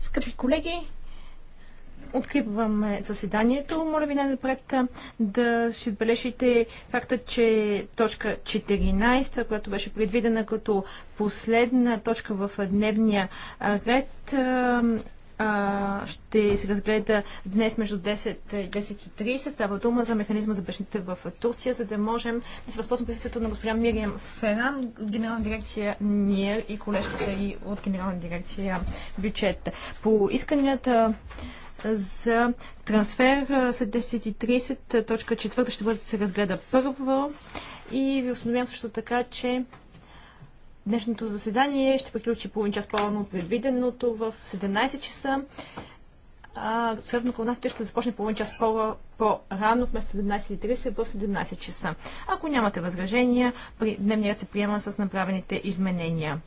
Скъпи колеги, откриваме заседанието. Моля ви най-напред да си отбележите факта, че точка 14, която беше предвидена като последна точка в дневния ред, а, ще се разгледа днес между 10, 10 и 10.30. Става дума за механизма за бешните в Турция, за да можем да се възползвам присъствието на госпожа Мириам Феран, генерална дирекция НИЕР и колежката и от генерална дирекция бюджет. По исканията за трансфер след 10.30, точка 4 ще бъде да се разгледа първо и ви установявам също така, че Днешното заседание ще приключи половин час по-рано от предвиденото в 17 часа. А следно ще започне половин час по-рано, вместо 17.30 в 17 часа. Ако нямате възражения, дневният се приема с направените изменения.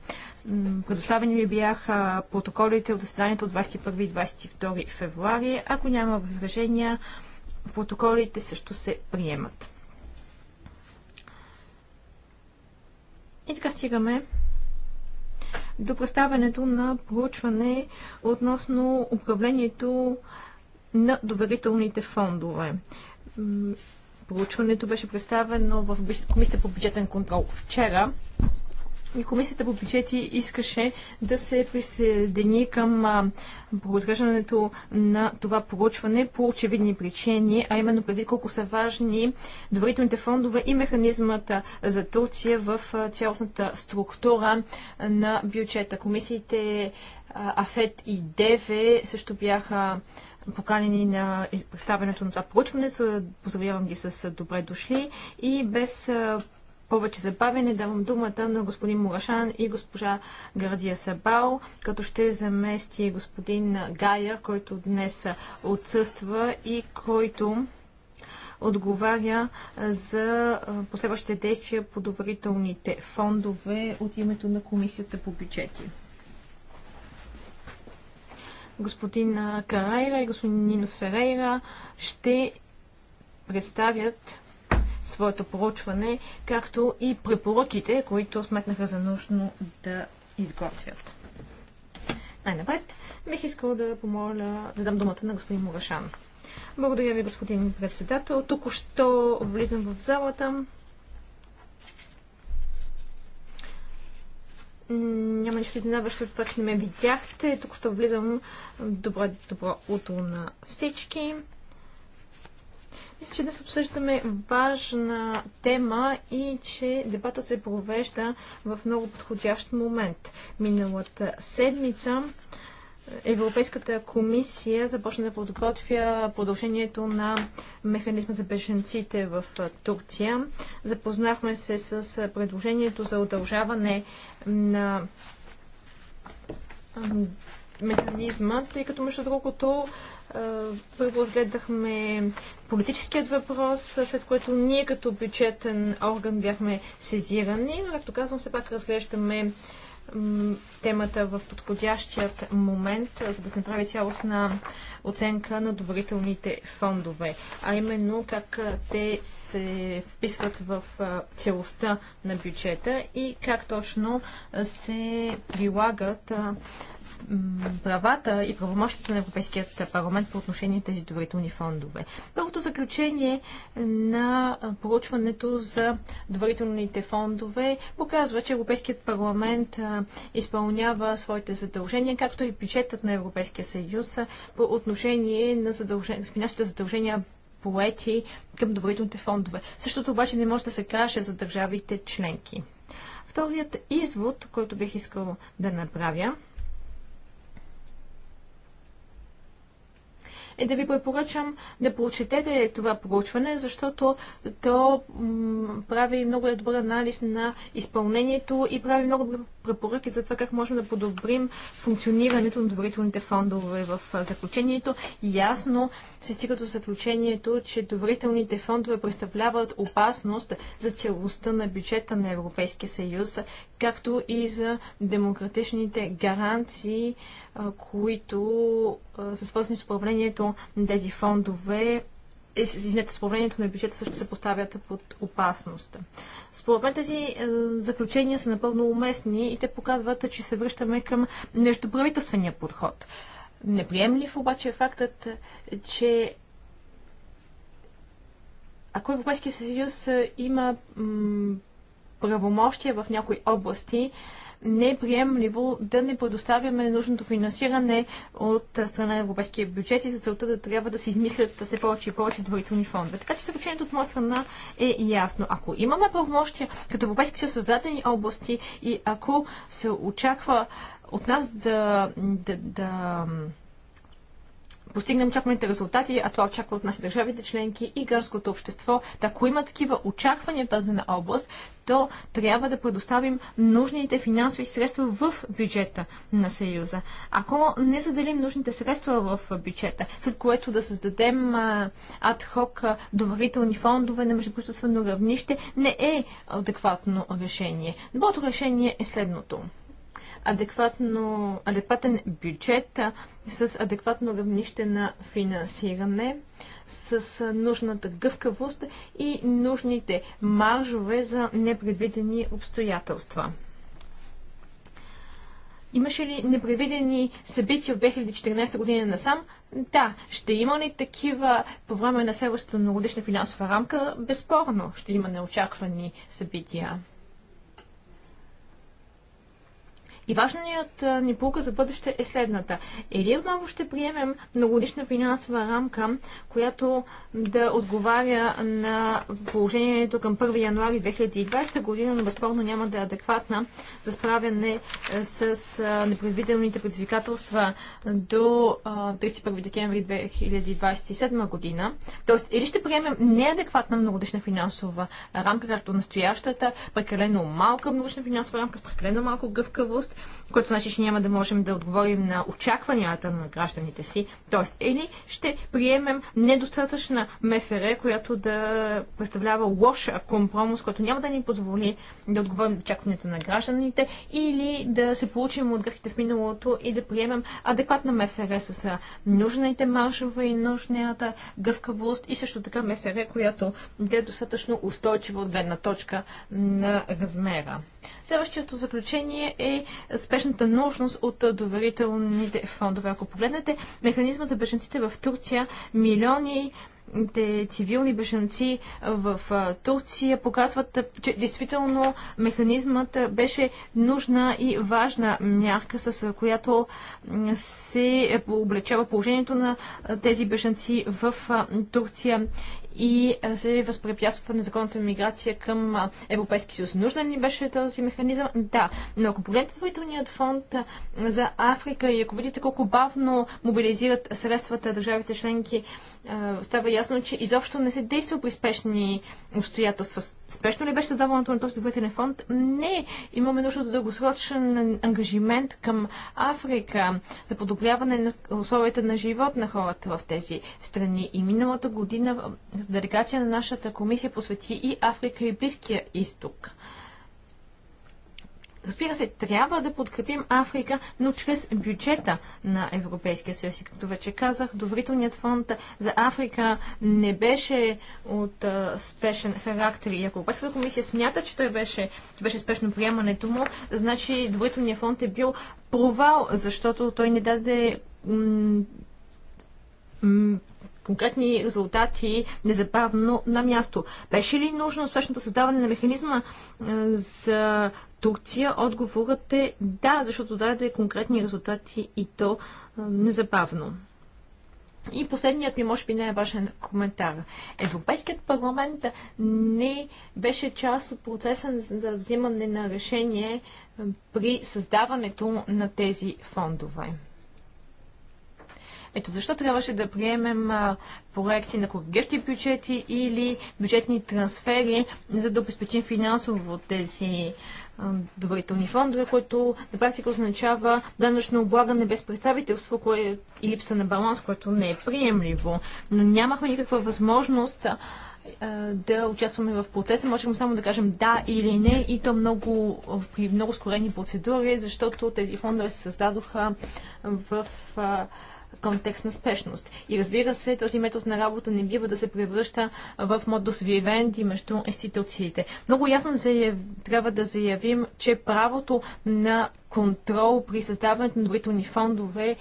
Предоставени ми бяха протоколите от заседанието от 21 и 22 февруари. Ако няма възражения, протоколите също се приемат. И така стигаме до представянето на проучване относно управлението на доверителните фондове. Проучването беше представено в Комисията по бюджетен контрол вчера и комисията по бюджети искаше да се присъедини към разглеждането на това проучване по очевидни причини, а именно преди колко са важни доверителните фондове и механизмата за Турция в цялостната структура на бюджета. Комисиите АФЕТ и ДЕВЕ също бяха поканени на представянето на това проучване. Поздравявам ги с добре дошли и без повече забавяне давам думата на господин Мурашан и госпожа Гардия Сабао, като ще замести господин Гайер, който днес отсъства и който отговаря за последващите действия по доверителните фондове от името на Комисията по бюджети. Господин Карайра и господин Нинос Ферейра ще представят своето проучване, както и препоръките, които сметнаха за нужно да изготвят. Най-напред бих искала да помоля да дам думата на господин Мурашан. Благодаря ви, господин председател. Току-що влизам в залата. Няма нищо изненадващо от това, че не ме видяхте. Тук що влизам. Добро, добро утро на всички. Мисля, че днес обсъждаме важна тема и че дебатът се провежда в много подходящ момент. Миналата седмица Европейската комисия започна да подготвя продължението на механизма за беженците в Турция. Запознахме се с предложението за удължаване на механизма, тъй като между другото първо разгледахме политическият въпрос, след което ние като бюджетен орган бяхме сезирани, но както казвам, все пак разглеждаме темата в подходящият момент, за да се направи цялостна оценка на доверителните фондове, а именно как те се вписват в целостта на бюджета и как точно се прилагат правата и правомощите на Европейският парламент по отношение на тези доверителни фондове. Първото заключение на проучването за доверителните фондове показва, че Европейският парламент изпълнява своите задължения, както и бюджетът на Европейския съюз по отношение на финансовите задължения поети към доверителните фондове. Същото обаче не може да се каже за държавите членки. Вторият извод, който бих искал да направя, е да ви препоръчам да прочетете това проучване, защото то прави много добър анализ на изпълнението и прави много добри препоръки за това как можем да подобрим функционирането на доверителните фондове в заключението. Ясно се стига до заключението, че доверителните фондове представляват опасност за целостта на бюджета на Европейския съюз, както и за демократичните гаранции които са свързани с управлението на тези фондове е, извинете, с управлението на бюджета също се поставят под опасност. Според мен тези заключения са напълно уместни и те показват, че се връщаме към междуправителствения подход. Неприемлив обаче е фактът, че ако Европейския съюз има правомощия в някои области, не е приемливо да не предоставяме нужното финансиране от страна на европейския бюджет и за целта да трябва да се измислят все повече и повече доверителни фондове. Така че заключението от моя страна е ясно. Ако имаме правомощия като Европейски съюз в дадени области и ако се очаква от нас да, да, да постигнем очакваните резултати, а това очаква от нас държавите членки и гърското общество. ако има такива очаквания в дадена област, то трябва да предоставим нужните финансови средства в бюджета на Съюза. Ако не заделим нужните средства в бюджета, след което да създадем адхок доверителни фондове на междуправителствено равнище, не е адекватно решение. Доброто решение е следното адекватно, адекватен бюджет с адекватно равнище на финансиране, с нужната гъвкавост и нужните маржове за непредвидени обстоятелства. Имаше ли непредвидени събития от 2014 година насам? Да. Ще има ли такива по време на следващата многодишна финансова рамка? Безспорно ще има неочаквани събития. И важният ни полка за бъдеще е следната. Или отново ще приемем многодишна финансова рамка, която да отговаря на положението към 1 януари 2020 година, но безспорно няма да е адекватна за справяне с непредвидените предизвикателства до 31 декември 2027 година. Тоест, или ще приемем неадекватна многодишна финансова рамка, както настоящата, прекалено малка многодишна финансова рамка, прекалено малко гъвкавост, гъвкавост, което значи, че няма да можем да отговорим на очакванията на гражданите си. Тоест, или ще приемем недостатъчна МФР, която да представлява лоша компромис, който няма да ни позволи да отговорим на очакванията на гражданите, или да се получим от грехите в миналото и да приемем адекватна МФР с нужните маршове и нужната гъвкавост и също така МФР, която да е достатъчно устойчива от гледна точка на размера. Следващото заключение е спешната нужност от доверителните фондове. Ако погледнете механизма за бежанците в Турция, милиони цивилни бежанци в Турция показват, че действително механизмът беше нужна и важна мярка, с която се облегчава положението на тези бежанци в Турция и е, се възпрепятства незаконната миграция към е, Европейския съюз. Нужен ли беше този механизъм? Да. Но ако погледнете Творителният фонд е, за Африка и ако видите колко бавно мобилизират средствата държавите членки става ясно, че изобщо не се действа при спешни обстоятелства. Спешно ли беше създаването на този доверителен фонд? Не. Имаме нужда от дългосрочен ангажимент към Африка за подобряване на условията на живот на хората в тези страни. И миналата година делегация на нашата комисия посвети и Африка и Близкия изток. Разбира се, трябва да подкрепим Африка, но чрез бюджета на Европейския съюз. И както вече казах, доверителният фонд за Африка не беше от а, спешен характер. И ако Европейската комисия смята, че той беше, че беше спешно приемането му, значи доверителният фонд е бил провал, защото той не даде конкретни резултати незабавно на място. Беше ли нужно успешното създаване на механизма за Турция? Отговорът е да, защото даде конкретни резултати и то незабавно. И последният ми, може би, най-важен е коментар. Европейският парламент не беше част от процеса за взимане на решение при създаването на тези фондове. Ето защо трябваше да приемем а, проекти на коригещи бюджети или бюджетни трансфери, за да обезпечим финансово тези доверителни фондове, което на практика означава данъчно облагане без представителство кое, и липса на баланс, което не е приемливо. Но нямахме никаква възможност а, да участваме в процеса. Можем само да кажем да или не и то много, при много скорени процедури, защото тези фондове се създадоха в а, контекст на спешност. И разбира се, този метод на работа не бива да се превръща в модус вивенди между институциите. Много ясно заяв... трябва да заявим, че правото на контрол при създаването на доверителни фондове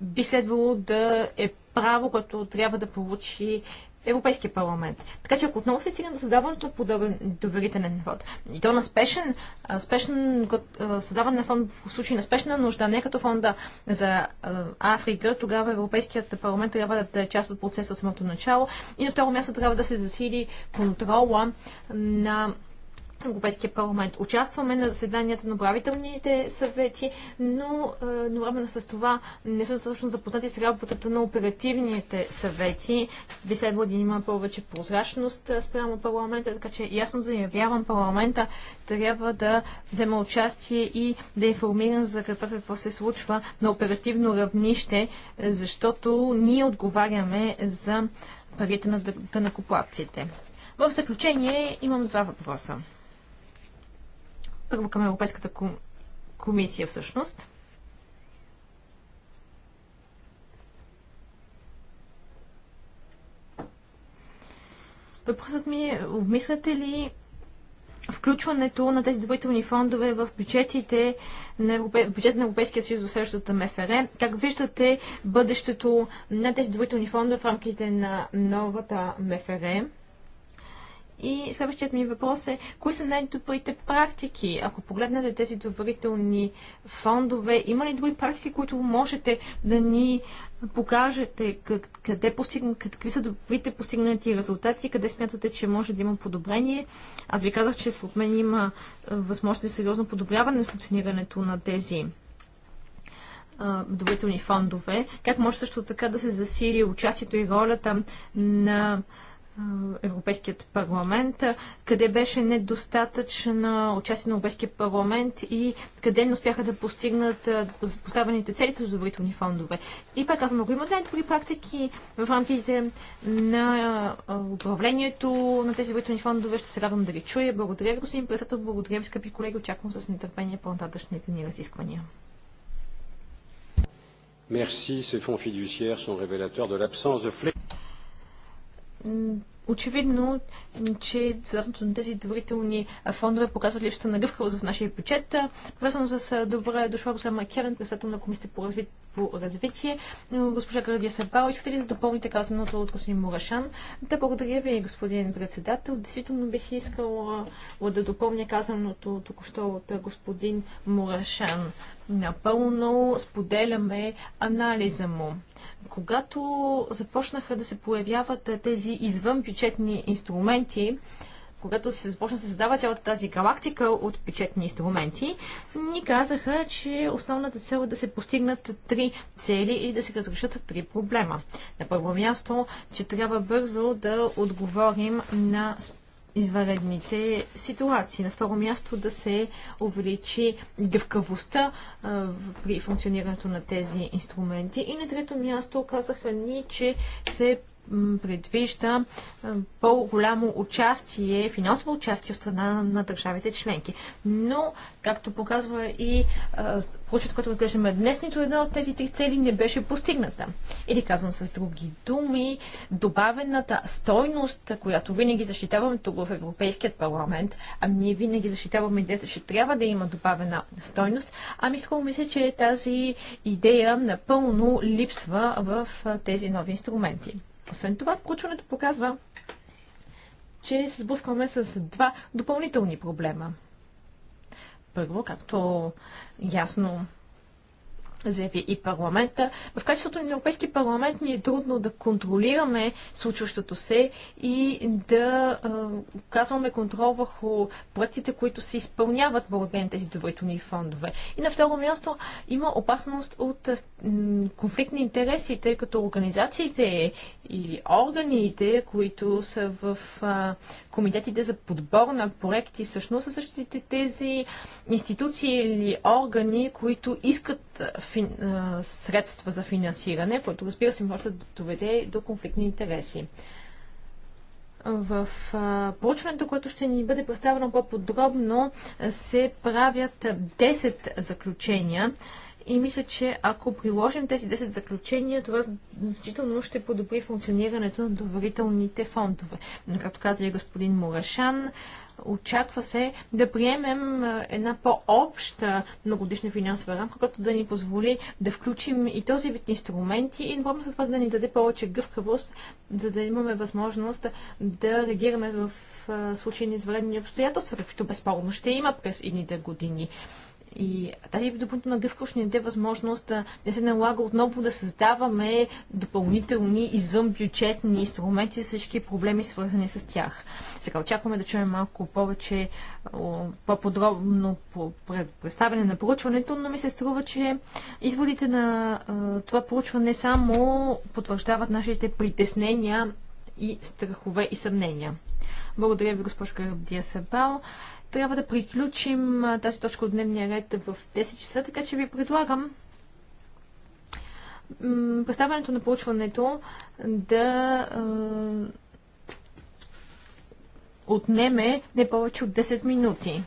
би следвало да е право, което трябва да получи Европейския парламент. Така че ако отново се стигне до създаването на подобен доверителен фонд, и то на спешен, спешен създаване на фонд в случай на спешна нужда, не като фонда за Африка, тогава Европейският парламент трябва да е част от процеса от самото начало и на второ място трябва да се засили контрола на Европейския парламент. Участваме на заседанията на управителните съвети, но е, едновременно с това не сме достатъчно запознати с работата на оперативните съвети. Би следвало да има повече прозрачност е, спрямо парламента, така че ясно заявявам, парламента трябва да взема участие и да е информира за това какво се случва на оперативно равнище, защото ние отговаряме за парите на дънакоплатците. В заключение имам два въпроса първо към Европейската комисия всъщност. Въпросът ми е, обмисляте ли включването на тези доверителни фондове в бюджетите на, Европе... бюджет на Европейския съюз в следващата МФР. Как виждате бъдещето на тези доверителни фондове в рамките на новата МФР? И следващият ми въпрос е, кои са най-добрите практики? Ако погледнете тези доверителни фондове, има ли добри практики, които можете да ни покажете къде постигна, какви са добрите постигнати резултати, къде смятате, че може да има подобрение. Аз ви казах, че според мен има възможност за сериозно подобряване на функционирането на тези доверителни фондове. Как може също така да се засили участието и ролята на Европейският парламент, къде беше недостатъчна участие на Европейския парламент и къде не успяха да постигнат поставените цели за доверителни фондове. И пак казвам, ако има най-добри практики в рамките на управлението на тези доверителни фондове, ще се радвам да ви чуя. Благодаря ви, господин председател, благодаря ви, скъпи колеги, очаквам с нетърпение по-нататъчните ни разисквания. Merci, ces fonds fiduciaires sont révélateurs de l'absence de flexibilité очевидно, че зърното на тези доверителни фондове показват липсата на гъвкавост в нашия бюджет. Връзвам с добра дошла госпожа Макерен, председател на Комисията по развитие по развитие. госпожа Градия Сабао, искате ли да допълните казаното от господин Мурашан? Да, благодаря ви, господин председател. Действително бих искала да допълня казаното току-що от господин Мурашан. Напълно споделяме анализа му. Когато започнаха да се появяват тези извънбюджетни инструменти, когато се започна да се създава цялата тази галактика от печетни инструменти, ни казаха, че основната цел е да се постигнат три цели и да се разрешат три проблема. На първо място, че трябва бързо да отговорим на извънредните ситуации. На второ място да се увеличи гъвкавостта при функционирането на тези инструменти. И на трето място казаха ни, че се предвижда по-голямо участие, финансово участие от страна на държавите членки. Но, както показва и случаят, който разглеждаме днес, нито една от тези три цели не беше постигната. Или казвам с други думи, добавената стойност, която винаги защитаваме тук в Европейският парламент, а ние винаги защитаваме идеята, че трябва да има добавена стойност, ами скоро мисля, че тази идея напълно липсва в тези нови инструменти. Освен това, проучването показва, че се сблъскваме с два допълнителни проблема. Първо, както ясно заяви и парламента. В качеството на Европейски парламент ни е трудно да контролираме случващото се и да казваме оказваме контрол върху проектите, които се изпълняват благодарение на тези доверителни фондове. И на второ място има опасност от конфликт на интереси, тъй като организациите или органите, които са в комитетите за подбор на проекти всъщност са същите тези институции или органи, които искат фин... средства за финансиране, което разбира се може да доведе до конфликтни интереси. В проучването, което ще ни бъде представено по-подробно, се правят 10 заключения и мисля, че ако приложим тези 10 заключения, това значително ще подобри функционирането на доверителните фондове. Но, както каза и господин Мурашан, очаква се да приемем една по-обща многодишна финансова рамка, която да ни позволи да включим и този вид инструменти и едновременно с това да ни даде повече гъвкавост, за да имаме възможност да реагираме в случай на извредни обстоятелства, каквито безспорно ще има през едните години. И тази допълнителна гъвкавост ни даде възможност да не се налага отново да създаваме допълнителни извънбюджетни инструменти за всички проблеми, свързани с тях. Сега очакваме да чуем малко повече по-подробно по представяне на проучването, но ми се струва, че изводите на това проучване само потвърждават нашите притеснения и страхове и съмнения. Благодаря ви, госпожо Карабдия Сабал трябва да приключим тази точка от дневния ред в 10 часа, така че ви предлагам представянето на проучването да отнеме не повече от 10 минути.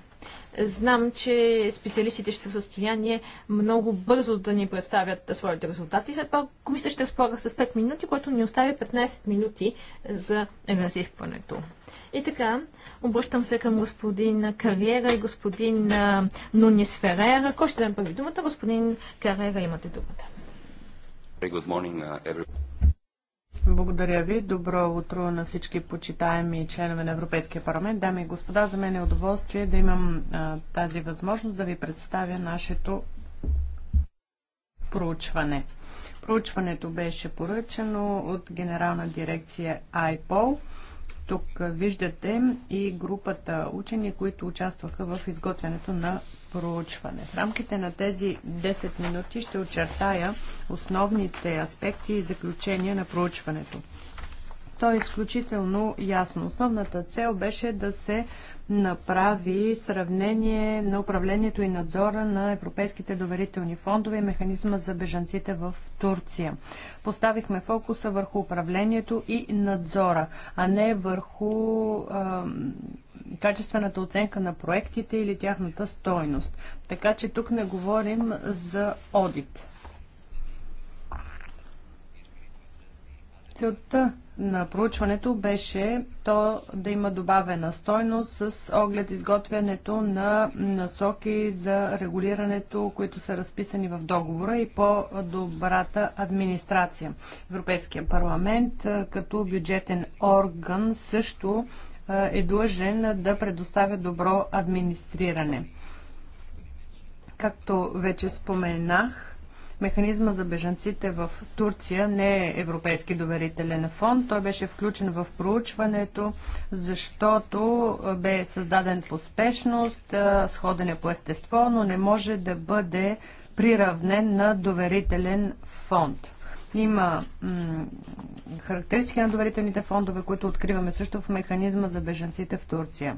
Знам, че специалистите ще са в състояние много бързо да ни представят своите резултати. След това комисията ще разполага с 5 минути, което ни остави 15 минути за разискването. И така, обръщам се към господин Кариера и господин Нунис Ферера. Кой ще вземе първи думата? Господин Кариера, имате думата. Uh, благодаря ви. Добро утро на всички почитаеми членове на Европейския парламент. Дами и господа, за мен е удоволствие да имам а, тази възможност да ви представя нашето проучване. Проучването беше поръчено от Генерална дирекция IPOL тук виждате и групата учени, които участваха в изготвянето на проучване. В рамките на тези 10 минути ще очертая основните аспекти и заключения на проучването то е изключително ясно. Основната цел беше да се направи сравнение на управлението и надзора на европейските доверителни фондове и механизма за бежанците в Турция. Поставихме фокуса върху управлението и надзора, а не върху а, качествената оценка на проектите или тяхната стойност. Така че тук не говорим за одит. Целта на проучването беше то да има добавена стойност с оглед изготвянето на насоки за регулирането, които са разписани в договора и по-добрата администрация. Европейския парламент като бюджетен орган също е длъжен да предоставя добро администриране. Както вече споменах, Механизма за бежанците в Турция не е Европейски доверителен фонд. Той беше включен в проучването, защото бе създаден по спешност, е по естество, но не може да бъде приравнен на доверителен фонд. Има характеристики на доверителните фондове, които откриваме също в механизма за бежанците в Турция.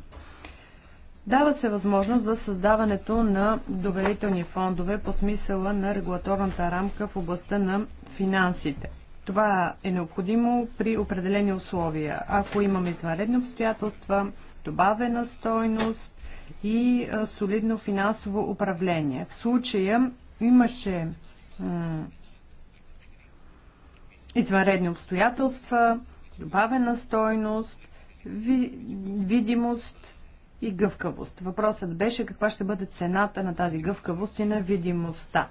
Дава се възможност за създаването на доверителни фондове по смисъла на регулаторната рамка в областта на финансите. Това е необходимо при определени условия. Ако имаме извънредни обстоятелства, добавена стойност и солидно финансово управление. В случая имаше извънредни обстоятелства, добавена стойност, видимост и гъвкавост. Въпросът беше каква ще бъде цената на тази гъвкавост и на видимостта.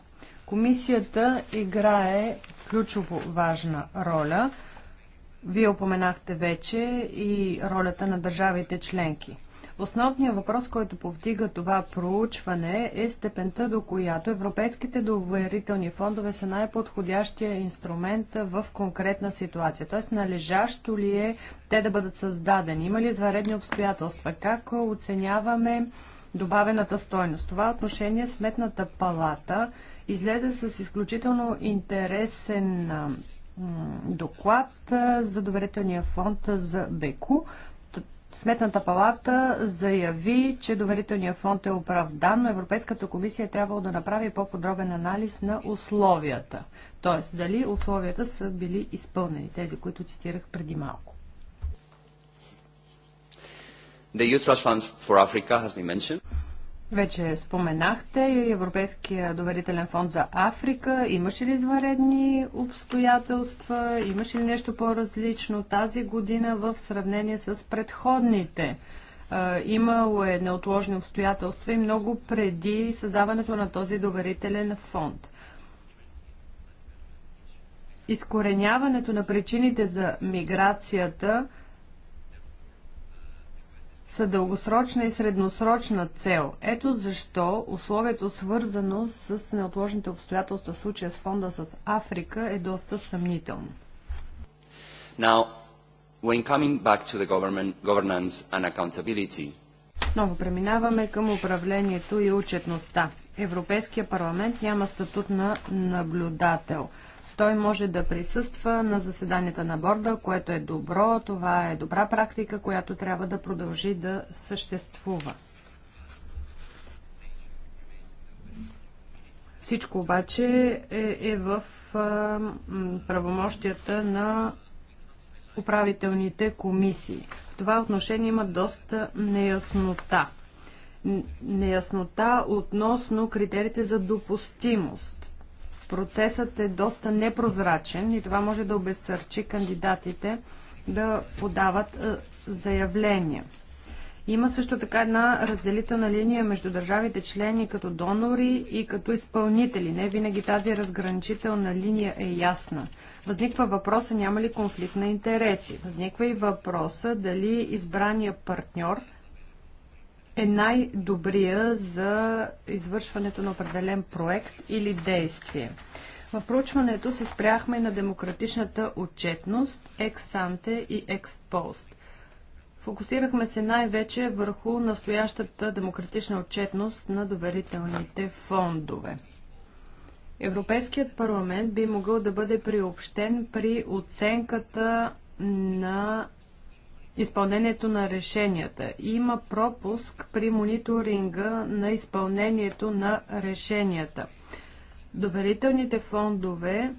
Комисията играе ключово важна роля. Вие упоменахте вече и ролята на държавите членки. Основният въпрос, който повдига това проучване е степента до която европейските доверителни фондове са най-подходящия инструмент в конкретна ситуация. Тоест, належащо ли е те да бъдат създадени? Има ли изваредни обстоятелства? Как оценяваме добавената стойност? Това отношение Сметната палата излезе с изключително интересен доклад за доверителния фонд за Беку. Сметната палата заяви, че доверителният фонд е оправдан, но Европейската комисия е трябвало да направи по-подробен анализ на условията. Т.е. дали условията са били изпълнени, тези, които цитирах преди малко. The Youth Trust Fund for Africa has been mentioned. Вече споменахте Европейския доверителен фонд за Африка. Имаше ли изваредни обстоятелства? Имаше ли нещо по-различно тази година в сравнение с предходните? Имало е неотложни обстоятелства и много преди създаването на този доверителен фонд. Изкореняването на причините за миграцията – са дългосрочна и средносрочна цел. Ето защо условието свързано с неотложните обстоятелства в случая с фонда с Африка е доста съмнително. Now, when coming back to the governance and accountability, Ново преминаваме към управлението и отчетността. Европейския парламент няма статут на наблюдател – той може да присъства на заседанията на борда, което е добро. Това е добра практика, която трябва да продължи да съществува. Всичко обаче е, е в а, правомощията на управителните комисии. В това отношение има доста неяснота. Неяснота относно критериите за допустимост. Процесът е доста непрозрачен и това може да обесърчи кандидатите да подават е, заявления. Има също така една разделителна линия между държавите члени като донори и като изпълнители. Не винаги тази разграничителна линия е ясна. Възниква въпроса няма ли конфликт на интереси. Възниква и въпроса дали избрания партньор – е най-добрия за извършването на определен проект или действие. В проучването се спряхме на демократичната отчетност, ексанте и експост. Фокусирахме се най-вече върху настоящата демократична отчетност на доверителните фондове. Европейският парламент би могъл да бъде приобщен при оценката на изпълнението на решенията. Има пропуск при мониторинга на изпълнението на решенията. Доверителните фондове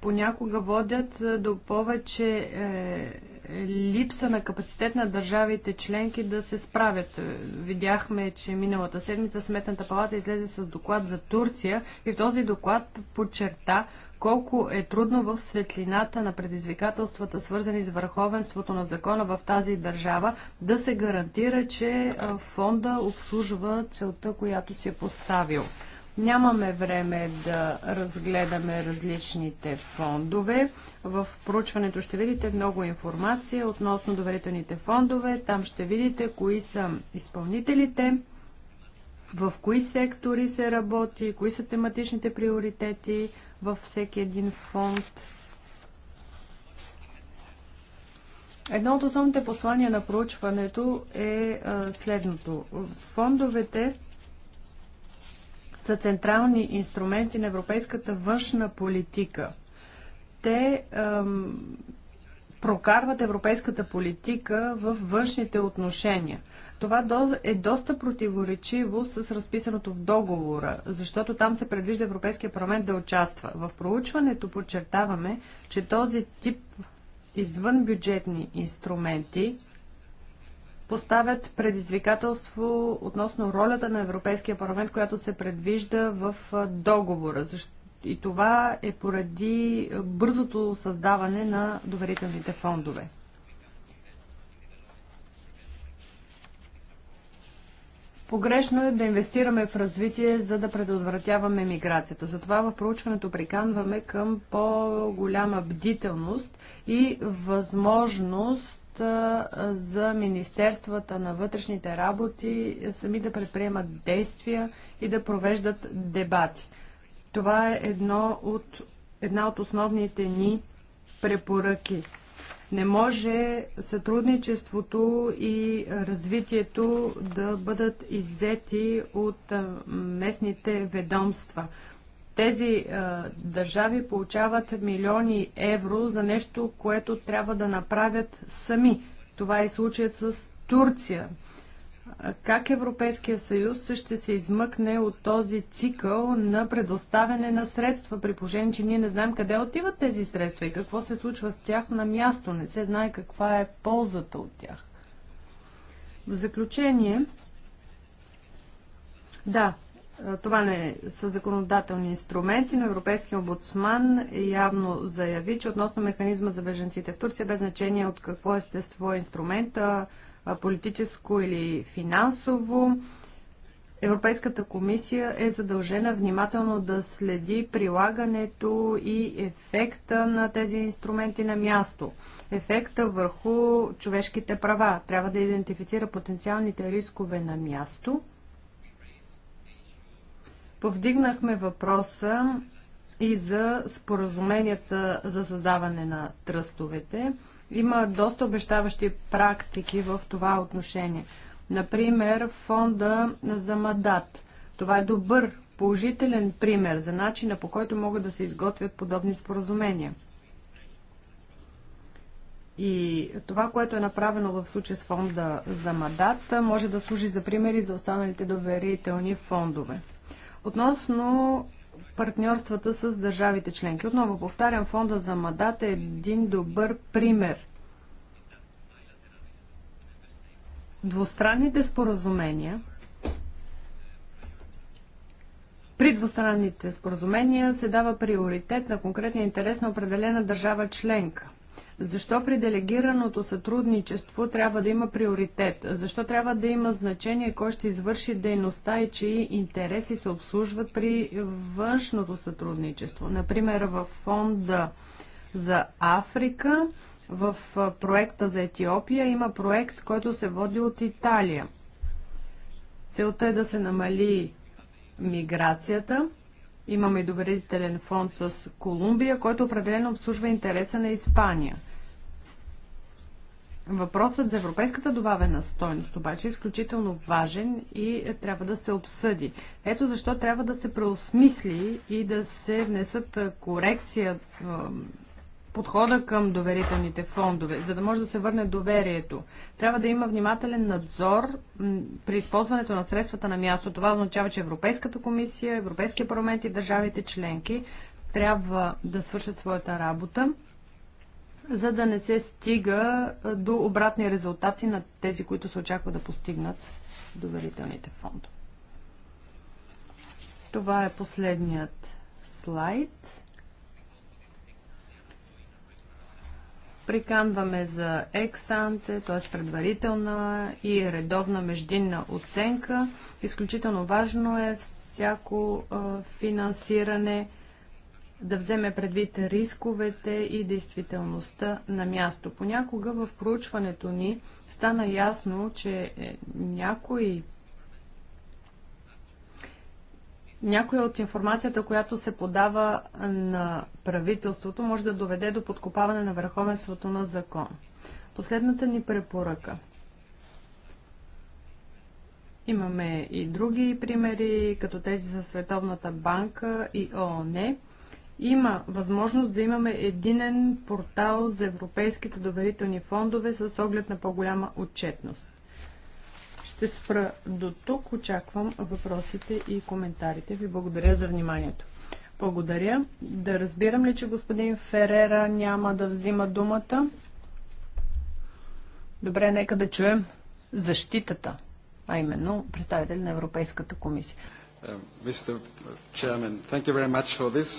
понякога водят е, до повече е, липса на капацитет на държавите членки да се справят. Видяхме, че миналата седмица Сметната палата излезе с доклад за Турция и в този доклад подчерта колко е трудно в светлината на предизвикателствата, свързани с върховенството на закона в тази държава, да се гарантира, че фонда обслужва целта, която си е поставил. Нямаме време да разгледаме различните фондове. В проучването ще видите много информация относно доверителните фондове. Там ще видите кои са изпълнителите, в кои сектори се работи, кои са тематичните приоритети във всеки един фонд. Едно от основните послания на проучването е следното. Фондовете са централни инструменти на европейската външна политика. Те ем, прокарват европейската политика в външните отношения. Това е доста противоречиво с разписаното в договора, защото там се предвижда Европейския парламент да участва. В проучването подчертаваме, че този тип извънбюджетни инструменти поставят предизвикателство относно ролята на Европейския парламент, която се предвижда в договора. И това е поради бързото създаване на доверителните фондове. Погрешно е да инвестираме в развитие, за да предотвратяваме миграцията. Затова в проучването приканваме към по-голяма бдителност и възможност за Министерствата на вътрешните работи сами да предприемат действия и да провеждат дебати. Това е едно от, една от основните ни препоръки. Не може сътрудничеството и развитието да бъдат иззети от местните ведомства. Тези а, е, държави получават милиони евро за нещо, което трябва да направят сами. Това е случаят с Турция. Как Европейския съюз ще се измъкне от този цикъл на предоставяне на средства, при положение, че ние не знаем къде отиват тези средства и какво се случва с тях на място, не се знае каква е ползата от тях. В заключение, да, е, това не са законодателни инструменти, но Европейския омбудсман явно заяви, че относно механизма за беженците в Турция, без значение от какво естество е инструмента, политическо или финансово, Европейската комисия е задължена внимателно да следи прилагането и ефекта на тези инструменти на място. Ефекта върху човешките права. Трябва да идентифицира потенциалните рискове на място – Повдигнахме въпроса и за споразуменията за създаване на тръстовете. Има доста обещаващи практики в това отношение. Например, фонда за Мадат. Това е добър, положителен пример за начина по който могат да се изготвят подобни споразумения. И това, което е направено в случай с фонда за Мадат, може да служи за примери за останалите доверителни фондове. Относно партньорствата с държавите членки. Отново повтарям, фонда за Мадат е един добър пример. Двустранните споразумения при двустранните споразумения се дава приоритет на конкретния интерес на определена държава членка – защо при делегираното сътрудничество трябва да има приоритет? Защо трябва да има значение кой ще извърши дейността и чии интереси се обслужват при външното сътрудничество? Например, в фонда за Африка, в проекта за Етиопия има проект, който се води от Италия. Целта е да се намали миграцията – Имаме и доверителен фонд с Колумбия, който определено обслужва интереса на Испания. Въпросът за европейската добавена стойност обаче е изключително важен и е, трябва да се обсъди. Ето защо трябва да се преосмисли и да се внесат корекция подхода към доверителните фондове, за да може да се върне доверието. Трябва да има внимателен надзор при използването на средствата на място. Това означава, че Европейската комисия, Европейския парламент и държавите членки трябва да свършат своята работа, за да не се стига до обратни резултати на тези, които се очаква да постигнат доверителните фондове. Това е последният слайд. Приканваме за ексанте, т.е. предварителна и редовна междинна оценка. Изключително важно е всяко финансиране да вземе предвид рисковете и действителността на място. Понякога в проучването ни стана ясно, че е, някои Някоя от информацията, която се подава на правителството, може да доведе до подкопаване на върховенството на закон. Последната ни препоръка. Имаме и други примери, като тези за Световната банка и ООН. Има възможност да имаме единен портал за европейските доверителни фондове с оглед на по-голяма отчетност. Ще спра до тук. Очаквам въпросите и коментарите ви. Благодаря за вниманието. Благодаря. Да разбирам ли, че господин Ферера няма да взима думата? Добре, нека да чуем защитата, а именно представител на Европейската комисия. Uh,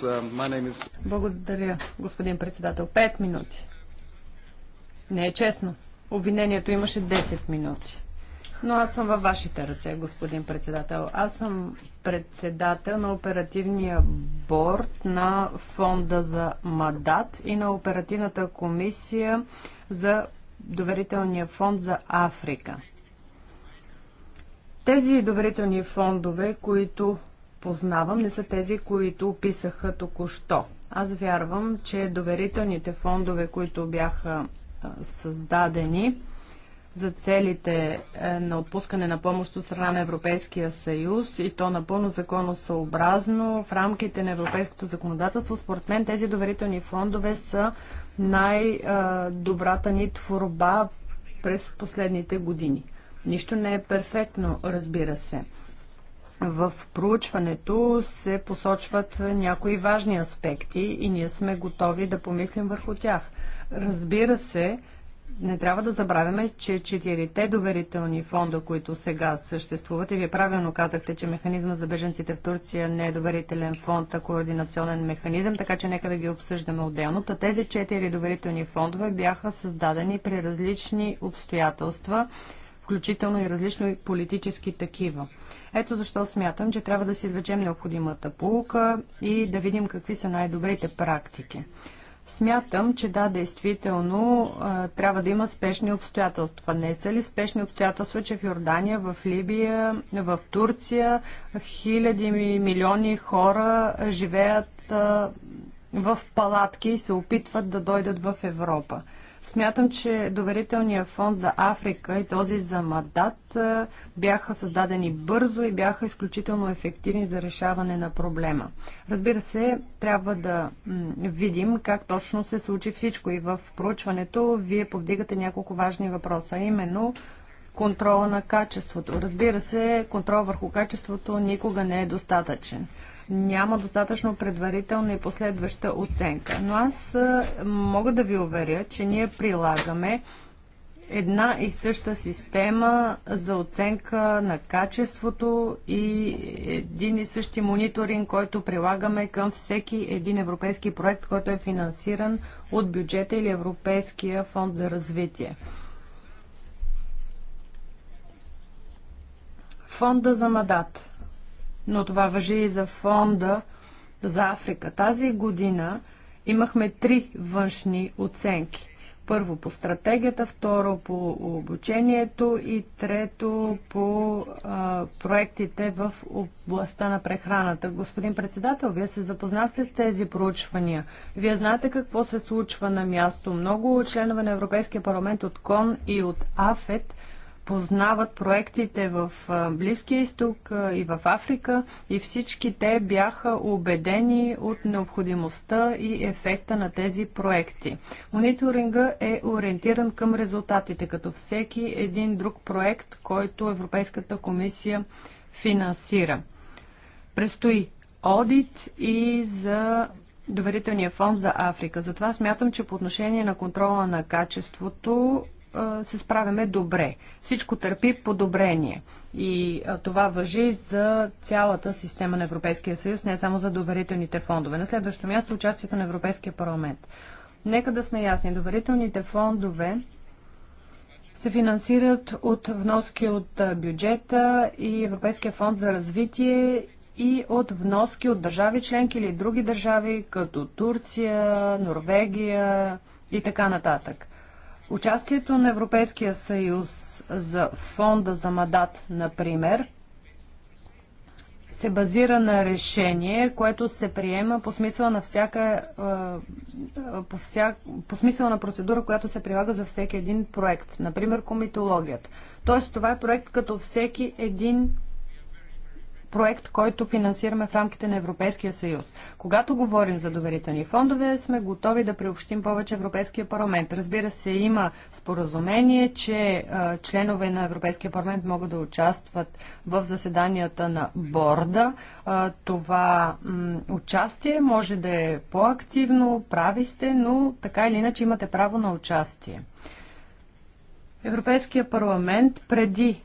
uh, благодаря, господин председател. Пет минути. Не е честно. Обвинението имаше 10 минути. Но аз съм във вашите ръце, господин председател. Аз съм председател на оперативния борт на фонда за Мадат и на оперативната комисия за доверителния фонд за Африка. Тези доверителни фондове, които познавам, не са тези, които описаха току-що. Аз вярвам, че доверителните фондове, които бяха създадени, за целите е, на отпускане на помощ от страна на Европейския съюз и то напълно законосъобразно в рамките на европейското законодателство. Според мен тези доверителни фондове са най-добрата ни творба през последните години. Нищо не е перфектно, разбира се. В проучването се посочват някои важни аспекти и ние сме готови да помислим върху тях. Разбира се, не трябва да забравяме, че четирите доверителни фонда, които сега съществуват, и вие правилно казахте, че механизма за беженците в Турция не е доверителен фонд, а координационен механизъм, така че нека да ги обсъждаме отделно. Та тези четири доверителни фондове бяха създадени при различни обстоятелства, включително и различни политически такива. Ето защо смятам, че трябва да си извлечем необходимата полука и да видим какви са най-добрите практики. Смятам, че да, действително трябва да има спешни обстоятелства. Не са ли спешни обстоятелства, че в Йордания, в Либия, в Турция хиляди милиони хора живеят в палатки и се опитват да дойдат в Европа? Смятам, че доверителният фонд за Африка и този за Мадат бяха създадени бързо и бяха изключително ефективни за решаване на проблема. Разбира се, трябва да видим как точно се случи всичко и в проучването вие повдигате няколко важни въпроса, именно контрола на качеството. Разбира се, контрол върху качеството никога не е достатъчен няма достатъчно предварителна и последваща оценка. Но аз мога да ви уверя, че ние прилагаме една и съща система за оценка на качеството и един и същи мониторинг, който прилагаме към всеки един европейски проект, който е финансиран от бюджета или Европейския фонд за развитие. Фонда за МАДАТ но това въжи и за фонда за Африка. Тази година имахме три външни оценки. Първо по стратегията, второ по обучението и трето по а, проектите в областта на прехраната. Господин председател, вие се запознахте с тези проучвания. Вие знаете какво се случва на място. Много членове на Европейския парламент от КОН и от АФЕТ – познават проектите в Близкия изток и в Африка и всички те бяха убедени от необходимостта и ефекта на тези проекти. Мониторинга е ориентиран към резултатите, като всеки един друг проект, който Европейската комисия финансира. Престои одит и за доверителния фонд за Африка. Затова смятам, че по отношение на контрола на качеството се справяме добре. Всичко търпи подобрение. И това въжи за цялата система на Европейския съюз, не само за доверителните фондове. На следващо място участието на Европейския парламент. Нека да сме ясни. Доверителните фондове се финансират от вноски от бюджета и Европейския фонд за развитие и от вноски от държави членки или други държави, като Турция, Норвегия и така нататък. Участието на Европейския съюз за фонда за Мадат, например, се базира на решение, което се приема по смисъла на всяка, е, е, по, вся, по смисъла на процедура, която се прилага за всеки един проект, например комитологията. Тоест това е проект като всеки един проект, който финансираме в рамките на Европейския съюз. Когато говорим за доверителни фондове, сме готови да приобщим повече Европейския парламент. Разбира се, има споразумение, че а, членове на Европейския парламент могат да участват в заседанията на борда. А, това участие може да е по-активно, прави сте, но така или иначе имате право на участие. Европейския парламент преди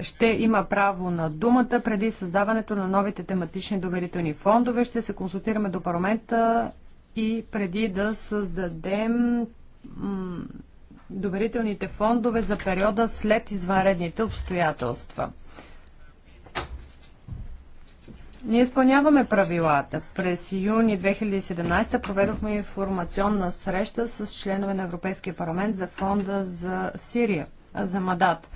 ще има право на думата преди създаването на новите тематични доверителни фондове. Ще се консултираме до парламента и преди да създадем доверителните фондове за периода след извънредните обстоятелства. Ние изпълняваме правилата. През юни 2017 проведохме информационна среща с членове на Европейския парламент за фонда за Сирия – за МАДАТ.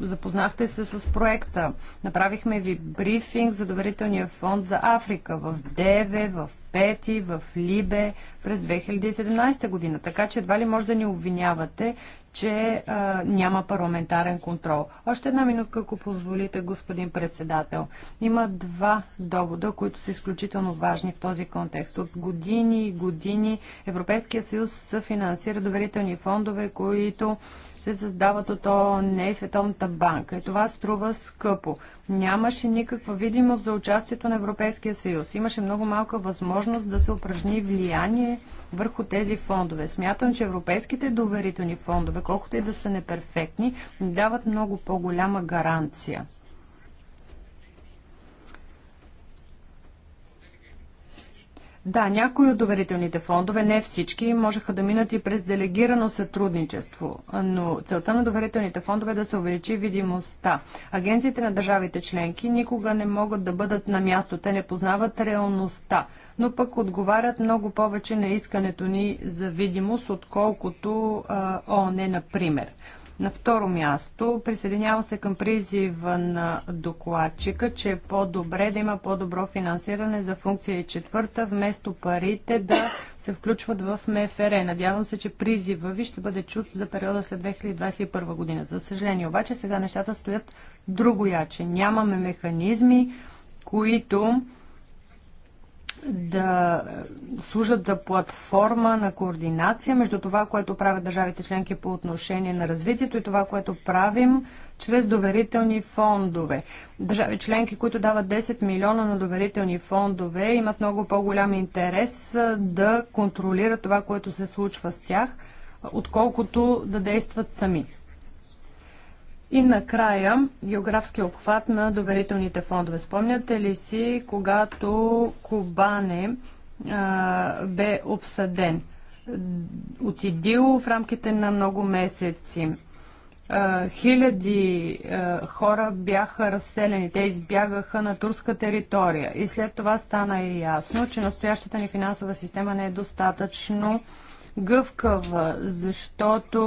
Запознахте се с проекта. Направихме ви брифинг за доверителния фонд за Африка в ДЕВЕ, в Пети, в Либе през 2017 година. Така че едва ли може да ни обвинявате, че а, няма парламентарен контрол. Още една минутка, ако позволите, господин председател. Има два довода, които са изключително важни в този контекст. От години и години Европейския съюз финансира доверителни фондове, които се създават от ООН и Световната банка. И това струва скъпо. Нямаше никаква видимост за участието на Европейския съюз. Имаше много малка възможност да се упражни влияние върху тези фондове. Смятам, че европейските доверителни фондове, колкото и да са неперфектни, дават много по-голяма гаранция. Да, някои от доверителните фондове, не всички, можеха да минат и през делегирано сътрудничество, но целта на доверителните фондове е да се увеличи видимостта. Агенциите на държавите членки никога не могат да бъдат на място, те не познават реалността, но пък отговарят много повече на искането ни за видимост, отколкото ООН, например. На второ място, присъединява се към призива на докладчика, че е по-добре да има по-добро финансиране за функция четвърта, вместо парите да се включват в МФР. Надявам се, че призива ви ще бъде чут за периода след 2021 година. За съжаление, обаче сега нещата стоят другояче. Нямаме механизми, които да служат за платформа на координация между това, което правят държавите членки по отношение на развитието и това, което правим чрез доверителни фондове. Държави членки, които дават 10 милиона на доверителни фондове, имат много по-голям интерес да контролират това, което се случва с тях, отколкото да действат сами. И накрая, географски обхват на доверителните фондове. Спомняте ли си, когато Кубане а, бе обсъден? Отидил в рамките на много месеци. А, хиляди а, хора бяха разселени. Те избягаха на турска територия. И след това стана и ясно, че настоящата ни финансова система не е достатъчно а, гъвкава, защото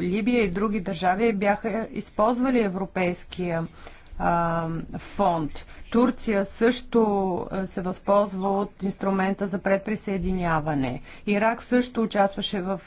Либия и други държави бяха използвали Европейския а, фонд. Турция също е, се възползва от инструмента за предприсъединяване. Ирак също участваше в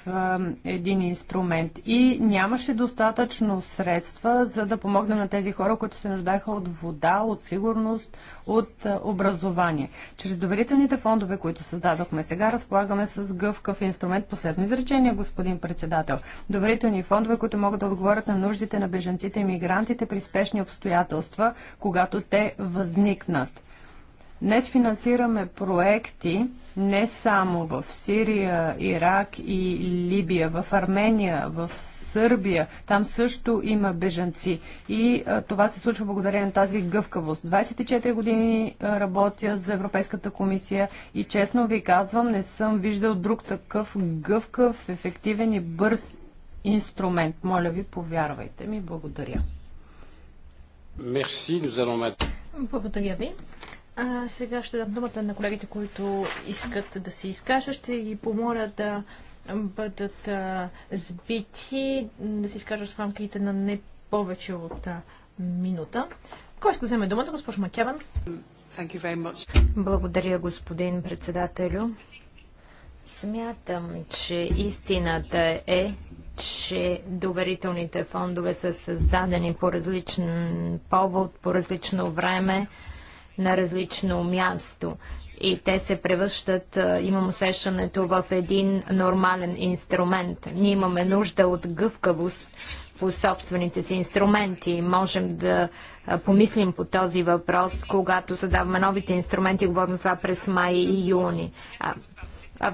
е, един инструмент и нямаше достатъчно средства, за да помогнем на тези хора, които се нуждаеха от вода, от сигурност, от е, образование. Чрез доверителните фондове, които създадохме сега, разполагаме с гъвкав инструмент. Последно изречение, господин председател. Доверителни фондове, които могат да отговорят на нуждите на беженците и мигрантите при спешни обстоятелства, когато те възникват възникнат. Днес финансираме проекти не само в Сирия, Ирак и Либия, в Армения, в Сърбия. Там също има бежанци. И а, това се случва благодарение на тази гъвкавост. 24 години работя за Европейската комисия и честно ви казвам, не съм виждал друг такъв гъвкав, ефективен и бърз инструмент. Моля ви, повярвайте ми. Благодаря. Мерси, благодаря ви. А, сега ще дам думата на колегите, които искат да се изкажат. Ще ги помоля да бъдат а, сбити, да се изкажат в рамките на не повече от а, минута. Кой ще вземе думата? Госпожо Макеван. Благодаря, господин председателю. Смятам, че истината е, че доверителните фондове са създадени по различен повод, по различно време, на различно място. И те се превръщат, имам усещането, в един нормален инструмент. Ние имаме нужда от гъвкавост по собствените си инструменти. Можем да помислим по този въпрос, когато създаваме новите инструменти, говорим това през май и юни. А, а,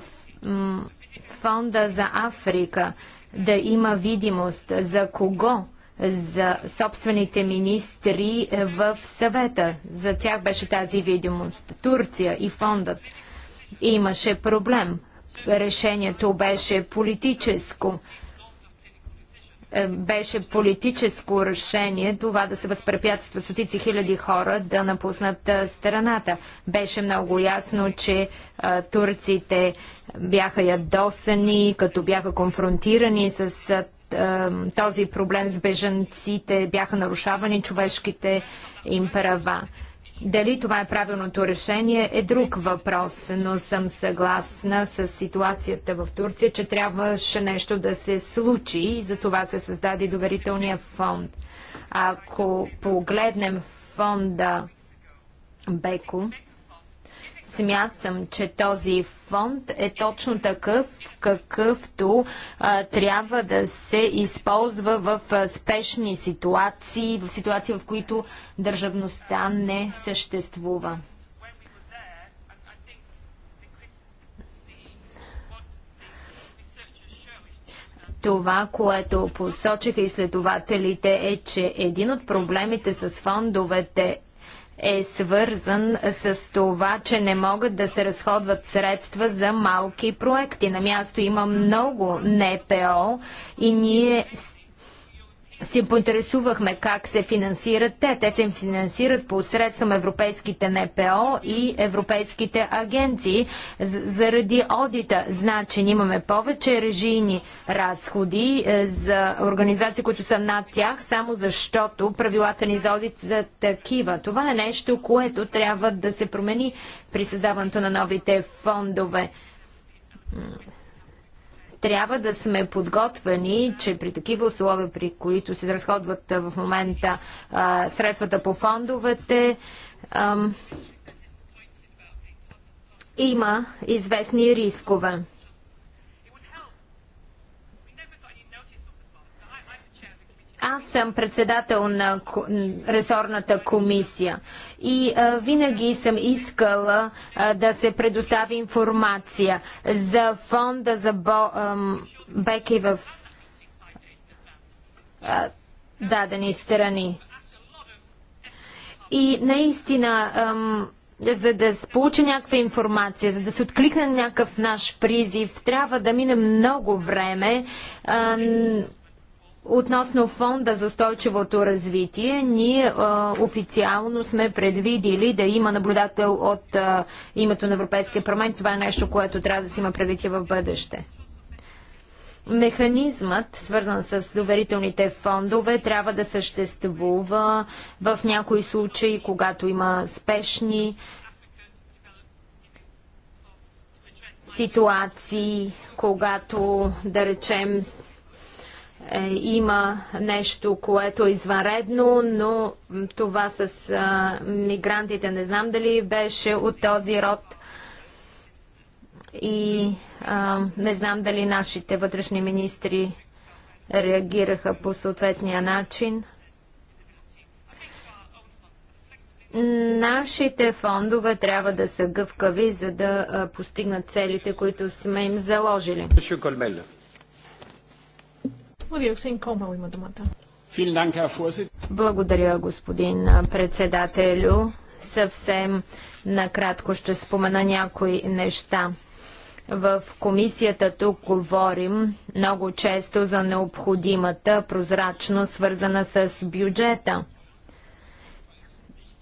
фонда за Африка, да има видимост за кого за собствените министри в съвета. За тях беше тази видимост. Турция и фондът имаше проблем. Решението беше политическо. Е, беше политическо решение това да се възпрепятства стотици хиляди хора да напуснат е, страната. Беше много ясно, че е, турците бяха ядосани, като бяха конфронтирани с този проблем с бежанците, бяха нарушавани човешките им права. Дали това е правилното решение е друг въпрос, но съм съгласна с ситуацията в Турция, че трябваше нещо да се случи и за това се създаде доверителния фонд. Ако погледнем фонда Беко, смятам, че този фонд е точно такъв, какъвто а, трябва да се използва в а, спешни ситуации, в ситуации, в които държавността не съществува. Това, което посочиха изследователите е, че един от проблемите с фондовете е свързан с това, че не могат да се разходват средства за малки проекти. На място има много НПО и ние се поинтересувахме как се финансират те. Те се финансират посредством европейските НПО и европейските агенции. Заради одита, значи, имаме повече режийни разходи е, за организации, които са над тях, само защото правилата ни за одит са такива. Това е нещо, което трябва да се промени при създаването на новите фондове трябва да сме подготвени, че при такива условия, при които се разходват в момента а, средствата по фондовете, има известни рискове. Аз съм председател на ресорната комисия и а, винаги съм искала а, да се предостави информация за фонда за бо, ам, беки в а, дадени страни. И наистина, ам, за да получи някаква информация, за да се откликне някакъв наш призив, трябва да мине много време. Ам, Относно фонда за устойчивото развитие, ние а, официално сме предвидили да има наблюдател от а, името на Европейския парламент. Това е нещо, което трябва да си има предвидие в бъдеще. Механизмът, свързан с доверителните фондове, трябва да съществува в някои случаи, когато има спешни ситуации, когато, да речем, е, има нещо, което е извънредно, но това с а, мигрантите не знам дали беше от този род. И а, не знам дали нашите вътрешни министри реагираха по съответния начин. Нашите фондове трябва да са гъвкави, за да постигнат целите, които сме им заложили. Благодаря, господин Комал има думата. Благодаря, господин председателю. Съвсем накратко ще спомена някои неща. В комисията тук говорим много често за необходимата прозрачност, свързана с бюджета.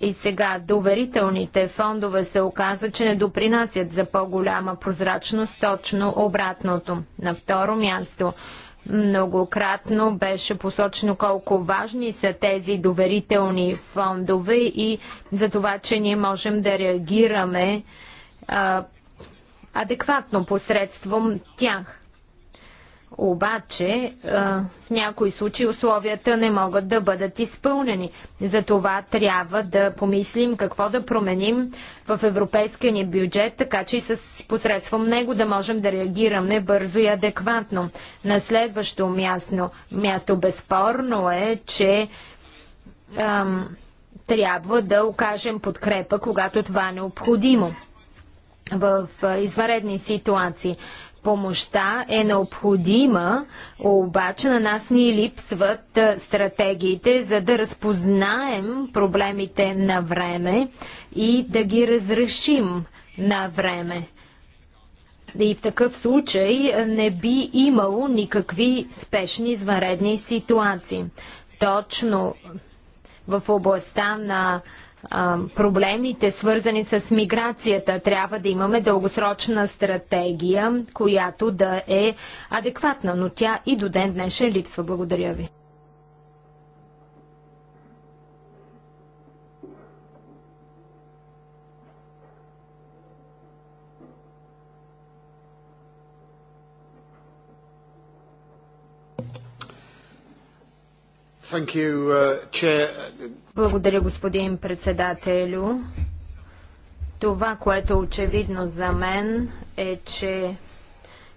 И сега доверителните фондове се оказа, че не допринасят за по-голяма прозрачност, точно обратното. На второ място Многократно беше посочено колко важни са тези доверителни фондове и за това, че ние можем да реагираме а, адекватно посредством тях. Обаче в някои случаи условията не могат да бъдат изпълнени. Затова трябва да помислим какво да променим в европейския ни бюджет, така че и с посредством него да можем да реагираме бързо и адекватно. На следващо място, място безспорно е, че ам, трябва да окажем подкрепа, когато това е необходимо в извредни ситуации. Помощта е необходима, обаче на нас ни липсват стратегиите, за да разпознаем проблемите на време и да ги разрешим на време. И в такъв случай не би имало никакви спешни извънредни ситуации. Точно в областта на проблемите, свързани с миграцията. Трябва да имаме дългосрочна стратегия, която да е адекватна, но тя и до ден днешен липсва. Благодаря ви. Thank you, uh, Chair. Благодаря, господин председателю. Това, което е очевидно за мен е, че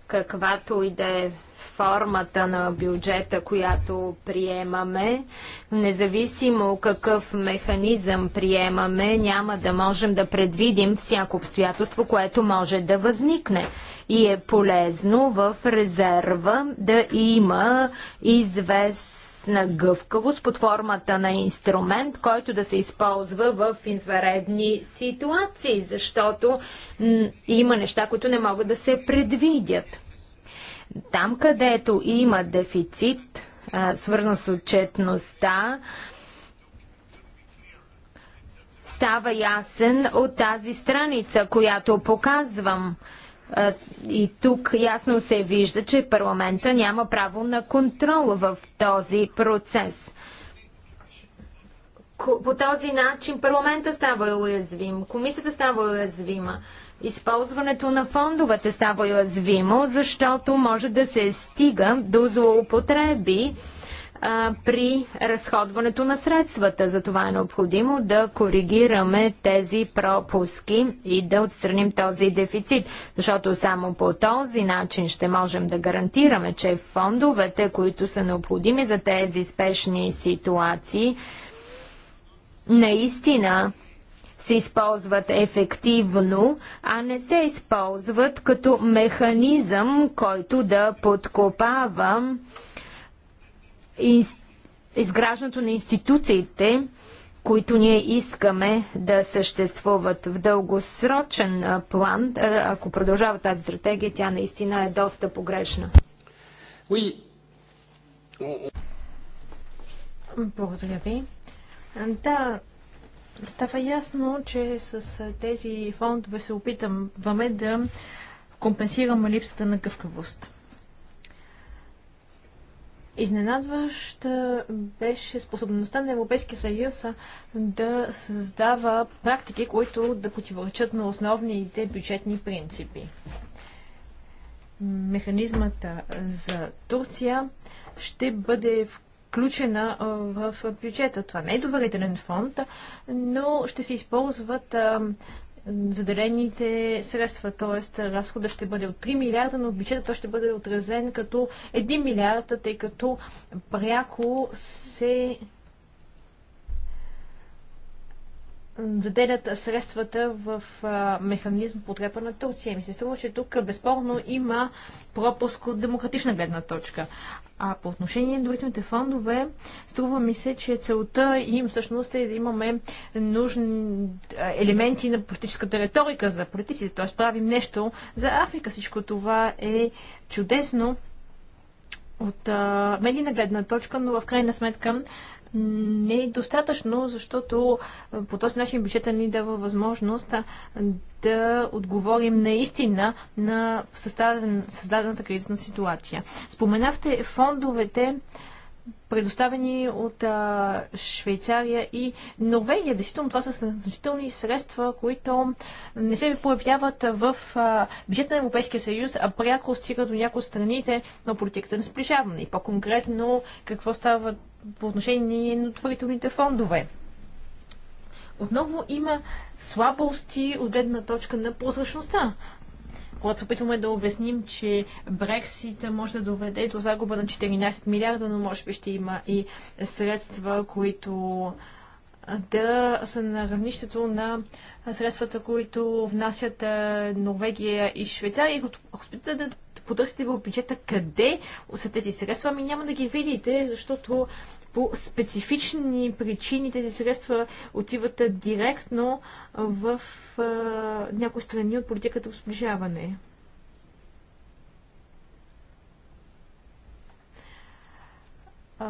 каквато и да е формата на бюджета, която приемаме, независимо какъв механизъм приемаме, няма да можем да предвидим всяко обстоятелство, което може да възникне. И е полезно в резерва да има извест на гъвкавост под формата на инструмент, който да се използва в инфаредни ситуации, защото има неща, които не могат да се предвидят. Там, където има дефицит, свързан с отчетността, става ясен от тази страница, която показвам – и тук ясно се вижда, че парламента няма право на контрол в този процес. По този начин парламента става уязвим, комисията става уязвима, използването на фондовете става уязвимо, защото може да се стига до злоупотреби а, при разходването на средствата. Затова е необходимо да коригираме тези пропуски и да отстраним този дефицит, защото само по този начин ще можем да гарантираме, че фондовете, които са необходими за тези спешни ситуации, наистина се използват ефективно, а не се използват като механизъм, който да подкопава изграждането на институциите, които ние искаме да съществуват в дългосрочен план, ако продължава тази стратегия, тя наистина е доста погрешна. Благодаря ви. Да, става ясно, че с тези фондове се опитам да компенсираме липсата на гъвкавост. Изненадваща беше способността на Европейския съюз да създава практики, които да противоречат на основните бюджетни принципи. Механизмата за Турция ще бъде включена в бюджета. Това не е доверителен фонд, но ще се използват заделените средства, т.е. разхода ще бъде от 3 милиарда, но бюджетът ще бъде отразен като 1 милиарда, тъй като пряко се заделят средствата в а, механизм подкрепа на Турция. Ми се струва, че тук безспорно има пропуск от демократична гледна точка. А по отношение на другите фондове, струва ми се, че целта им всъщност е да имаме нужни елементи на политическата риторика за политиците, т.е. правим нещо за Африка. Всичко това е чудесно от а, медийна гледна точка, но в крайна сметка не е достатъчно, защото по този начин бюджета ни дава възможност да отговорим наистина на създаден, създадената кризисна ситуация. Споменахте фондовете, предоставени от а, Швейцария и Норвегия. Действително това са значителни средства, които не се появяват в а, бюджета на Европейския съюз, а пряко стигат до някои страните на политиката на сближаване. И по-конкретно какво става по отношение на отворителните фондове. Отново има слабости от гледна точка на прозрачността. Когато се опитваме да обясним, че Брексит може да доведе до загуба на 14 милиарда, но може би ще има и средства, които да са на равнището на средствата, които внасят Норвегия и Швейцария. И ако спитате да потърсите в бюджета къде са тези средства, ами няма да ги видите, защото по специфични причини тези средства отиват директно в някои страни от политиката в сближаване.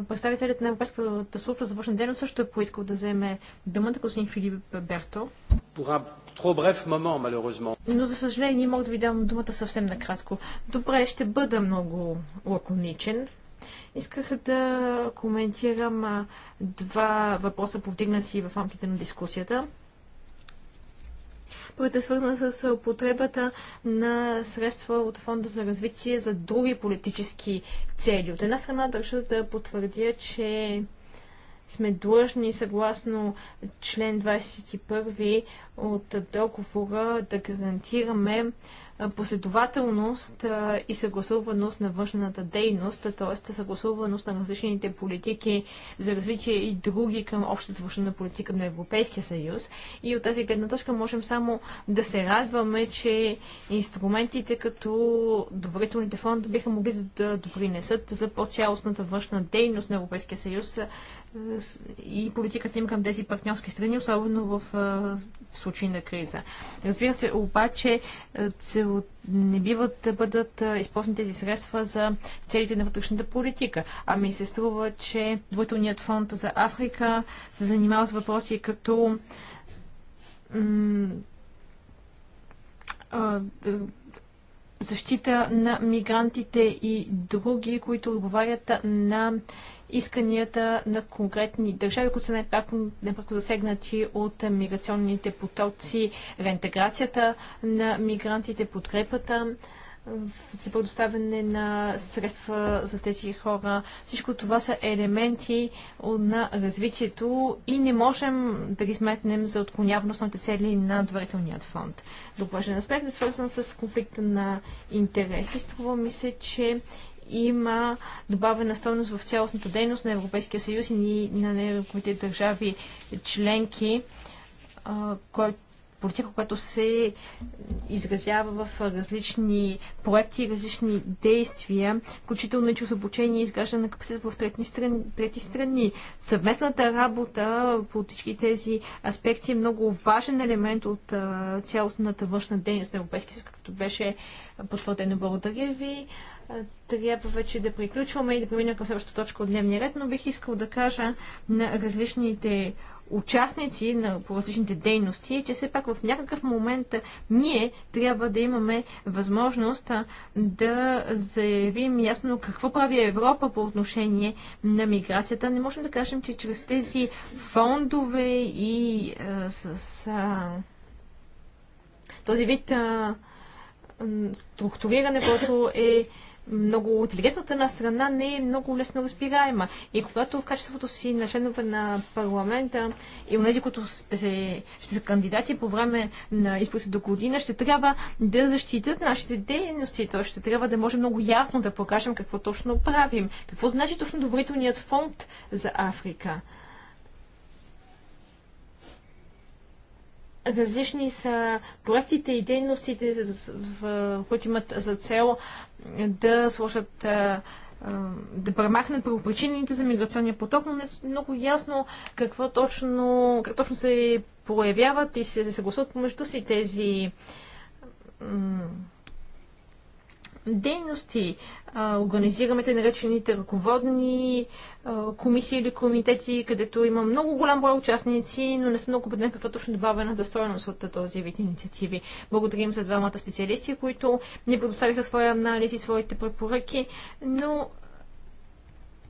Представителят на Европейската служба за външна дейност също е поискал да вземе думата, господин Филип Берто. Moment, но за съжаление мога да ви дам думата съвсем накратко. Добре, ще бъда много лаконичен. Исках да коментирам два въпроса, повдигнати в рамките на дискусията. Първата е свързана с употребата на средства от Фонда за развитие за други политически цели. От една страна държа да потвърдя, че сме длъжни съгласно член 21 от договора да гарантираме последователност и съгласуваност на външната дейност, т.е. съгласуваност на различните политики за развитие и други към общата външна политика на Европейския съюз. И от тази гледна точка можем само да се радваме, че инструментите като доверителните фонда биха могли да допринесат за по-цялостната външна дейност на Европейския съюз и политиката им към тези партньорски страни, особено в в случай на криза. Разбира се, обаче е, цел... не биват да бъдат е, използвани тези средства за целите на вътрешната политика. А ми се струва, че Двойтълният фонд за Африка се занимава с въпроси като защита на мигрантите и други, които отговарят на исканията на конкретни държави, които са непряко засегнати от миграционните потоци, реинтеграцията на мигрантите, подкрепата за предоставяне на средства за тези хора. Всичко това са елементи на развитието и не можем да ги сметнем за отклоняване основните цели на доверителният фонд. Друг важен аспект е свързан с конфликта на интереси. Струва ми се, че има добавена стойност в цялостната дейност на Европейския съюз и на неговите държави членки, който политика, която се изразява в различни проекти, различни действия, включително и чрез обучение и изграждане на капацитет в трети страни, трети страни. Съвместната работа по всички тези аспекти е много важен елемент от цялостната външна дейност на Европейския съюз, както беше потвърдено. Благодаря ви трябва вече да приключваме и да преминем към следващата точка от дневния ред, но бих искал да кажа на различните участници на, по различните дейности, че все пак в някакъв момент ние трябва да имаме възможност да заявим ясно какво прави Европа по отношение на миграцията. Не можем да кажем, че чрез тези фондове и а, с а, този вид а, структуриране, което е много интелигентна от една страна, не е много лесно разбираема. И когато в качеството си на членове на парламента и онези, които ще, се, ще са кандидати по време на изборите до година, ще трябва да защитят нашите дейности. Тоест ще трябва да може много ясно да покажем какво точно правим. Какво значи точно доверителният фонд за Африка? различни са проектите и дейностите, които имат за цел да сложат да премахнат причините за миграционния поток, но не е много ясно какво точно, как точно се проявяват и се съгласуват помежду си тези дейности организираме те наречените ръководни комисии или комитети, където има много голям брой участници, но не сме много убедени каква точно добавена да е стоеност от този вид инициативи. Благодарим за двамата специалисти, които ни предоставиха своя анализ и своите препоръки, но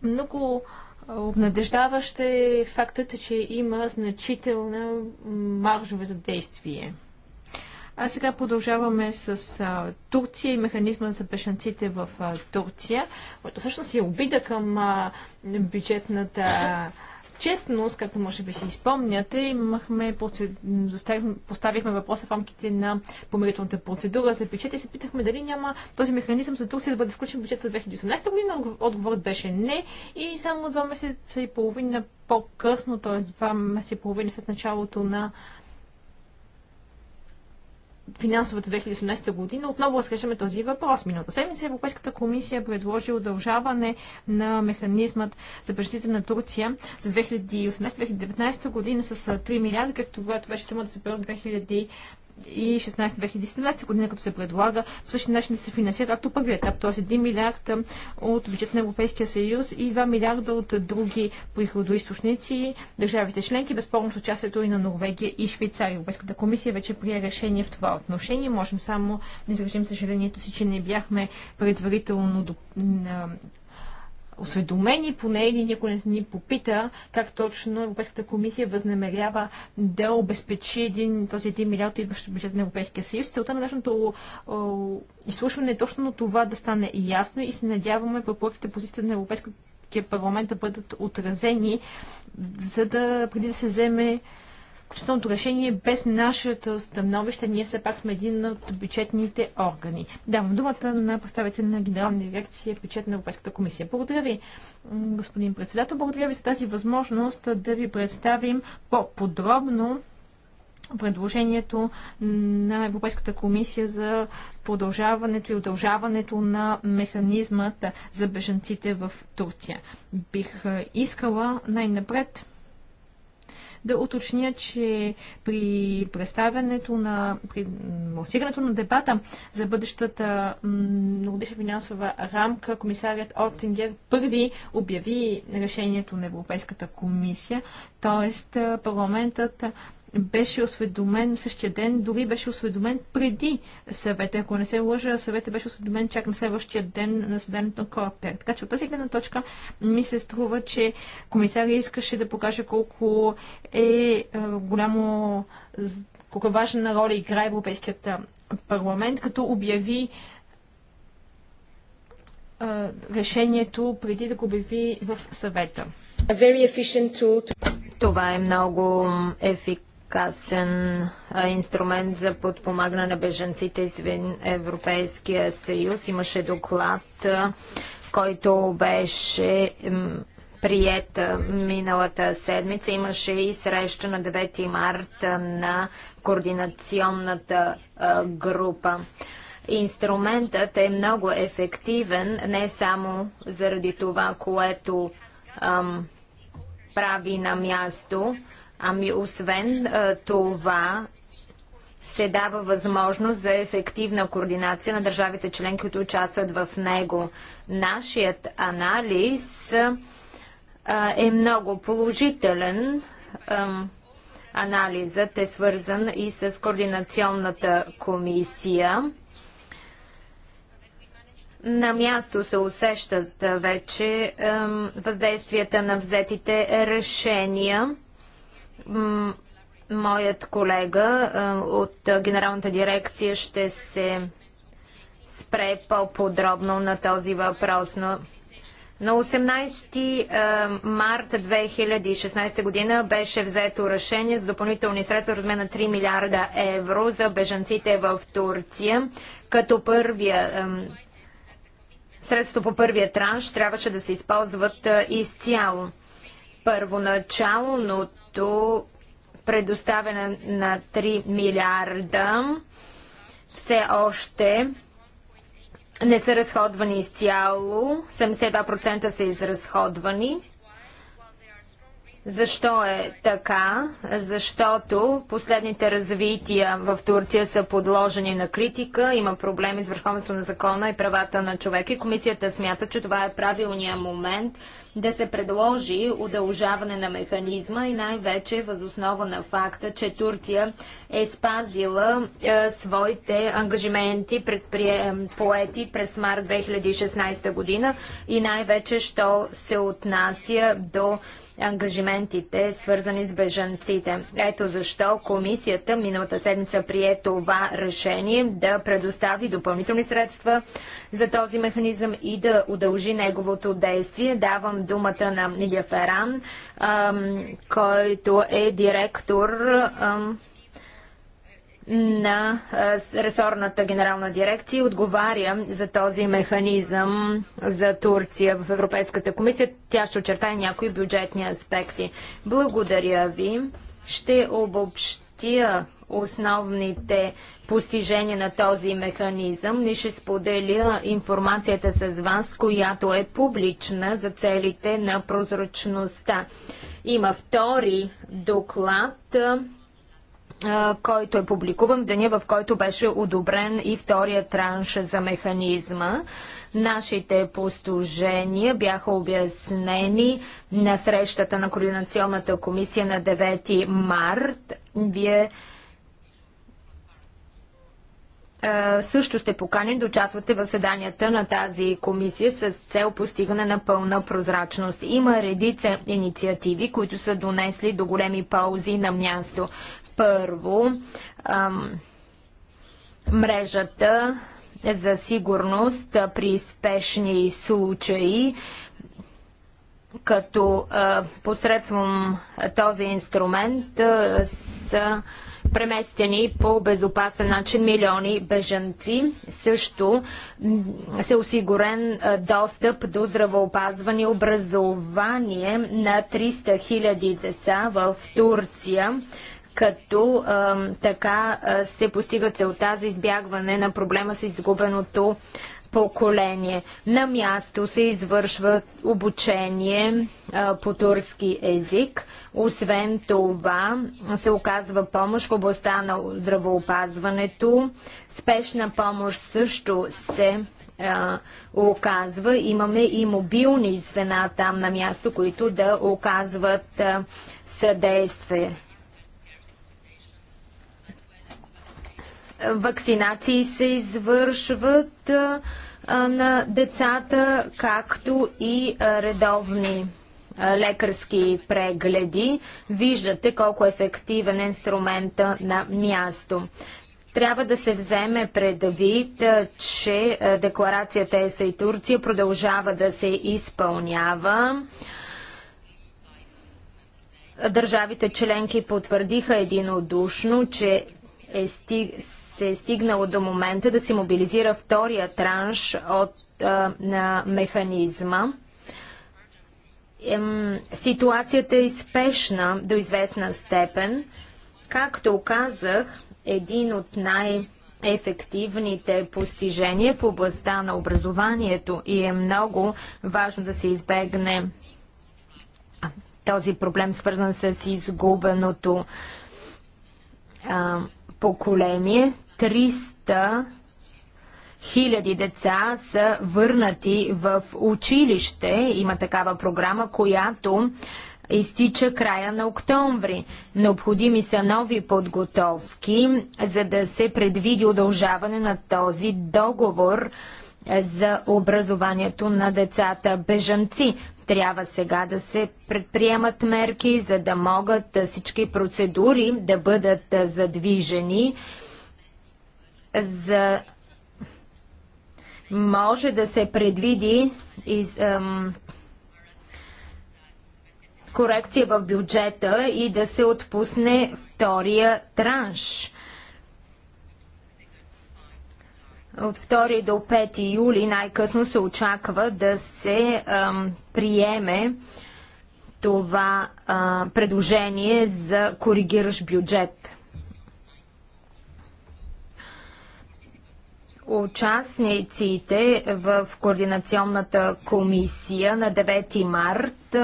много обнадеждаващ е фактът, че има значителна маржове за действие. А сега продължаваме с а, Турция и механизма за бешенците в а, Турция, което всъщност е обида към а, бюджетната честност, както може би си изпомняте. Имахме, поставихме въпроса в рамките на помирителната процедура за бюджет и се питахме дали няма този механизъм за Турция да бъде включен в бюджет за 2018 година. Отговорът беше не и само два месеца и половина по-късно, т.е. два месеца и половина след началото на финансовата 2018 година, отново разкрещаме този въпрос. Миналата седмица Европейската комисия предложи удължаване на механизмат за защита на Турция за 2018-2019 година с 3 милиарда, като това беше само да се 2000 и 16-2017 година, като се предлага по същия начин да се финансира както първият етап, т.е. 1 милиард от бюджет на Европейския съюз и 2 милиарда от други приходоисточници, държавите членки, безспорно с участието и на Норвегия и Швейцария. Европейската комисия вече прие решение в това отношение. Можем само да изразим съжалението си, че не бяхме предварително осведомени поне или някой не ни попита как точно Европейската комисия възнамерява да обезпечи един, този 1 милиард идващ бюджет на Европейския съюз. Целта на днешното изслушване е точно това да стане ясно и се надяваме препоръките позицията на Европейския парламент да бъдат отразени, за да преди да се вземе окончателното решение без нашето становище. Ние все пак сме един от бюджетните органи. Давам думата на представител на Генерална дирекция бюджет на Европейската комисия. Благодаря ви, господин председател. Благодаря ви за тази възможност да ви представим по-подробно предложението на Европейската комисия за продължаването и удължаването на механизмата за бежанците в Турция. Бих е, искала най-напред да уточня, че при представянето на, при лансирането на дебата за бъдещата многодишна финансова рамка, комисарят Оттингер първи обяви решението на Европейската комисия, т.е. парламентът беше осведомен същия ден, дори беше осведомен преди съвета. Ако не се лъжа, съвета беше осведомен чак на следващия ден на заседанието на Корпер. Така че от тази гледна точка ми се струва, че комисаря искаше да покаже колко е, е голямо, колко е важна роля играе Европейският парламент, като обяви решението преди да го обяви в съвета. Това е много ефик ефикасен инструмент за подпомагане на беженците извън Европейския съюз. Имаше доклад, който беше прият миналата седмица. Имаше и среща на 9 марта на координационната група. Инструментът е много ефективен, не само заради това, което ам, прави на място, Ами освен а, това се дава възможност за ефективна координация на държавите член, които участват в него. Нашият анализ а, е много положителен. А, анализът е свързан и с координационната комисия. На място се усещат вече въздействията на взетите решения моят колега от Генералната дирекция ще се спре по-подробно на този въпрос. Но на 18 март 2016 година беше взето решение за допълнителни средства в размер на 3 милиарда евро за бежанците в Турция, като първия средство по първия транш трябваше да се използват изцяло. Първоначално като предоставена на 3 милиарда все още не са разходвани изцяло, 72% са изразходвани. Защо е така? Защото последните развития в Турция са подложени на критика, има проблеми с върховенството на закона и правата на човека и комисията смята, че това е правилният момент да се предложи удължаване на механизма и най-вече възоснова на факта, че Турция е спазила е, своите ангажименти пред поети през март 2016 година и най-вече, що се отнася до ангажиментите, свързани с бежанците. Ето защо комисията миналата седмица прие това решение да предостави допълнителни средства за този механизъм и да удължи неговото действие. Давам думата на Нидя Феран, който е директор на ресорната генерална дирекция отговаря за този механизъм за Турция в Европейската комисия. Тя ще очертае някои бюджетни аспекти. Благодаря ви. Ще обобщя основните постижения на този механизъм и ще споделя информацията с вас, която е публична за целите на прозрачността. Има втори доклад който е публикуван в деня, в който беше одобрен и втория транш за механизма. Нашите постижения бяха обяснени на срещата на Координационната комисия на 9 март. Вие също сте поканени да участвате в заседанията на тази комисия с цел постигане на пълна прозрачност. Има редица инициативи, които са донесли до големи паузи на място. Първо, ам, мрежата за сигурност при спешни случаи, като а, посредством този инструмент а, са преместени по безопасен начин милиони бежанци. Също се е осигурен достъп до здравоопазване и образование на 300 000 деца в Турция като а, така а, се постига целта за избягване на проблема с изгубеното поколение. На място се извършва обучение а, по турски език. Освен това се оказва помощ в областта на здравоопазването. Спешна помощ също се а, оказва. Имаме и мобилни звена там на място, които да оказват а, съдействие. вакцинации се извършват на децата, както и редовни лекарски прегледи. Виждате колко ефективен е инструмента на място. Трябва да се вземе предвид, че декларацията ЕСА и Турция продължава да се изпълнява. Държавите членки потвърдиха единодушно, че е стиг се е стигнало до момента да се мобилизира втория транш от, а, на механизма. Ем, ситуацията е спешна до известна степен. Както казах, един от най- ефективните постижения в областта на образованието и е много важно да се избегне този проблем, свързан с изгубеното а, поколение. 300 хиляди деца са върнати в училище. Има такава програма, която изтича края на октомври. Необходими са нови подготовки, за да се предвиди удължаване на този договор е, за образованието на децата бежанци. Трябва сега да се предприемат мерки, за да могат е, всички процедури да бъдат е, задвижени за може да се предвиди из, ам, корекция в бюджета и да се отпусне втория транш. От 2 до 5 юли най-късно се очаква да се ам, приеме това а, предложение за коригиращ бюджет. участниците в Координационната комисия на 9 март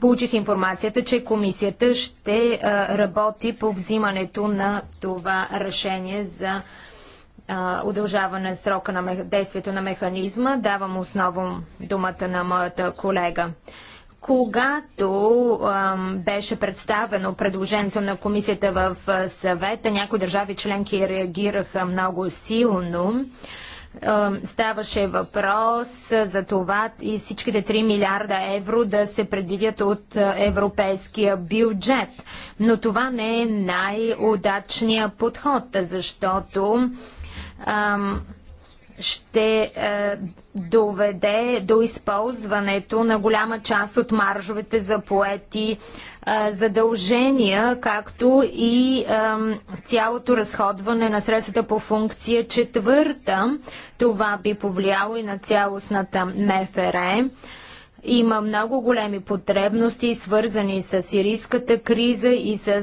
получих информацията, че комисията ще работи по взимането на това решение за удължаване срока на действието на механизма. Давам основно думата на моята колега. Когато ам, беше представено предложението на комисията в съвета, някои държави членки реагираха много силно. ставаше въпрос за това и всичките 3 милиарда евро да се предвидят от европейския бюджет. Но това не е най-удачният подход, защото ам, ще доведе до използването на голяма част от маржовете за поети е, задължения, както и цялото разходване на средствата по функция четвърта. Това би повлияло и на цялостната МФР. Има много големи потребности, свързани с сирийската криза и с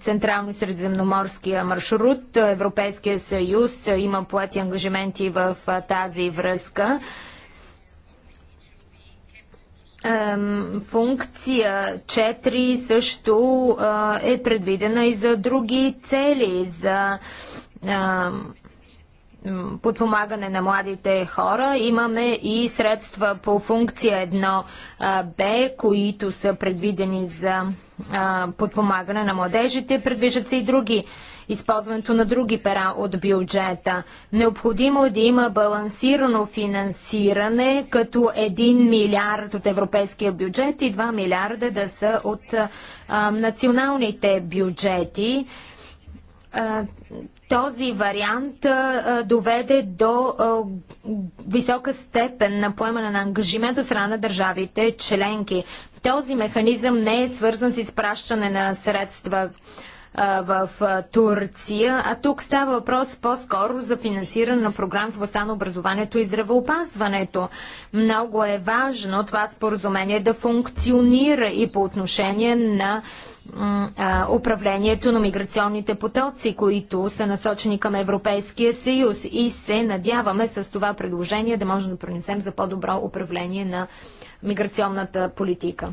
Централно-Средиземноморския маршрут. Европейския съюз има плати ангажименти в тази връзка функция 4 също е предвидена и за други цели, за подпомагане на младите хора. Имаме и средства по функция 1Б, които са предвидени за подпомагане на младежите. предвижат се и други използването на други пера от бюджета. Необходимо е да има балансирано финансиране, като 1 милиард от европейския бюджет и 2 милиарда да са от а, националните бюджети. А, този вариант а, доведе до а, висока степен на поемане на ангажимент от страна на държавите членки. Този механизъм не е свързан с изпращане на средства а, в Турция, а тук става въпрос по-скоро за финансиране на програм в областта на образованието и здравеопазването. Много е важно това споразумение да функционира и по отношение на управлението на миграционните потоци, които са насочени към Европейския съюз и се надяваме с това предложение да можем да пронесем за по-добро управление на миграционната политика.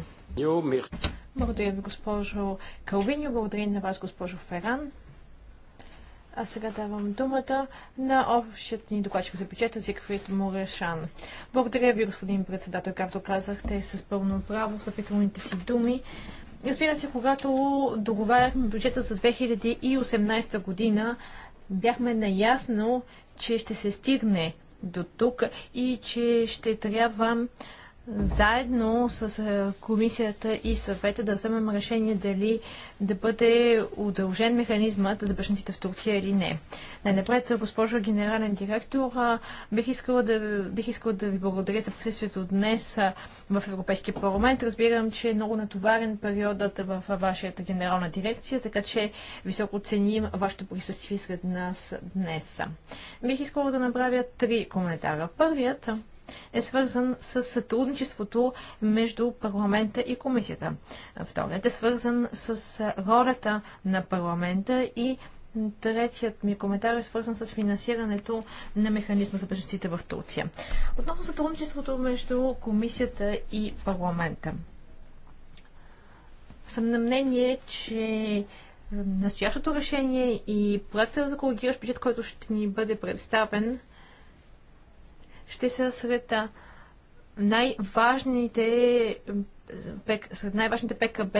Благодаря ви, госпожо Калвиньо. Благодаря на вас, госпожо Феран. А сега давам думата на общият ни докладчик за бюджета Зигфрид Морешан. Благодаря ви, господин председател, както казахте, с пълно право в запиталните си думи. Разбира се, когато договаряхме бюджета за 2018 година, бяхме наясно, че ще се стигне до тук и че ще трябва заедно с е, комисията и съвета да вземем решение дали да бъде удължен механизмът за бежанците в Турция или не. Най-напред, госпожо генерален директор, бих искала, да, бих искала да ви благодаря за присъствието днес в Европейския парламент. Разбирам, че е много натоварен периодът в вашата генерална дирекция, така че високо ценим вашето присъствие сред нас днес. Бих искала да направя три коментара. Първият е свързан с сътрудничеството между парламента и комисията. Вторият е свързан с ролята на парламента и Третият ми коментар е свързан с финансирането на механизма за бежанците в Турция. Относно сътрудничеството между комисията и парламента. Съм на мнение, че настоящото решение и проектът за колегиращ бюджет, който ще ни бъде представен, ще са сред най-важните сред най-важните ПКБ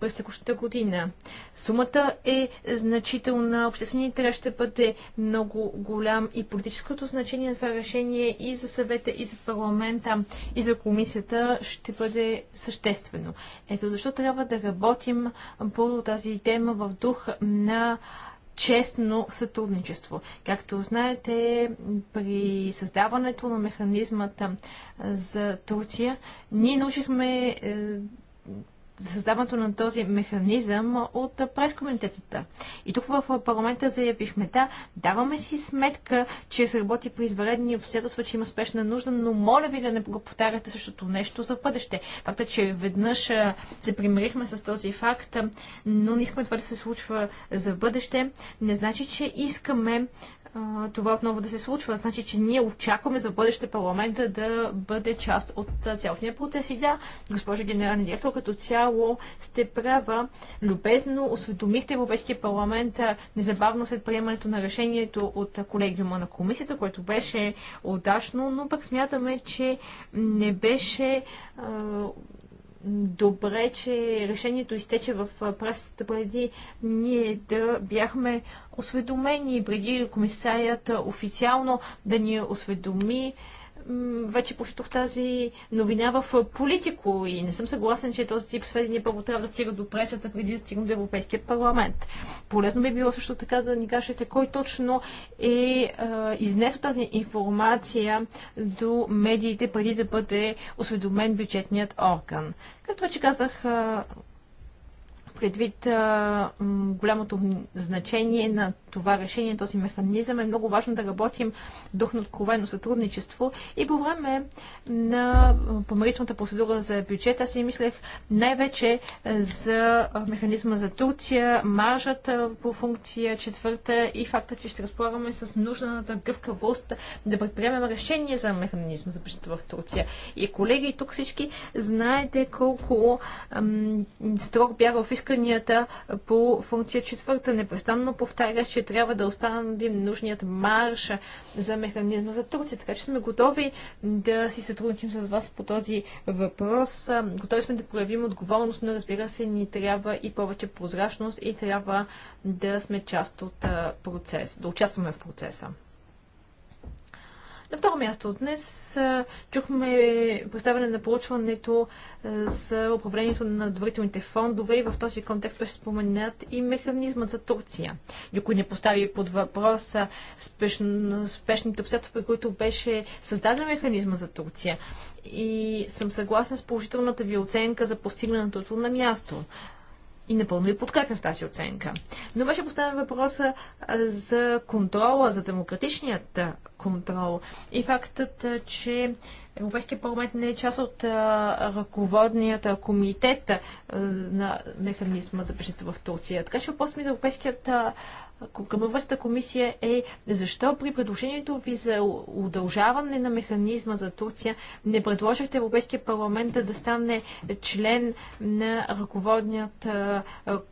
през текущата година. Сумата е значителна, общественият интерес ще бъде много голям и политическото значение на това решение и за съвета, и за парламента, и за комисията ще бъде съществено. Ето защо трябва да работим по тази тема в дух на честно сътрудничество. Както знаете, при създаването на механизмата за Турция, ние научихме е, създаването на този механизъм от прескомитетата. И тук в парламента заявихме, да, даваме си сметка, че се работи при изваредни обстоятелства, че има спешна нужда, но моля ви да не го повтаряте същото нещо за бъдеще. Факта, че веднъж се примирихме с този факт, но не искаме това да се случва за бъдеще, не значи, че искаме това отново да се случва. Значи, че ние очакваме за бъдеще парламента да бъде част от цялостния процес. И да, госпожа генерална директор, като цяло сте права. Любезно осведомихте Европейския парламент незабавно след приемането на решението от колегиума на комисията, което беше удачно, но пък смятаме, че не беше а, добре, че решението изтече в пресата преди ние да бяхме осведомени, преди комисарията официално да ни осведоми вече посетох тази новина в Политико и не съм съгласен, че този тип сведения първо трябва да стига до пресата преди да стигне до Европейския парламент. Полезно би било също така да ни кажете кой точно е изнесъл тази информация до медиите преди да бъде осведомен бюджетният орган. Като вече казах, предвид а, голямото значение на това решение, този механизъм, е много важно да работим в дух на откровено сътрудничество. И по време на помирителната процедура за бюджет, аз си мислех най-вече за механизма за Турция, маржата по функция четвърта и факта, че ще разполагаме с нужната гъвкавост да предприемем решение за механизма за бюджета в Турция. И колеги, тук всички знаете колко ам, строг бяга в иска разискванията по функция четвърта. Непрестанно повтарях, че трябва да оставим нужният марш за механизма за Турция. Така че сме готови да си сътрудничим с вас по този въпрос. Готови сме да проявим отговорност, но разбира се, ни трябва и повече прозрачност и трябва да сме част от процес, да участваме в процеса. На второ място, днес чухме представяне на проучването за управлението на доверителните фондове и в този контекст беше споменат и механизмът за Турция. Никой не постави под въпрос спешно, спешните обстоятелства, при които беше създаден механизма за Турция. И съм съгласен с положителната ви оценка за постигнатото на място и напълно и подкрепям в тази оценка. Но беше поставен въпроса за контрола, за демократичният контрол и фактът, че Европейския парламент не е част от ръководният комитет на механизма за бежите в Турция. Така че въпросът ми за Европейският към въпросната комисия е защо при предложението ви за удължаване на механизма за Турция не предложихте Европейския парламент да стане член на ръководният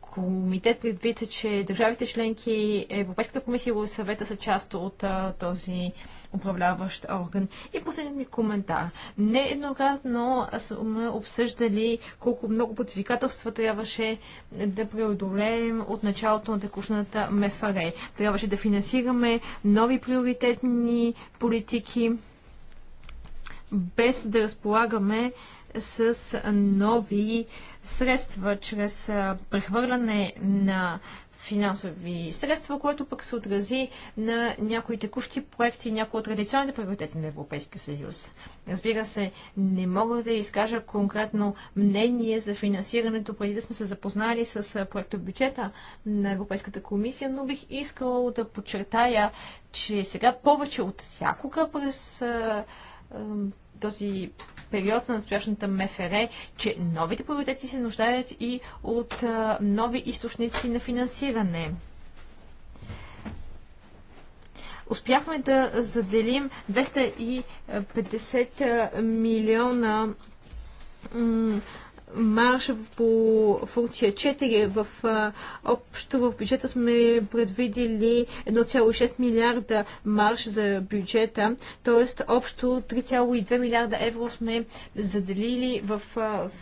комитет, предвид, че държавите членки, Европейската комисия и съвета са част от този управляващ орган. И последният ми коментар. Не еднократно сме обсъждали колко много предизвикателства трябваше да преодолеем от началото на текущната механизма МФР. Трябваше да финансираме нови приоритетни политики, без да разполагаме с нови средства, чрез прехвърляне на финансови средства, което пък се отрази на някои текущи проекти, някои от традиционните приоритети на Европейския съюз. Разбира се, не мога да изкажа конкретно мнение за финансирането, преди да сме се запознали с проекто бюджета на Европейската комисия, но бих искала да подчертая, че сега повече от всякога през този период на настоящата МФР, че новите приоритети се нуждаят и от а, нови източници на финансиране. Успяхме да заделим 250 милиона марш по функция 4. В а, общо в бюджета сме предвидели 1,6 милиарда марш за бюджета, т.е. общо 3,2 милиарда евро сме заделили в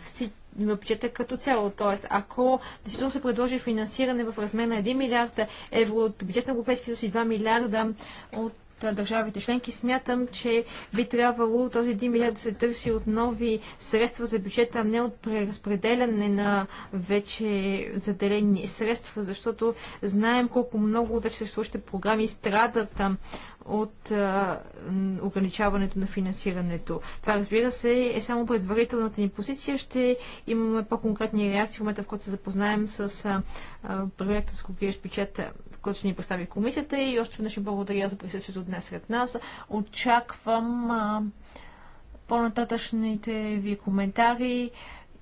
всички има бюджета като цяло. Тоест, ако действително се предложи финансиране в размер на 1 милиард евро от бюджет на Европейския съюз и 2 милиарда от държавите членки. Смятам, че би трябвало този 1 милиард да се търси от нови средства за бюджета, а не от преразпределяне на вече заделени средства, защото знаем колко много вече съществуващите програми страдат от ограничаването на финансирането. Това, разбира се, е само предварителната ни позиция. Ще имаме по-конкретни реакции в момента, в който се запознаем с проекта с Кукриеш бюджета който ще ни постави комисията и още веднъж ви благодаря за присъствието днес сред нас. Очаквам а, по-нататъчните ви коментари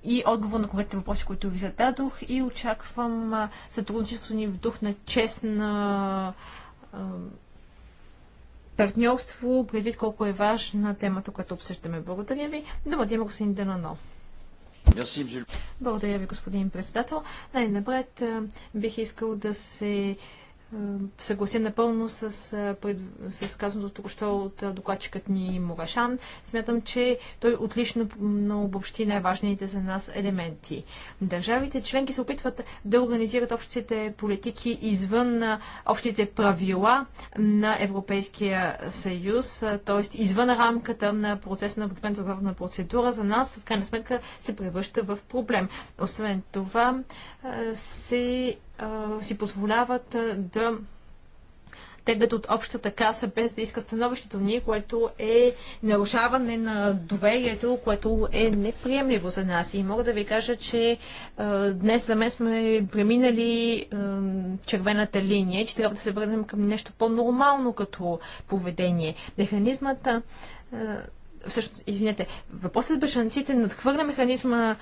и отговор на конкретните въпроси, които ви зададох и очаквам а, сътрудничеството ни в дух на честна а, партньорство, предвид колко е важна темата, която обсъждаме. Благодаря ви. Думата има господин Денано. Благодаря ви, господин председател. Най-напред бих искал да се е, съгласим напълно с, е, с казаното току-що от е, докладчикът ни Мурашан. Смятам, че той отлично обобщи най-важните за нас елементи. Държавите членки се опитват да организират общите политики извън общите правила на Европейския съюз, т.е. извън рамката на процеса на обикновената процедура. За нас, в крайна сметка, се превръща в проблем. Освен това, се си позволяват да теглят от общата каса без да иска становището ни, което е нарушаване на доверието, което е неприемливо за нас. И мога да ви кажа, че а, днес за мен сме преминали а, червената линия, че трябва да се върнем към нещо по-нормално като поведение. Механизмата а, всъщност, извинете, въпросът за бежанците надхвърля механизма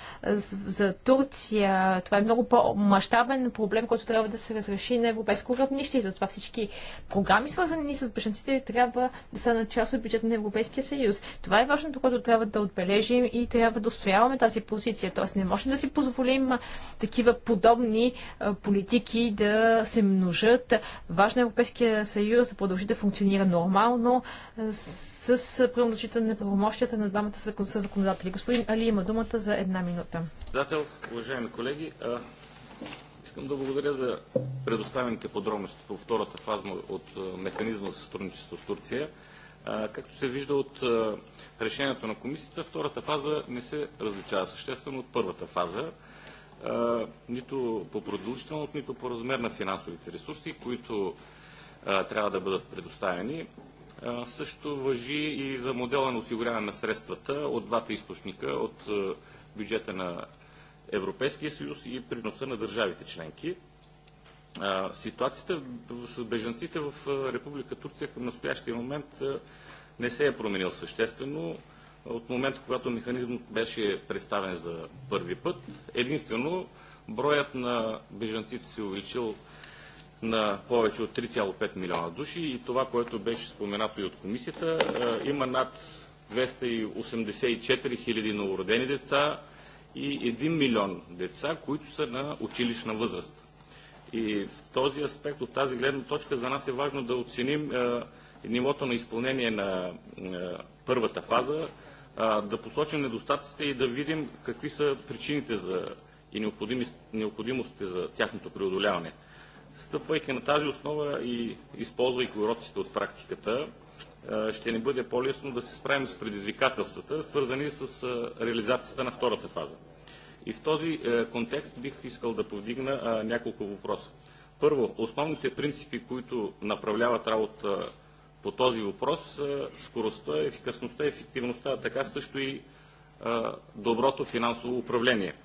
за Турция. Това е много по-масштабен проблем, който трябва да се разреши на европейско равнище и затова всички програми, свързани с бежанците, трябва да станат част от бюджета на Европейския съюз. Това е важното, което трябва да отбележим и трябва да устояваме тази позиция. Тоест не можем да си позволим такива подобни политики да се множат. Важно е Европейския съюз да продължи да функционира нормално с правомощите на правомощията на двамата законодатели. Господин Али има думата за една минута. Председател, уважаеми колеги, а, искам да благодаря за предоставените подробности по втората фаза от а, механизма за сътрудничество с Турция. А, както се вижда от решението на комисията, втората фаза не се различава съществено от първата фаза нито по продължителност, нито по размер на финансовите ресурси, които а, трябва да бъдат предоставени също въжи и за модела на осигуряване на средствата от двата източника, от бюджета на Европейския съюз и приноса на държавите членки. Ситуацията с бежанците в Република Турция към настоящия момент не се е променил съществено. От момента, когато механизмът беше представен за първи път, единствено броят на бежанците се увеличил на повече от 3,5 милиона души и това, което беше споменато и от комисията, е, има над 284 хиляди новородени деца и 1 милион деца, които са на училищна възраст. И в този аспект, от тази гледна точка, за нас е важно да оценим е, нивото на изпълнение на е, първата фаза, да посочим недостатъците и да видим какви са причините за и необходимостите за тяхното преодоляване. Стъпвайки на тази основа и използвайки уроците от практиката, ще ни бъде по-лесно да се справим с предизвикателствата, свързани с реализацията на втората фаза. И в този контекст бих искал да повдигна няколко въпроса. Първо, основните принципи, които направляват работа по този въпрос, са скоростта, ефикасността, ефективността, а така също и доброто финансово управление –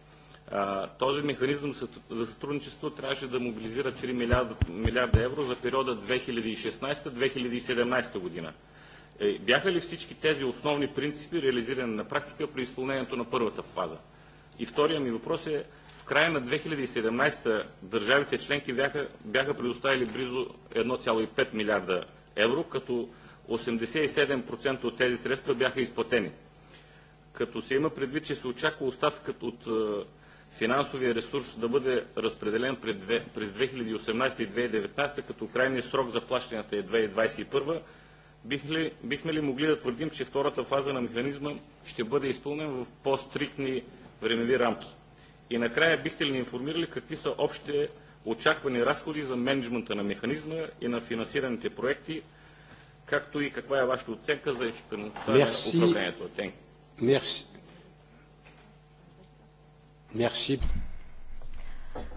този механизъм за сътрудничество трябваше да мобилизира 3 милиарда, милиарда евро за периода 2016-2017 година. Е, бяха ли всички тези основни принципи реализирани на практика при изпълнението на първата фаза? И втория ми въпрос е, в края на 2017 държавите членки бяха, бяха предоставили близо 1,5 милиарда евро, като 87% от тези средства бяха изплатени. Като се има предвид, че се очаква остатъкът от е, финансовия ресурс да бъде разпределен през 2018 и 2019, като крайният срок за плащанията е 2021, бихме ли могли да твърдим, че втората фаза на механизма ще бъде изпълнена в по-стриктни времеви рамки? И накрая, бихте ли ни информирали какви са общите очаквани разходи за менеджмента на механизма и на финансираните проекти, както и каква е вашата оценка за ефективността на управлението? Мерси.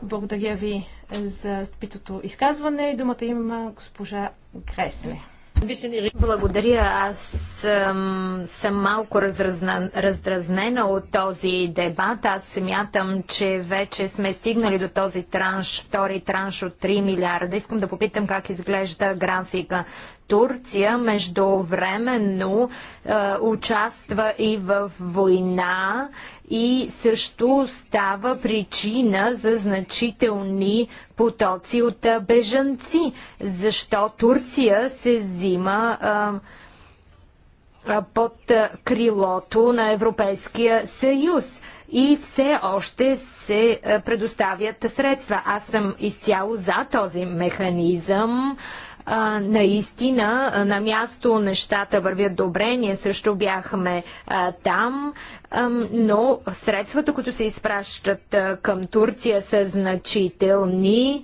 Благодаря ви за спитото изказване. Думата има госпожа Гресне. Благодаря. Аз съм, съм малко раздразнена от този дебат. Аз смятам, че вече сме стигнали до този транш, втори транш от 3 милиарда. Искам да попитам как изглежда графика. Турция междувременно е, участва и в война и също става причина за значителни потоци от е, бежанци, защо Турция се взима е, е под е, крилото на Европейския съюз и все още се предоставят средства. Аз съм изцяло за този механизъм. А, наистина, на място нещата вървят добре, ние също бяхме а, там, а, но средствата, които се изпращат а, към Турция са значителни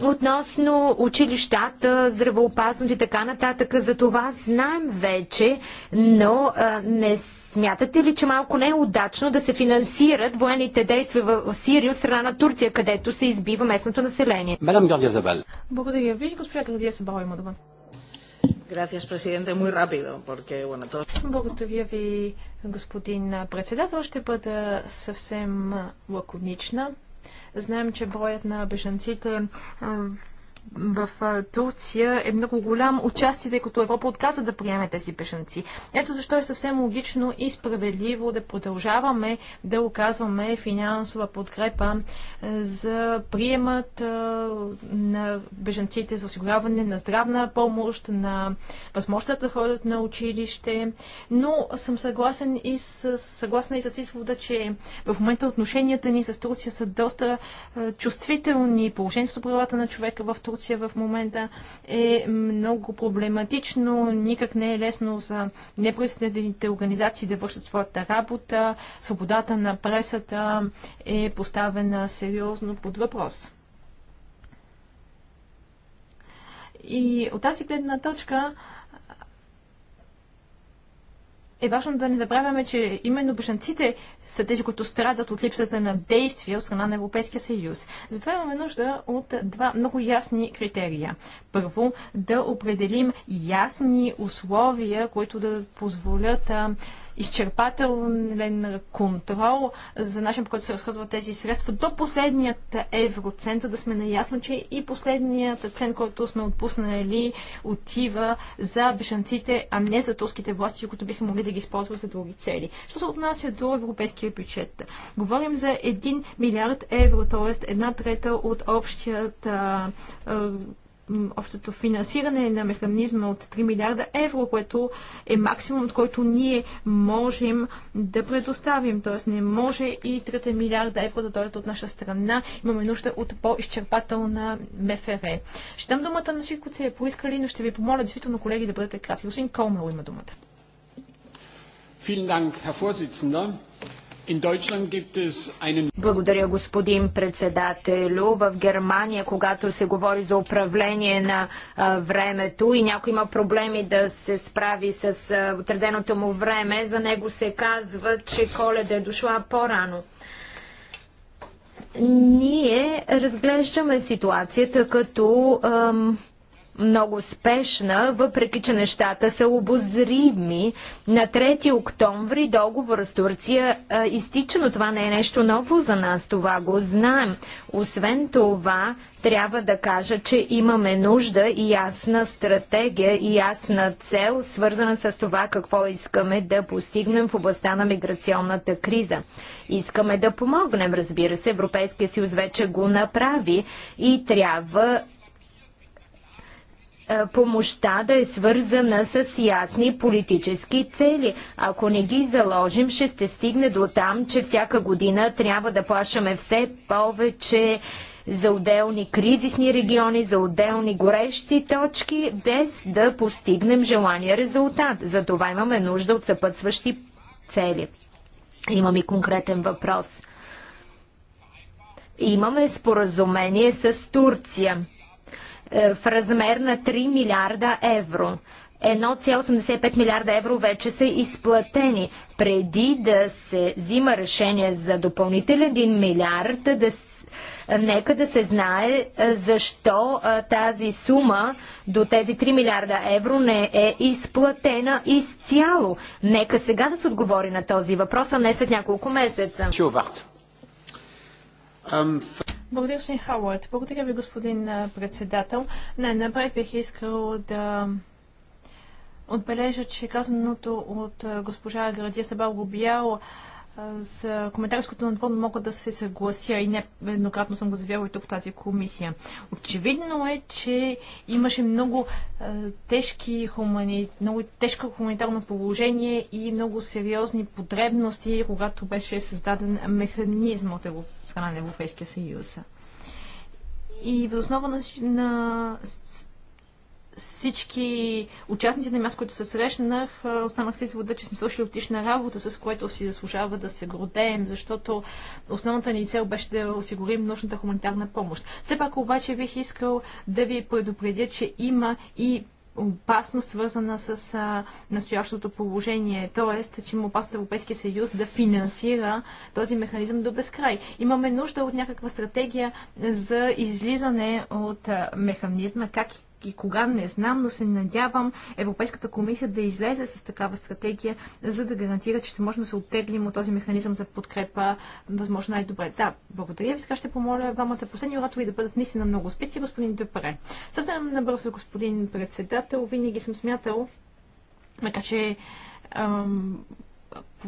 относно училищата, здравеопазването и така нататък. За това знаем вече, но а, не са Смятате ли, че малко не е удачно да се финансират военните действия в Сирия от страна на Турция, където се избива местното население? Мадам Гордия Благодаря ви. Госпожа Гордия Забал има дума. Gracias, presidente. Muy rápido, porque, bueno, todos... Благодаря ви, господин председател. Ще бъда съвсем лаконична. Знаем, че броят на бежанците в Турция е много голям участие, тъй като Европа отказа да приеме тези бежанци. Ето защо е съвсем логично и справедливо да продължаваме да оказваме финансова подкрепа за приемат на бежанците, за осигуряване на здравна помощ, на възможността да ходят на училище. Но съм съгласен и с, съгласна и с извода, че в момента отношенията ни с Турция са доста чувствителни. Положението с правилата на човека в Турция Турция в момента е много проблематично. Никак не е лесно за непредседените организации да вършат своята работа. Свободата на пресата е поставена сериозно под въпрос. И от тази гледна точка е важно да не забравяме, че именно бежанците са тези, които страдат от липсата на действия от страна на Европейския съюз. Затова имаме нужда от два много ясни критерия. Първо, да определим ясни условия, които да позволят а, изчерпателен контрол за начин, по който се разходват тези средства до последният евроцент, за да сме наясно, че и последният цент, който сме отпуснали, отива за бежанците, а не за турските власти, които биха могли да ги използват за други цели. Що се отнася до европейския бюджет? Говорим за 1 милиард евро, т.е. една трета от общият а, а, общото финансиране на механизма от 3 милиарда евро, което е от който ние можем да предоставим. Т.е. не може и 3 милиарда евро да дойдат от наша страна. Имаме нужда от по-изчерпателна МФР. Ще дам думата на всички, които се е поискали, но ще ви помоля действително, колеги, да бъдете кратки. Господин Колмел има думата. Vielen Dank, Herr благодаря, господин председателю. В Германия, когато се говори за управление на а, времето и някой има проблеми да се справи с а, отреденото му време, за него се казва, че коледа е дошла по-рано. Ние разглеждаме ситуацията като ам, много спешна, въпреки че нещата са обозрими. На 3 октомври договор с Турция а, изтича, но това не е нещо ново за нас, това го знаем. Освен това, трябва да кажа, че имаме нужда и ясна стратегия и ясна цел, свързана с това какво искаме да постигнем в областта на миграционната криза. Искаме да помогнем, разбира се, Европейския съюз вече го направи и трябва е, помощта да е свързана с ясни политически цели. Ако не ги заложим, ще се стигне до там, че всяка година трябва да плащаме все повече за отделни кризисни региони, за отделни горещи точки, без да постигнем желания резултат. За това имаме нужда от съпътстващи цели. Имам и конкретен въпрос. Имаме споразумение с Турция е, в размер на 3 милиарда евро. 1,85 милиарда евро вече са изплатени. Преди да се взима решение за допълнителен 1 милиард, да нека да се знае е, защо е, тази сума до тези 3 милиарда евро не е изплатена изцяло. Нека сега да се отговори на този въпрос, а не след няколко месеца. Благодаря, господин Хауърд. Благодаря ви, господин председател. Най-напред бих искал да отбележа, че казаното от госпожа Градия Сабал Губял за коментарското с които напълно мога да се съглася и не еднократно съм го заявявала и тук в тази комисия. Очевидно е, че имаше много, тежки хумани... много тежко хуманитарно положение и много сериозни потребности, когато беше създаден механизъм от Европ... страна на Европейския съюз. И в основа на, на всички участници на място, които се срещнах, останах с извода, че сме свършили отлична работа, с което си заслужава да се гордеем, защото основната ни цел беше да осигурим нужната хуманитарна помощ. Все пак обаче бих искал да ви предупредя, че има и опасност, свързана с а, настоящото положение, т.е. че има опасност Европейския съюз да финансира този механизъм до безкрай. Имаме нужда от някаква стратегия за излизане от а, механизма, как и кога не знам, но се надявам Европейската комисия да излезе с такава стратегия, за да гарантира, че ще може да се оттеглим от този механизъм за подкрепа, възможно най-добре. Да, благодаря ви. Сега ще помоля двамата последни оратори да бъдат наистина много успети, господин Депре. Съвсем набързо, господин председател, винаги съм смятал, така че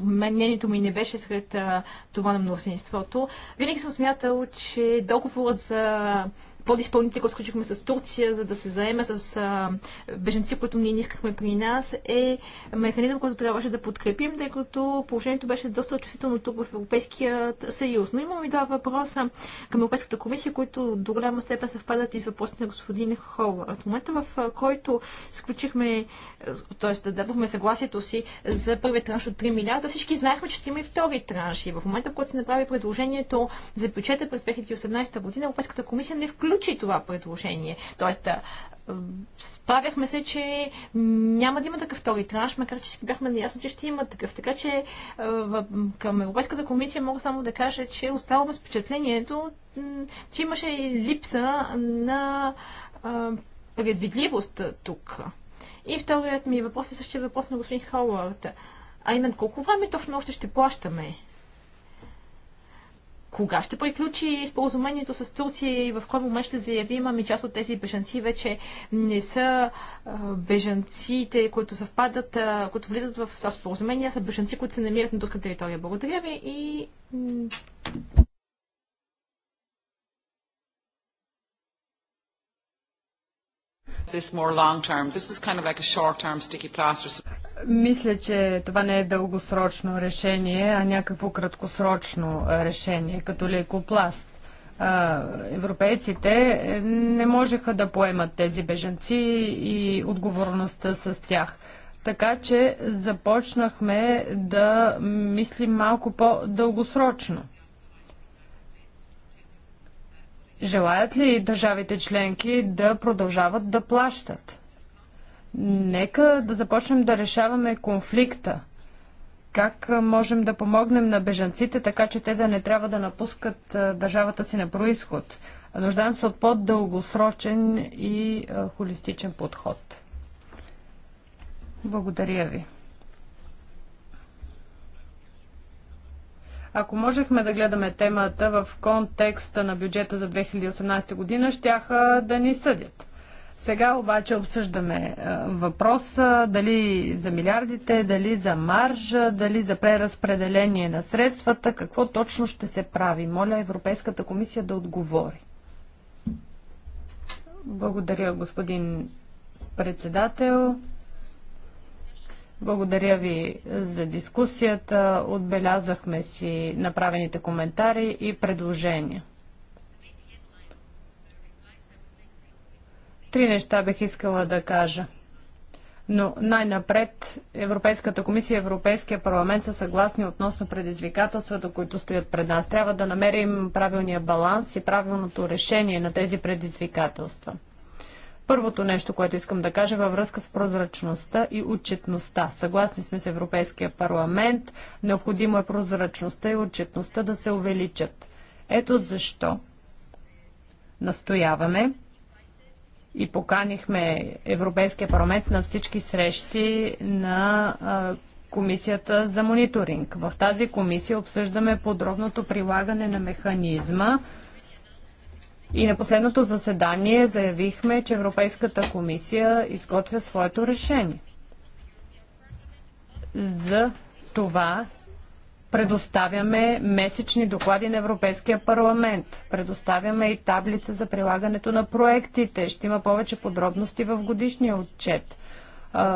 мнението ми не беше сред а, това на мнозинството. Винаги съм смятал, че договорът за подиспълнителите, който сключихме с Турция, за да се заеме с а, беженци, които ние не искахме при нас, е механизъм, който трябваше да подкрепим, тъй като положението беше доста чувствително тук в Европейския съюз. Но имам и два въпроса към Европейската комисия, които до голяма степен съвпадат и с въпросите на господин Ховард. В момента, в който сключихме, т.е. дадохме съгласието си за първият транш от 3 милиарда, всички знаехме, че ще има и втори транш. И в момента, в който се направи предложението за бюджета през 2018 година, Европейската комисия не включи включи това предложение. Тоест, справяхме се, че няма да има такъв втори транш, макар че бяхме наясно, че ще има такъв. Така че към Европейската комисия мога само да кажа, че оставаме с впечатлението, че имаше липса на предвидливост тук. И вторият ми въпрос е същия въпрос на господин Хауърд. А именно, колко време точно още ще плащаме? кога ще приключи споразумението с Турция и в кой момент ще заявим, ами част от тези бежанци вече не са бежанците, които съвпадат, които влизат в това споразумение, са бежанци, които се намират на турска територия. Благодаря ви и Мисля, че това не е дългосрочно решение, а някакво краткосрочно решение, като лекопласт. Европейците е, не можеха да поемат тези бежанци и отговорността с тях. Така че започнахме да мислим малко по-дългосрочно. Желаят ли държавите членки да продължават да плащат? Нека да започнем да решаваме конфликта. Как можем да помогнем на бежанците, така че те да не трябва да напускат държавата си на происход? Нуждаем се от по-дългосрочен и холистичен подход. Благодаря ви. Ако можехме да гледаме темата в контекста на бюджета за 2018 година, щяха да ни съдят. Сега обаче обсъждаме е, въпроса дали за милиардите, дали за маржа, дали за преразпределение на средствата, какво точно ще се прави. Моля Европейската комисия да отговори. Благодаря, господин председател. Благодаря ви за дискусията. Отбелязахме си направените коментари и предложения. Три неща бих искала да кажа. Но най-напред Европейската комисия и Европейския парламент са съгласни относно предизвикателствата, които стоят пред нас. Трябва да намерим правилния баланс и правилното решение на тези предизвикателства. Първото нещо, което искам да кажа във връзка с прозрачността и отчетността. Съгласни сме с Европейския парламент, необходимо е прозрачността и отчетността да се увеличат. Ето защо настояваме и поканихме Европейския парламент на всички срещи на комисията за мониторинг. В тази комисия обсъждаме подробното прилагане на механизма и на последното заседание заявихме, че Европейската комисия изготвя своето решение за това предоставяме месечни доклади на Европейския парламент. Предоставяме и таблица за прилагането на проектите. Ще има повече подробности в годишния отчет.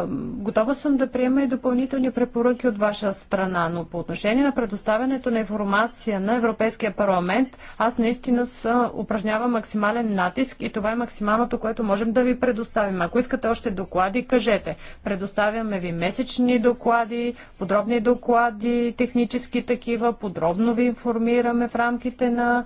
Готова съм да приема и допълнителни препоръки от ваша страна, но по отношение на предоставянето на информация на Европейския парламент, аз наистина упражнявам максимален натиск и това е максималното, което можем да ви предоставим. Ако искате още доклади, кажете. Предоставяме ви месечни доклади, подробни доклади, технически такива, подробно ви информираме в рамките на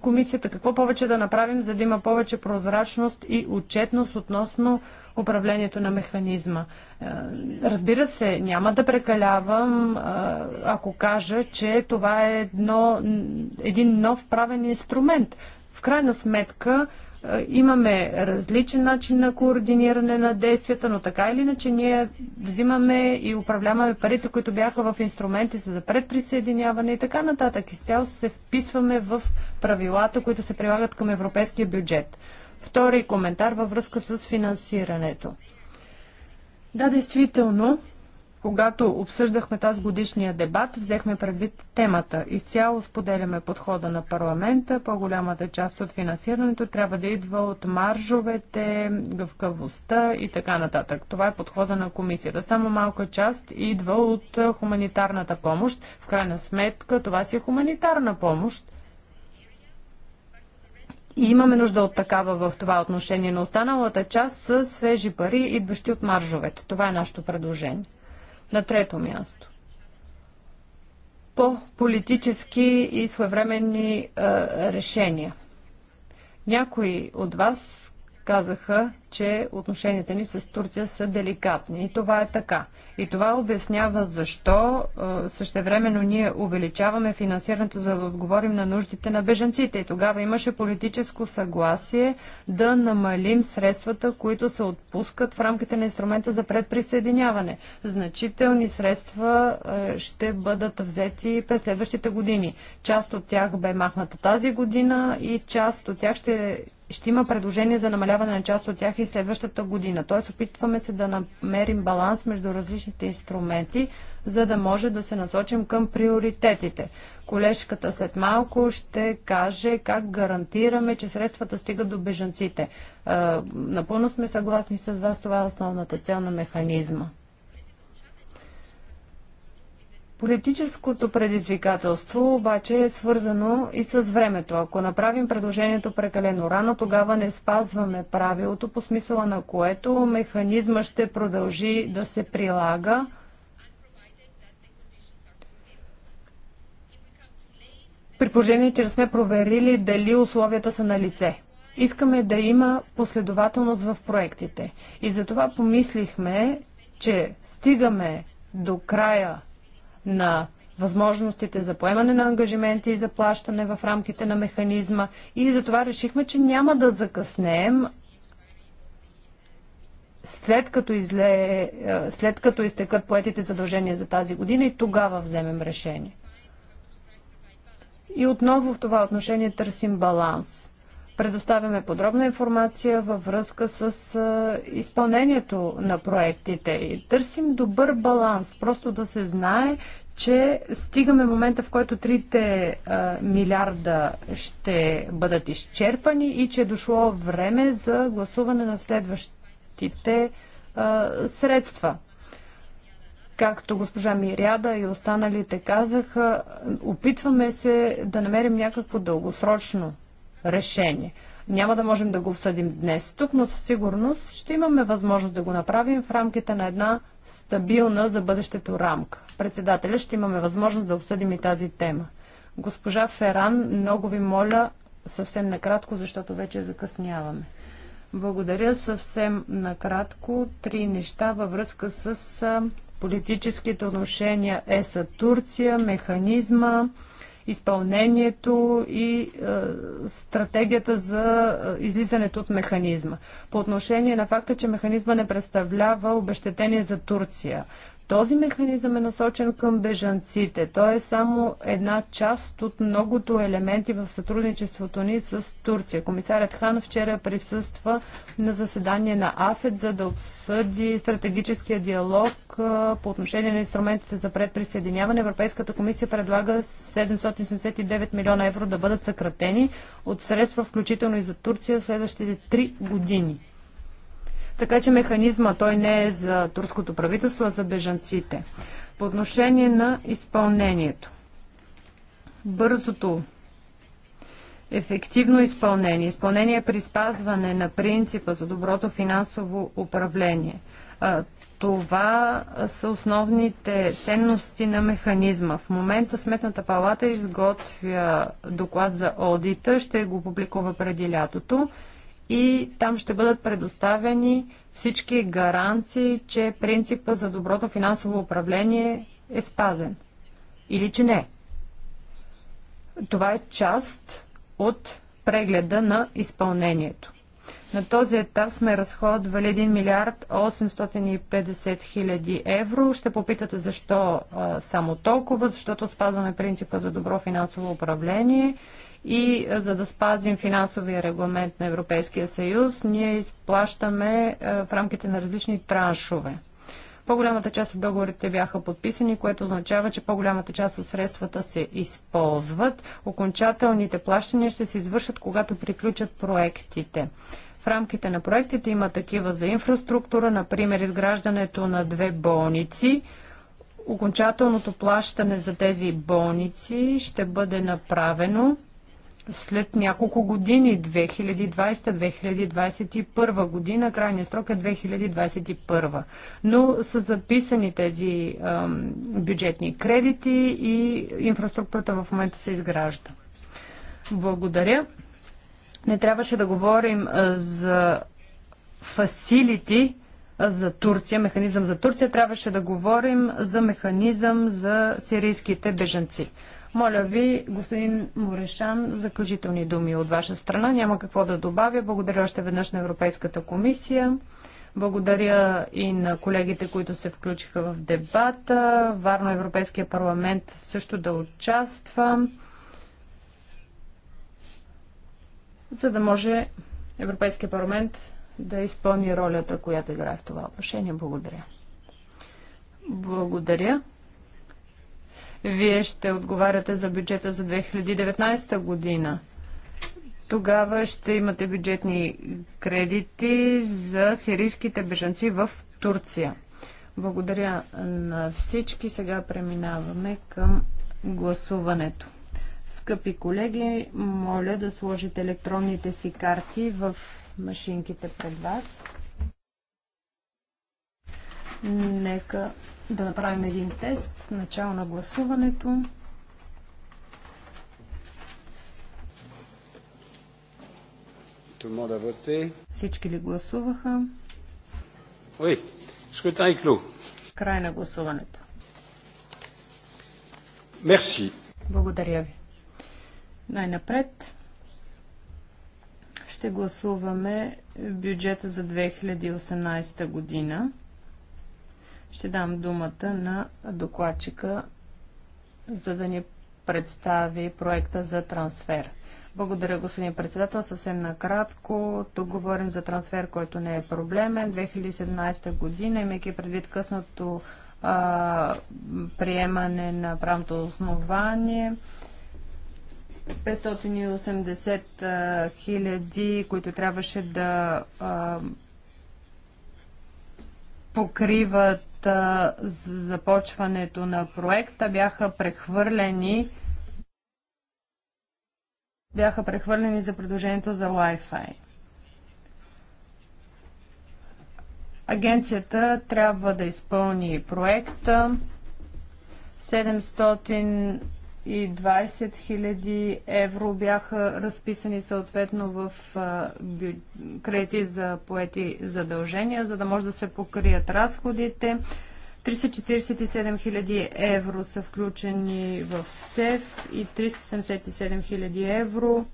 комисията, какво повече да направим, за да има повече прозрачност и отчетност относно управлението на механизма. Е, разбира се, няма да прекалявам, ако кажа, че това е едно, един нов правен инструмент. В крайна сметка, е, имаме различен начин на координиране на действията, но така или иначе ние взимаме и управляваме парите, които бяха в инструментите за предприсъединяване и така нататък. Изцяло се вписваме в правилата, които се прилагат към европейския бюджет. Втори коментар във връзка с финансирането. Да, действително, когато обсъждахме тази годишния дебат, взехме предвид темата. Изцяло споделяме подхода на парламента. По-голямата част от финансирането трябва да идва от маржовете, гъвкавостта и така нататък. Това е подхода на комисията. Само малка част идва от хуманитарната помощ. В крайна сметка това си е хуманитарна помощ. И имаме нужда от такава в това отношение, но останалата част са свежи пари, идващи от маржовете. Това е нашето предложение. На трето място по политически и своевременни а, решения. Някои от вас казаха, че отношенията ни с Турция са деликатни. И това е така. И това обяснява защо е, същевременно ние увеличаваме финансирането, за да отговорим на нуждите на беженците. И тогава имаше политическо съгласие да намалим средствата, които се отпускат в рамките на инструмента за предприсъединяване. Значителни средства е, ще бъдат взети през следващите години. Част от тях бе махната тази година и част от тях ще, ще има предложение за намаляване на част от тях и и следващата година. Т.е. опитваме се да намерим баланс между различните инструменти, за да може да се насочим към приоритетите. Колежката след малко ще каже как гарантираме, че средствата стигат до бежанците. Е, напълно сме съгласни с вас, това е основната цел на механизма. Политическото предизвикателство обаче е свързано и с времето. Ако направим предложението прекалено рано, тогава не спазваме правилото, по смисъла на което механизма ще продължи да се прилага. При положение, че сме проверили дали условията са на лице. Искаме да има последователност в проектите. И затова помислихме, че стигаме до края на възможностите за поемане на ангажименти и за плащане в рамките на механизма и затова решихме, че няма да закъснеем след като, изле, е, след като изтекат поетите задължения за тази година и тогава вземем решение. И отново в това отношение търсим баланс. Предоставяме подробна информация във връзка с изпълнението на проектите и търсим добър баланс, просто да се знае, че стигаме момента, в който трите милиарда ще бъдат изчерпани и че е дошло време за гласуване на следващите а, средства. Както госпожа Миряда и останалите казаха, опитваме се да намерим някакво дългосрочно решение. Няма да можем да го обсъдим днес тук, но със сигурност ще имаме възможност да го направим в рамките на една стабилна за бъдещето рамка. Председателя ще имаме възможност да обсъдим и тази тема. Госпожа Феран, много ви моля съвсем накратко, защото вече закъсняваме. Благодаря съвсем накратко. Три неща във връзка с политическите отношения ЕСА Турция, механизма, изпълнението и е, стратегията за е, излизането от механизма. По отношение на факта, че механизма не представлява обещетение за Турция. Този механизъм е насочен към бежанците. Той е само една част от многото елементи в сътрудничеството ни с Турция. Комисарят Хан вчера присъства на заседание на АФЕД, за да обсъди стратегическия диалог по отношение на инструментите за предприсъединяване. Европейската комисия предлага 779 милиона евро да бъдат съкратени от средства, включително и за Турция, в следващите три години. Така че механизма той не е за турското правителство, а за бежанците. По отношение на изпълнението. Бързото ефективно изпълнение, изпълнение при спазване на принципа за доброто финансово управление. Това са основните ценности на механизма. В момента Сметната палата изготвя доклад за одита, ще го публикува преди лятото и там ще бъдат предоставени всички гаранции, че принципа за доброто финансово управление е спазен. Или че не. Това е част от прегледа на изпълнението. На този етап сме разходвали 1 милиард 850 хиляди евро. Ще попитате защо а, само толкова, защото спазваме принципа за добро финансово управление и за да спазим финансовия регламент на Европейския съюз, ние изплащаме в рамките на различни траншове. По-голямата част от договорите бяха подписани, което означава, че по-голямата част от средствата се използват. Окончателните плащания ще се извършат, когато приключат проектите. В рамките на проектите има такива за инфраструктура, например изграждането на две болници. Окончателното плащане за тези болници ще бъде направено след няколко години, 2020-2021 година, крайният срок е 2021. Но са записани тези ам, бюджетни кредити и инфраструктурата в момента се изгражда. Благодаря. Не трябваше да говорим за фасилити за Турция, механизъм за Турция, трябваше да говорим за механизъм за сирийските беженци. Моля ви, господин Морешан, заключителни думи от ваша страна. Няма какво да добавя. Благодаря още веднъж на Европейската комисия. Благодаря и на колегите, които се включиха в дебата. Варно Европейския парламент също да участва, за да може Европейския парламент да изпълни ролята, която играе в това отношение. Благодаря. Благодаря. Вие ще отговаряте за бюджета за 2019 година. Тогава ще имате бюджетни кредити за сирийските бежанци в Турция. Благодаря на всички. Сега преминаваме към гласуването. Скъпи колеги, моля да сложите електронните си карти в машинките пред вас. Нека да направим един тест. Начало на гласуването. Всички ли гласуваха? Ой, Scrutin est Край на гласуването. Мерси. Благодаря ви. Най-напред ще гласуваме бюджета за 2018 година. Ще дам думата на докладчика, за да ни представи проекта за трансфер. Благодаря, господин председател. Съвсем накратко, тук говорим за трансфер, който не е проблемен. 2017 година, имайки предвид късното а, приемане на правното основание, 580 хиляди, които трябваше да а, покриват започването на проекта бяха прехвърлени бяха прехвърлени за предложението за Wi-Fi. Агенцията трябва да изпълни проекта. 700 и 20 000 евро бяха разписани съответно в бю... кредити за поети задължения, за да може да се покрият разходите. 347 000 евро са включени в СЕФ и 377 000 евро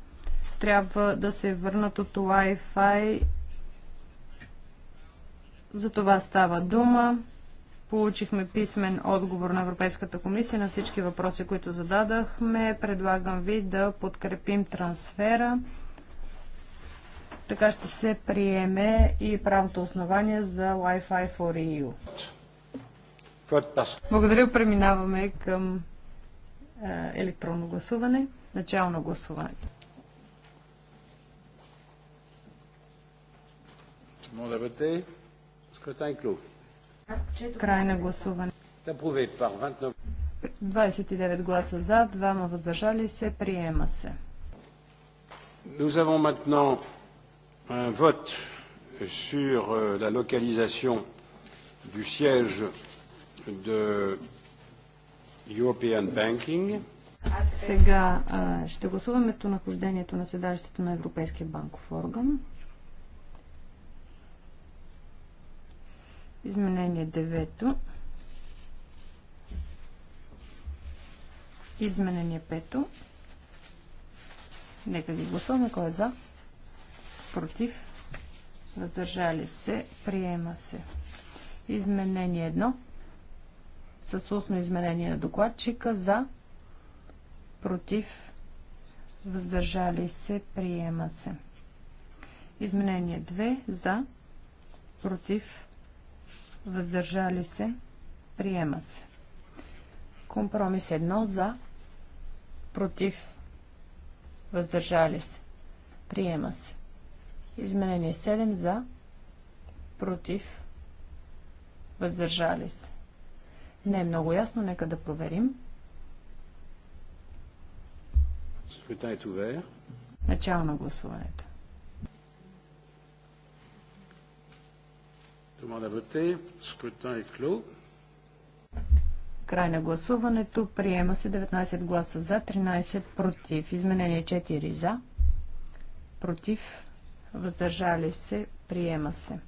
трябва да се върнат от Wi-Fi. За това става дума. Получихме писмен отговор на Европейската комисия на всички въпроси, които зададахме. Предлагам ви да подкрепим трансфера. Така ще се приеме и правото основание за Wi-Fi for EU. Благодаря. Преминаваме към е, електронно гласуване. Начално гласуване. Моля, бъдете. Скрътайн клуб. Край на гласуване. 29 гласа за, 2 ма въздържали се, приема се. Nous avons maintenant un vote sur euh, la localisation du siège de European Banking. Сега ще гласуваме местонахождението на седалището на Европейския банков орган. Изменение 9. Изменение 5. Нека ги гласуваме. Кой е за? Против? Въздържали се? Приема се. Изменение 1. С устно изменение на докладчика. За? Против? Въздържали се? Приема се. Изменение 2. За? Против? въздържали се, приема се. Компромис 1 за, против, въздържали се, приема се. Изменение 7 за, против, въздържали се. Не е много ясно, нека да проверим. Е Начало на гласуването. Demande à voter. Край на гласуването. Приема се 19 гласа за, 13 против. Изменение 4 за. Против. Въздържали се. Приема се.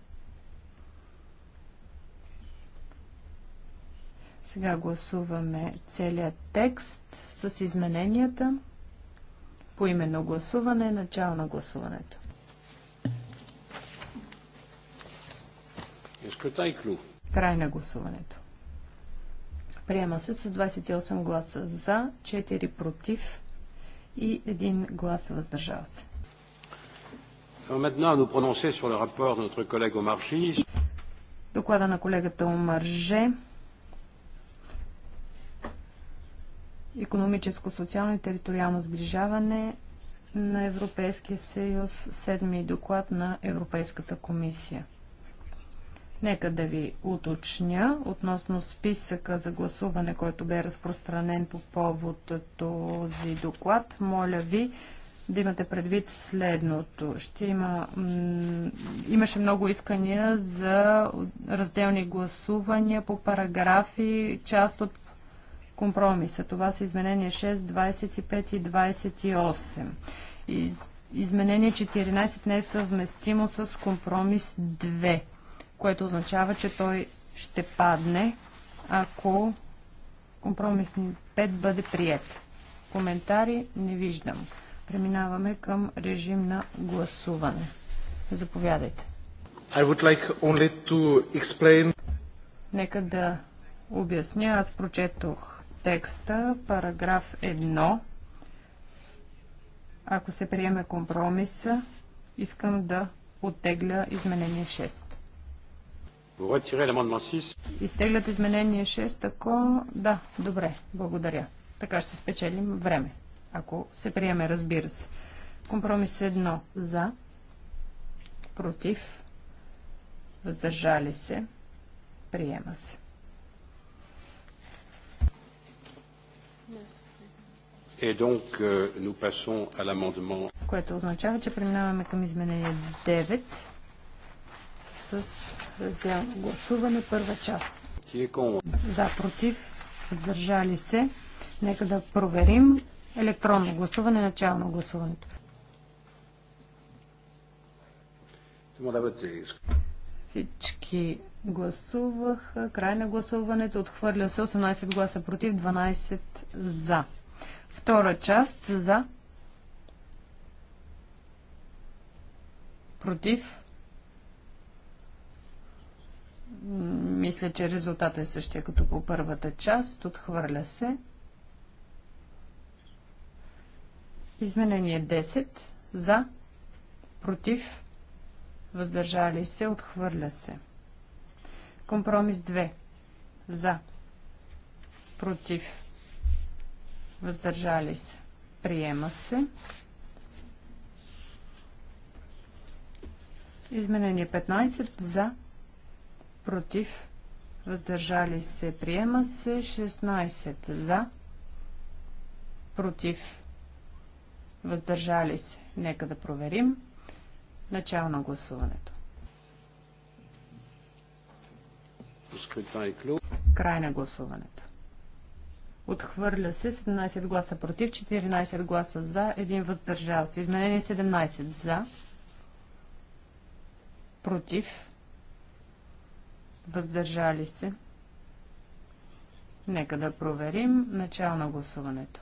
Сега гласуваме целият текст с измененията. По именно гласуване. Начало на гласуването. Е, Край на гласуването. Приема се с 28 гласа за, 4 против и 1 глас въздържал се. Доклада на колегата Омарже. Економическо, социално и териториално сближаване на Европейския съюз, седми доклад на Европейската комисия. Нека да ви уточня относно списъка за гласуване, който бе разпространен по повод този доклад. Моля ви да имате предвид следното. Ще има, имаше много искания за разделни гласувания по параграфи, част от компромиса. Това са изменения 6, 25 и 28. изменение 14 не е съвместимо с компромис 2 което означава, че той ще падне, ако компромисни 5 бъде прият. Коментари не виждам. Преминаваме към режим на гласуване. Заповядайте. I would like only to explain... Нека да обясня. Аз прочетох текста, параграф 1. Ако се приеме компромиса, искам да оттегля изменение 6. Изтеглят изменение 6, ако... Да, добре, благодаря. Така ще спечелим време, ако се приеме, разбира се. Компромис 1 за, против, въздържали се, приема се. Et donc, euh, nous passons à l'amendement. Което означава, че преминаваме към изменение 9 с разделно гласуване, първа част. За, против, въздържали се. Нека да проверим електронно гласуване, начало на гласуването. Всички гласуваха. Край на гласуването. Отхвърля се 18 гласа против, 12 за. Втора част за. Против. Мисля, че резултатът е същия като по първата част. Отхвърля се. Изменение 10. За. Против. Въздържали се. Отхвърля се. Компромис 2. За. Против. Въздържали се. Приема се. Изменение 15. За против, въздържали се, приема се 16 за, против, въздържали се. Нека да проверим начало на гласуването. Е Край на гласуването. Отхвърля се 17 гласа против, 14 гласа за, 1 въздържал се. Изменение 17 за, против, въздържали се. Нека да проверим начало на гласуването.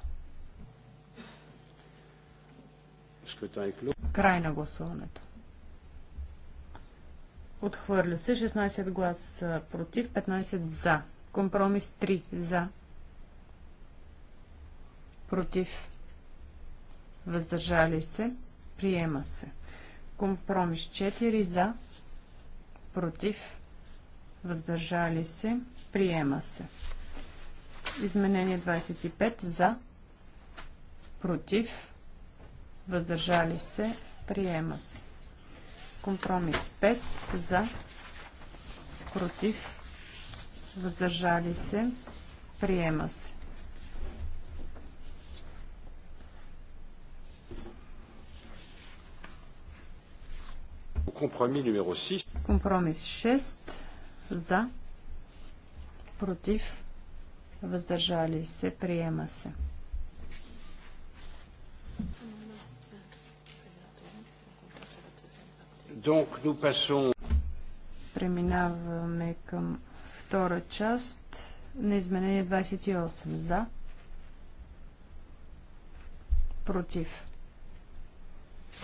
Край на гласуването. Отхвърля се 16 глас против, 15 за. Компромис 3 за. Против. Въздържали се. Приема се. Компромис 4 за. Против въздържали се, приема се. Изменение 25 за, против, въздържали се, приема се. Компромис 5 за, против, въздържали се, приема се. Компромис 6 за. Против. Въздържали се. Приема се. Donc, nous passons... Преминаваме към втора част на изменение 28. За. Против.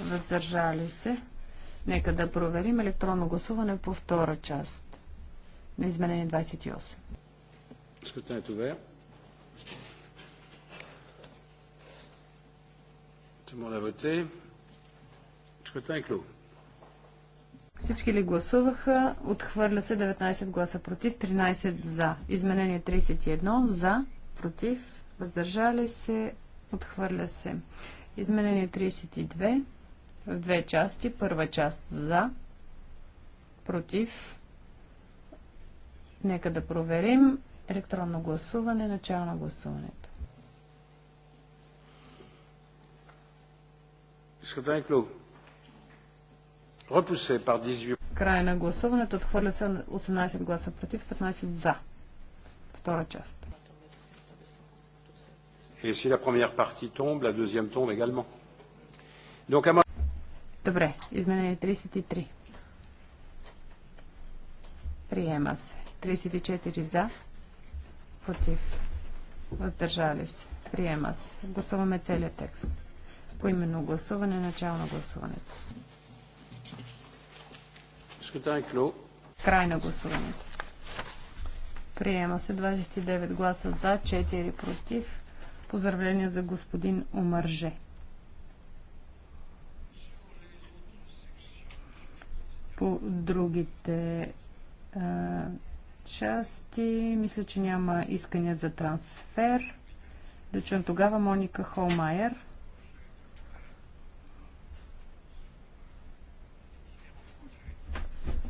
Въздържали се. Нека да проверим електронно гласуване по втора част на изменение 28. Скрутен е оuvert. Всички ли гласуваха? Отхвърля се 19 гласа против, 13 за. Изменение 31 за, против, въздържали се, отхвърля се. Изменение 32 в две части. Първа част за, против, Нека да проверим електронно гласуване, начало на гласуването. Край на гласуването отхвърля се 18 гласа против, 15 за. Втора част. Et si la première partie tombe, la deuxième tombe également. Donc, à... Добре, изменение 33. Приема се. 34 за, против, въздържали се, приема се. Гласуваме целият текст. По именно гласуване, начало на гласуването. Край на гласуването. Приема се 29 гласа за, 4 против. Поздравление за господин Омърже. По другите а, части. Мисля, че няма искания за трансфер. Да чуем тогава Моника Холмайер.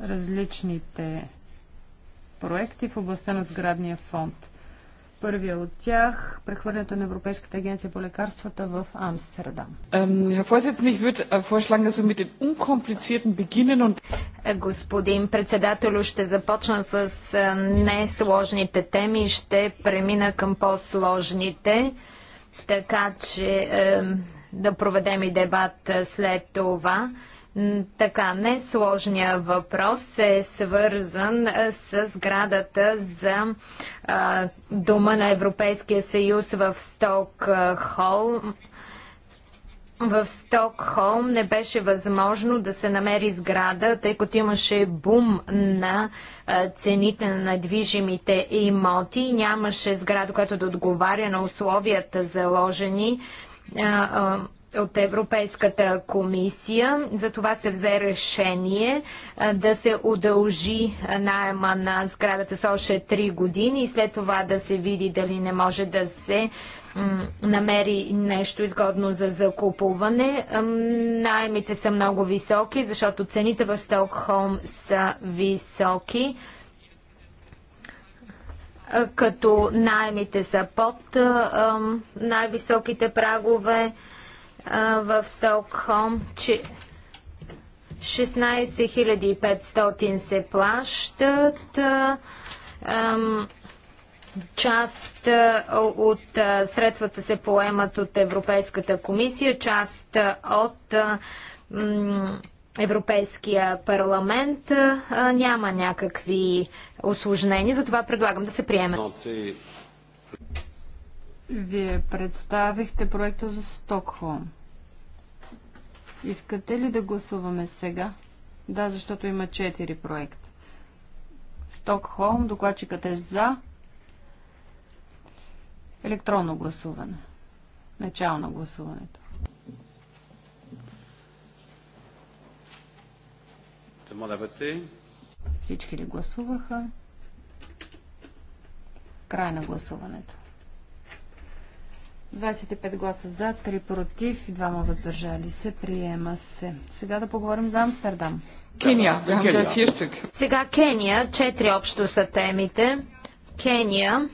Различните проекти в областта на сградния фонд. Първия от тях – прехвърлянето на Европейската агенция по лекарствата в Амстердам. Äh, Господин председател, ще започна с несложните теми и ще премина към по-сложните, така че да проведем и дебат след това. Така, несложния въпрос е свързан с градата за а, дома на Европейския съюз в Стокхолм. В Стокхолм не беше възможно да се намери сграда, тъй като имаше бум на цените на движимите имоти. Нямаше сграда, която да отговаря на условията заложени от Европейската комисия. За това се взе решение да се удължи найема на сградата с още 3 години и след това да се види дали не може да се намери нещо изгодно за закупуване. Найемите са много високи, защото цените в Стокхолм са високи като найемите са под най-високите прагове в Стокхолм, че 16 500 се плащат. Част от средствата се поемат от Европейската комисия, част от Европейския парламент. Няма някакви осложнения, затова предлагам да се приеме. Вие представихте проекта за Стокхолм. Искате ли да гласуваме сега? Да, защото има 4 проекта. Стокхолм, докладчикът е за електронно гласуване. Начало на гласуването. Всички ли гласуваха? Край на гласуването. 25 гласа за, 3 против и 2 въздържали се. Приема се. Сега да поговорим за Амстердам. Кения. Сега Кения. Четири общо са темите. Кения.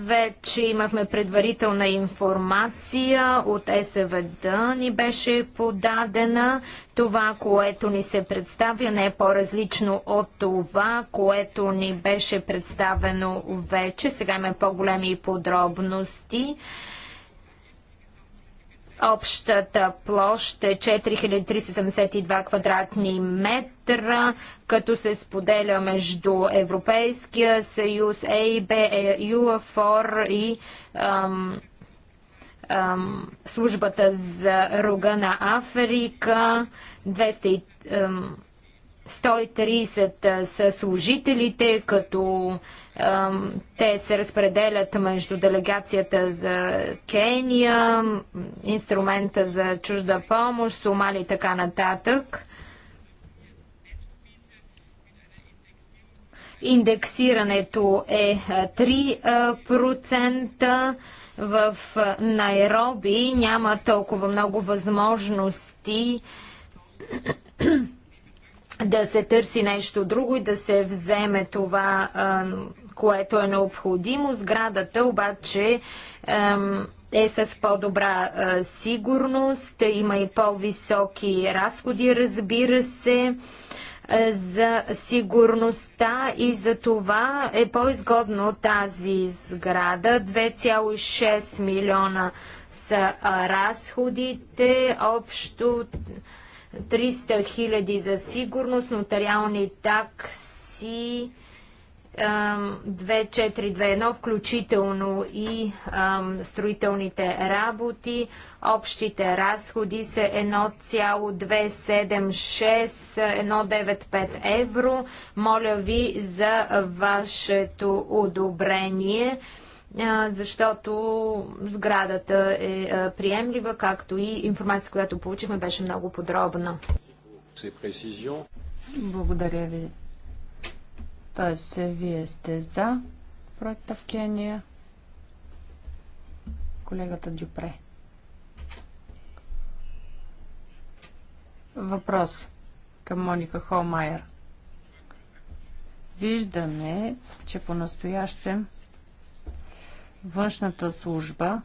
Вече имахме предварителна информация от СВД, ни беше подадена. Това, което ни се представя, не е по-различно от това, което ни беше представено вече. Сега има по-големи подробности. Общата площ е 4372 квадратни метра, като се споделя между Европейския съюз, ЕИБ, ЮАФОР и ам, ам, службата за рога на Африка. 200, ам, 130 са служителите, като те се разпределят между делегацията за Кения, инструмента за чужда помощ, Сомали и така нататък. Индексирането е 3%. В Найроби няма толкова много възможности да се търси нещо друго и да се вземе това, което е необходимо. Сградата обаче е с по-добра сигурност, има и по-високи разходи, разбира се, за сигурността и за това е по-изгодно тази сграда. 2,6 милиона са разходите, общо 300 хиляди за сигурност, нотариални такси 2421, включително и ам, строителните работи. Общите разходи са 1,276-195 евро. Моля ви за вашето одобрение защото сградата е приемлива, както и информацията, която получихме, беше много подробна. Благодаря ви. Тоест, вие сте за проекта в Кения. Колегата Дюпре. Въпрос към Моника Холмайер. Виждаме, че по-настоящем външната служба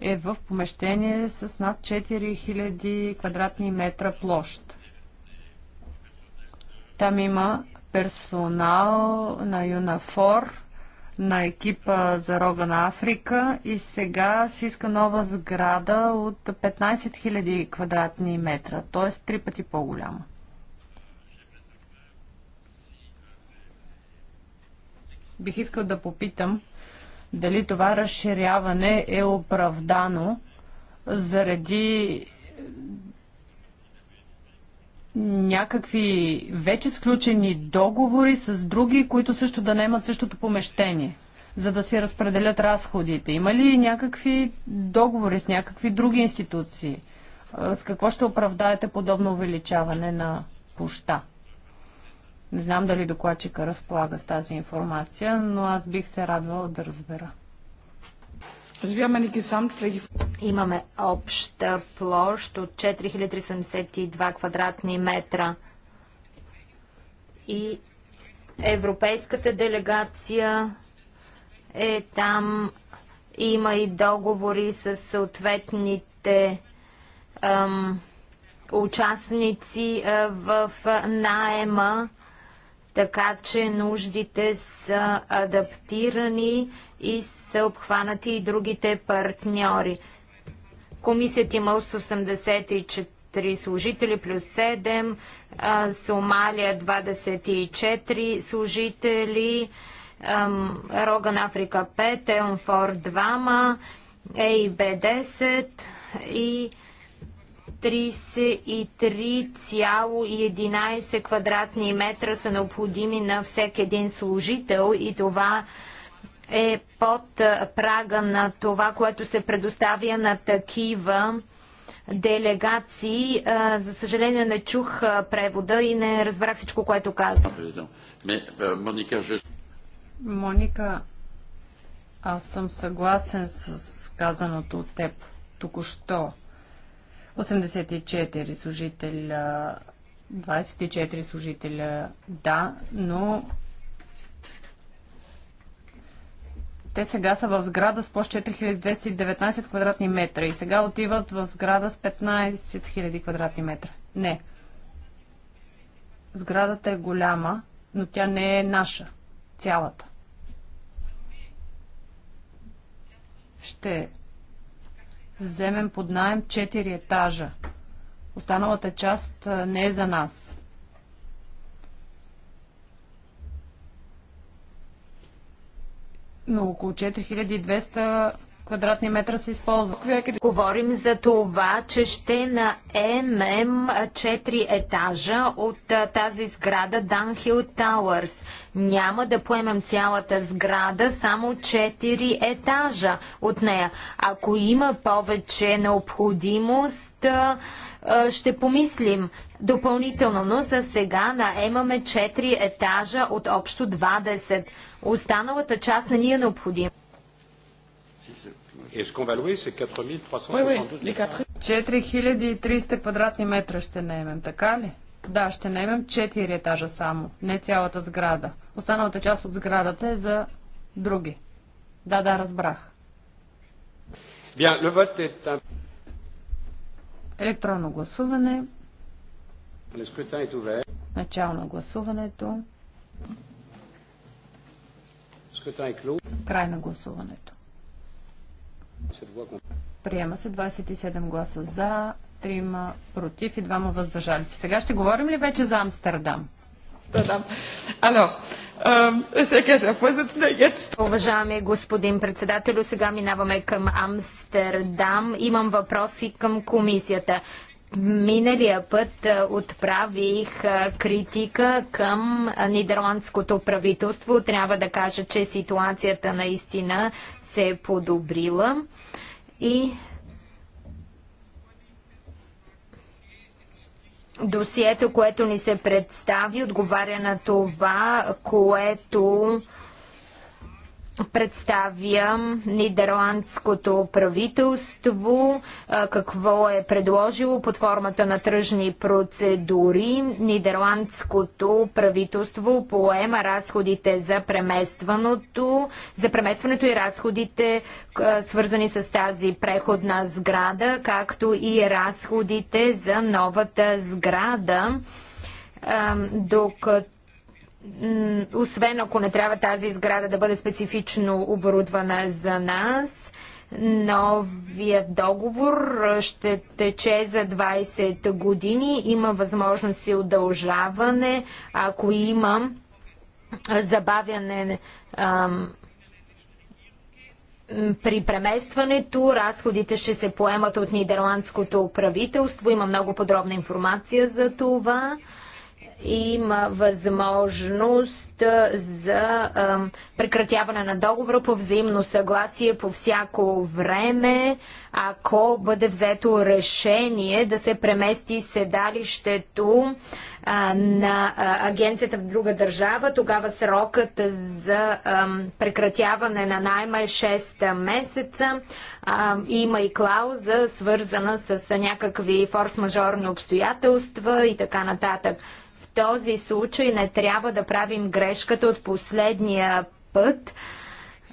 е в помещение с над 4000 квадратни метра площ. Там има персонал на ЮНАФОР, на екипа за рога на Африка и сега се иска нова сграда от 15 000 квадратни метра, т.е. три пъти по-голяма. бих искал да попитам дали това разширяване е оправдано заради някакви вече сключени договори с други, които също да наемат същото помещение, за да си разпределят разходите. Има ли някакви договори с някакви други институции? С какво ще оправдаете подобно увеличаване на площа? Не знам дали докладчика разполага с тази информация, но аз бих се радвала да разбера. Имаме обща площ от 4372 квадратни метра. И европейската делегация е там. Има и договори с съответните ам, участници а, в наема така че нуждите са адаптирани и са обхванати и другите партньори. Комисията има 84 служители плюс 7, Сомалия 24 служители, Роган Африка 5, Еонфор 2, ЕИБ 10 и 33,11 квадратни метра са необходими на всеки един служител и това е под прага на това, което се предоставя на такива делегации. За съжаление не чух превода и не разбрах всичко, което каза. Моника, аз съм съгласен с казаното от теб току-що. 84 служителя, 24 служителя, да, но те сега са в сграда с площ 4219 квадратни метра и сега отиват в сграда с 15 000 квадратни метра. Не. Сградата е голяма, но тя не е наша. Цялата. Ще вземем под найем 4 етажа. Останалата част не е за нас. Но около 4200 квадратни метра се използват. Говорим за това, че ще наемем 4 етажа от тази сграда Данхил Тауърс. Няма да поемем цялата сграда, само 4 етажа от нея. Ако има повече необходимост, ще помислим допълнително, но за сега наемаме 4 етажа от общо 20. Останалата част не ни е необходима. 4300 квадратни метра ще наемем, така ли? Да, ще наемем 4 етажа само, не цялата сграда. Останалата част от сградата е за други. Да, да, разбрах. Bien, le vote est... Електронно гласуване. Le scrutin est ouvert. Начало на гласуването. Край на гласуването. Приема се 27 гласа за, 3 против и 2 въздържали се. Сега ще говорим ли вече за Амстердам? Е, Уважаеми господин председател, сега минаваме към Амстердам. Имам въпроси към комисията. Миналия път е, отправих е, критика към нидерландското правителство. Трябва да кажа, че ситуацията наистина се е подобрила и досието, което ни се представи, отговаря на това, което представя нидерландското правителство, какво е предложило под формата на тръжни процедури. Нидерландското правителство поема разходите за преместването, за преместването и разходите свързани с тази преходна сграда, както и разходите за новата сграда докато освен ако не трябва тази сграда да бъде специфично оборудвана за нас, новият договор ще тече за 20 години. Има възможност и удължаване, ако има забавяне при преместването разходите ще се поемат от нидерландското правителство. Има много подробна информация за това има възможност за прекратяване на договора по взаимно съгласие по всяко време, ако бъде взето решение да се премести седалището на агенцията в друга държава, тогава срокът за прекратяване на найма е 6 месеца. Има и клауза, свързана с някакви форс-мажорни обстоятелства и така нататък този случай не трябва да правим грешката от последния път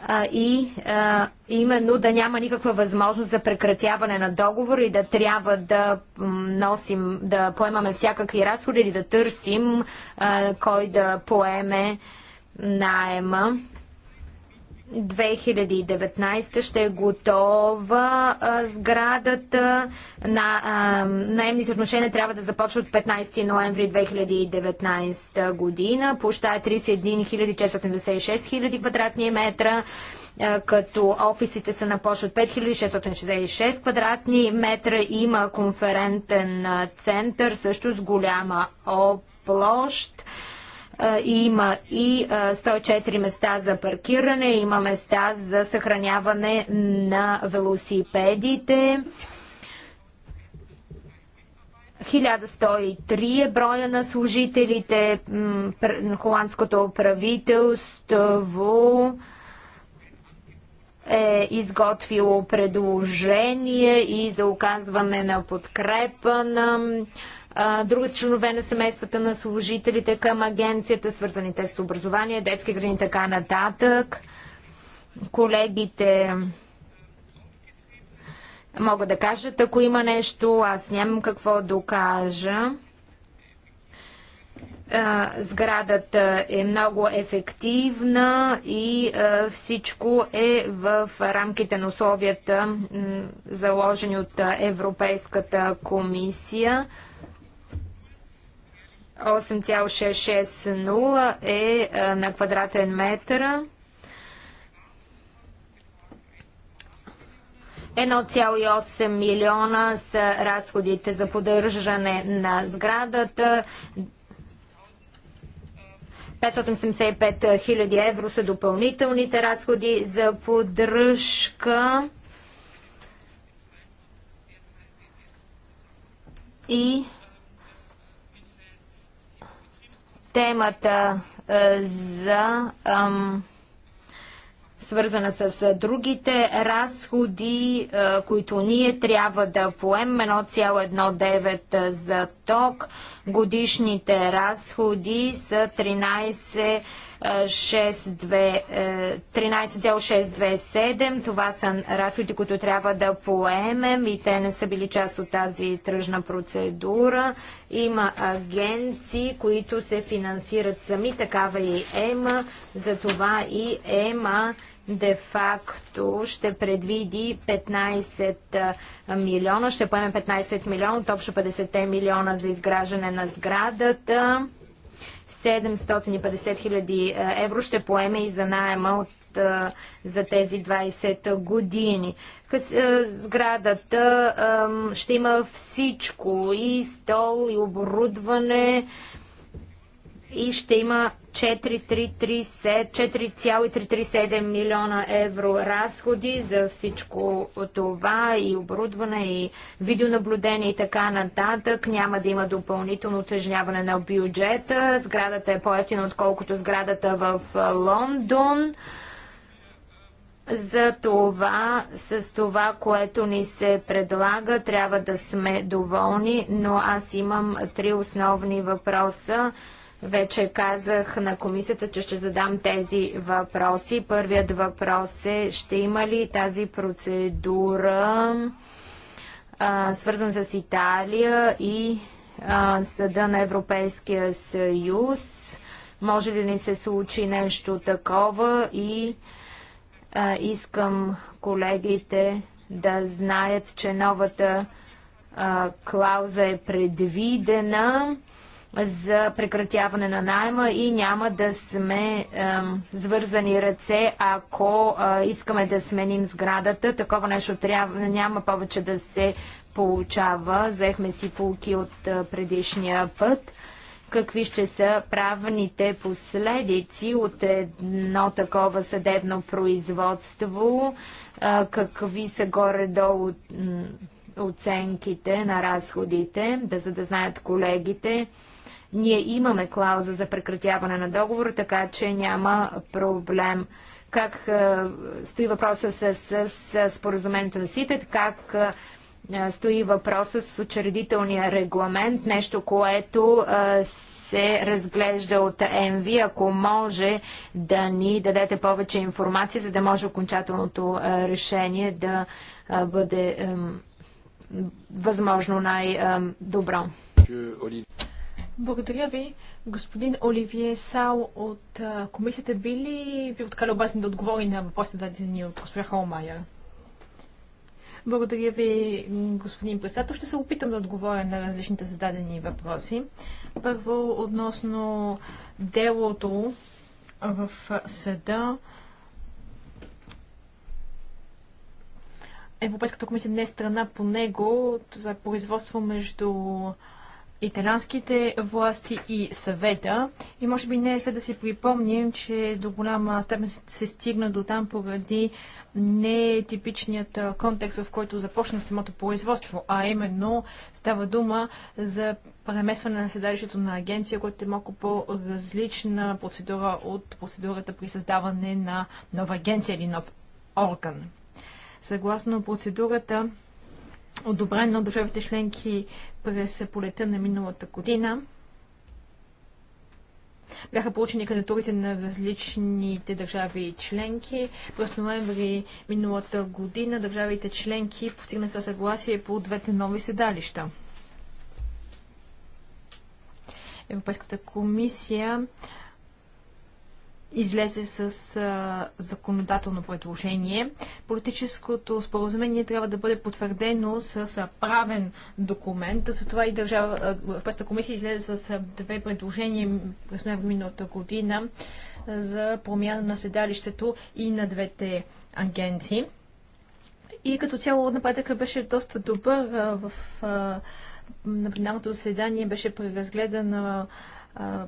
а, и а, именно да няма никаква възможност за прекратяване на договор и да трябва да носим, да поемаме всякакви разходи или да търсим а, кой да поеме найема. 2019 ще е готова сградата. На, а, наемните отношения трябва да започват 15 ноември 2019 година. Площа е 31 496 000 квадратни метра като офисите са на площ от 5666 квадратни метра. Има конферентен център също с голяма площ. Има и 104 места за паркиране, има места за съхраняване на велосипедите. 1103 е броя на служителите. Холандското правителство е изготвило предложение и за оказване на подкрепа на други членове на семействата на служителите към агенцията, свързаните с образование, детски грани и така нататък. Колегите могат да кажат, ако има нещо, аз нямам какво да кажа. Сградата е много ефективна и всичко е в рамките на условията, заложени от Европейската комисия. 8,660 е, е на квадратен метър. 1,8 милиона са разходите за поддържане на сградата. 575 хиляди евро са допълнителните разходи за поддръжка. И темата е, за ам, свързана с е, другите разходи, е, които ние трябва да поемем 1,19 за ток. Годишните разходи са 13 13,627. Това са разходи, които трябва да поемем и те не са били част от тази тръжна процедура. Има агенции, които се финансират сами, такава и ЕМА. Затова и ЕМА де-факто ще предвиди 15 милиона, ще поеме 15 милиона от общо 50 милиона за изграждане на сградата. 750 хиляди е, евро ще поеме и за найема от е, за тези 20 години. Е, сградата ще има всичко и стол, и оборудване, и ще има 4,337 милиона евро разходи за всичко това и оборудване и видеонаблюдение и така нататък. Няма да има допълнително утежняване на бюджета. Сградата е по-ефтина, отколкото сградата в Лондон. За това, с това, което ни се предлага, трябва да сме доволни, но аз имам три основни въпроса вече казах на комисията, че ще задам тези въпроси. Първият въпрос е, ще има ли тази процедура а, свързан с Италия и а, Съда на Европейския съюз? Може ли ни се случи нещо такова и а, искам колегите да знаят, че новата а, клауза е предвидена за прекратяване на найма и няма да сме свързани ръце, ако е, искаме да сменим сградата. Такова нещо трябва, няма повече да се получава. Взехме си полки от е, предишния път. Какви ще са правните последици от едно такова съдебно производство? Е, какви са горе-долу оценките на разходите, да, за да знаят колегите? Ние имаме клауза за прекратяване на договор, така че няма проблем. Как е, стои въпроса с, с, с споразумението на СИТЕТ, как е, е, стои въпроса с учредителния регламент, нещо, което се разглежда от ЕМВИ. Ако може да ни дадете повече информация, за да може окончателното решение да бъде възможно най-добро. Благодаря ви. Господин Оливие Сал от комисията би ли ви откали обазен да отговори на въпросите дадени от госпожа Холмайер? Благодаря ви, господин председател. Ще се опитам да отговоря на различните зададени въпроси. Първо, относно делото в съда. Европейската комисия не е страна по него. Това е производство между италянските власти и съвета. И може би не е след да си припомним, че до голяма степен се стигна до там поради не типичният контекст, в който започна самото производство, а именно става дума за премесване на седалището на агенция, което е малко по-различна процедура от процедурата при създаване на нова агенция или нов орган. Съгласно процедурата, Одобрено от държавите членки през полета на миналата година. Бяха получени кандидатурите на различните държави и членки. През ноември миналата година държавите членки постигнаха съгласие по двете нови седалища. Европейската комисия излезе с а, законодателно предложение. Политическото споразумение трябва да бъде потвърдено с а, правен документ. Затова и държава, Европейската комисия излезе с а, две предложения през миналата година а, за промяна на седалището и на двете агенции. И като цяло напредъкът беше доста добър а, в а, на пленарното заседание беше преразгледана а,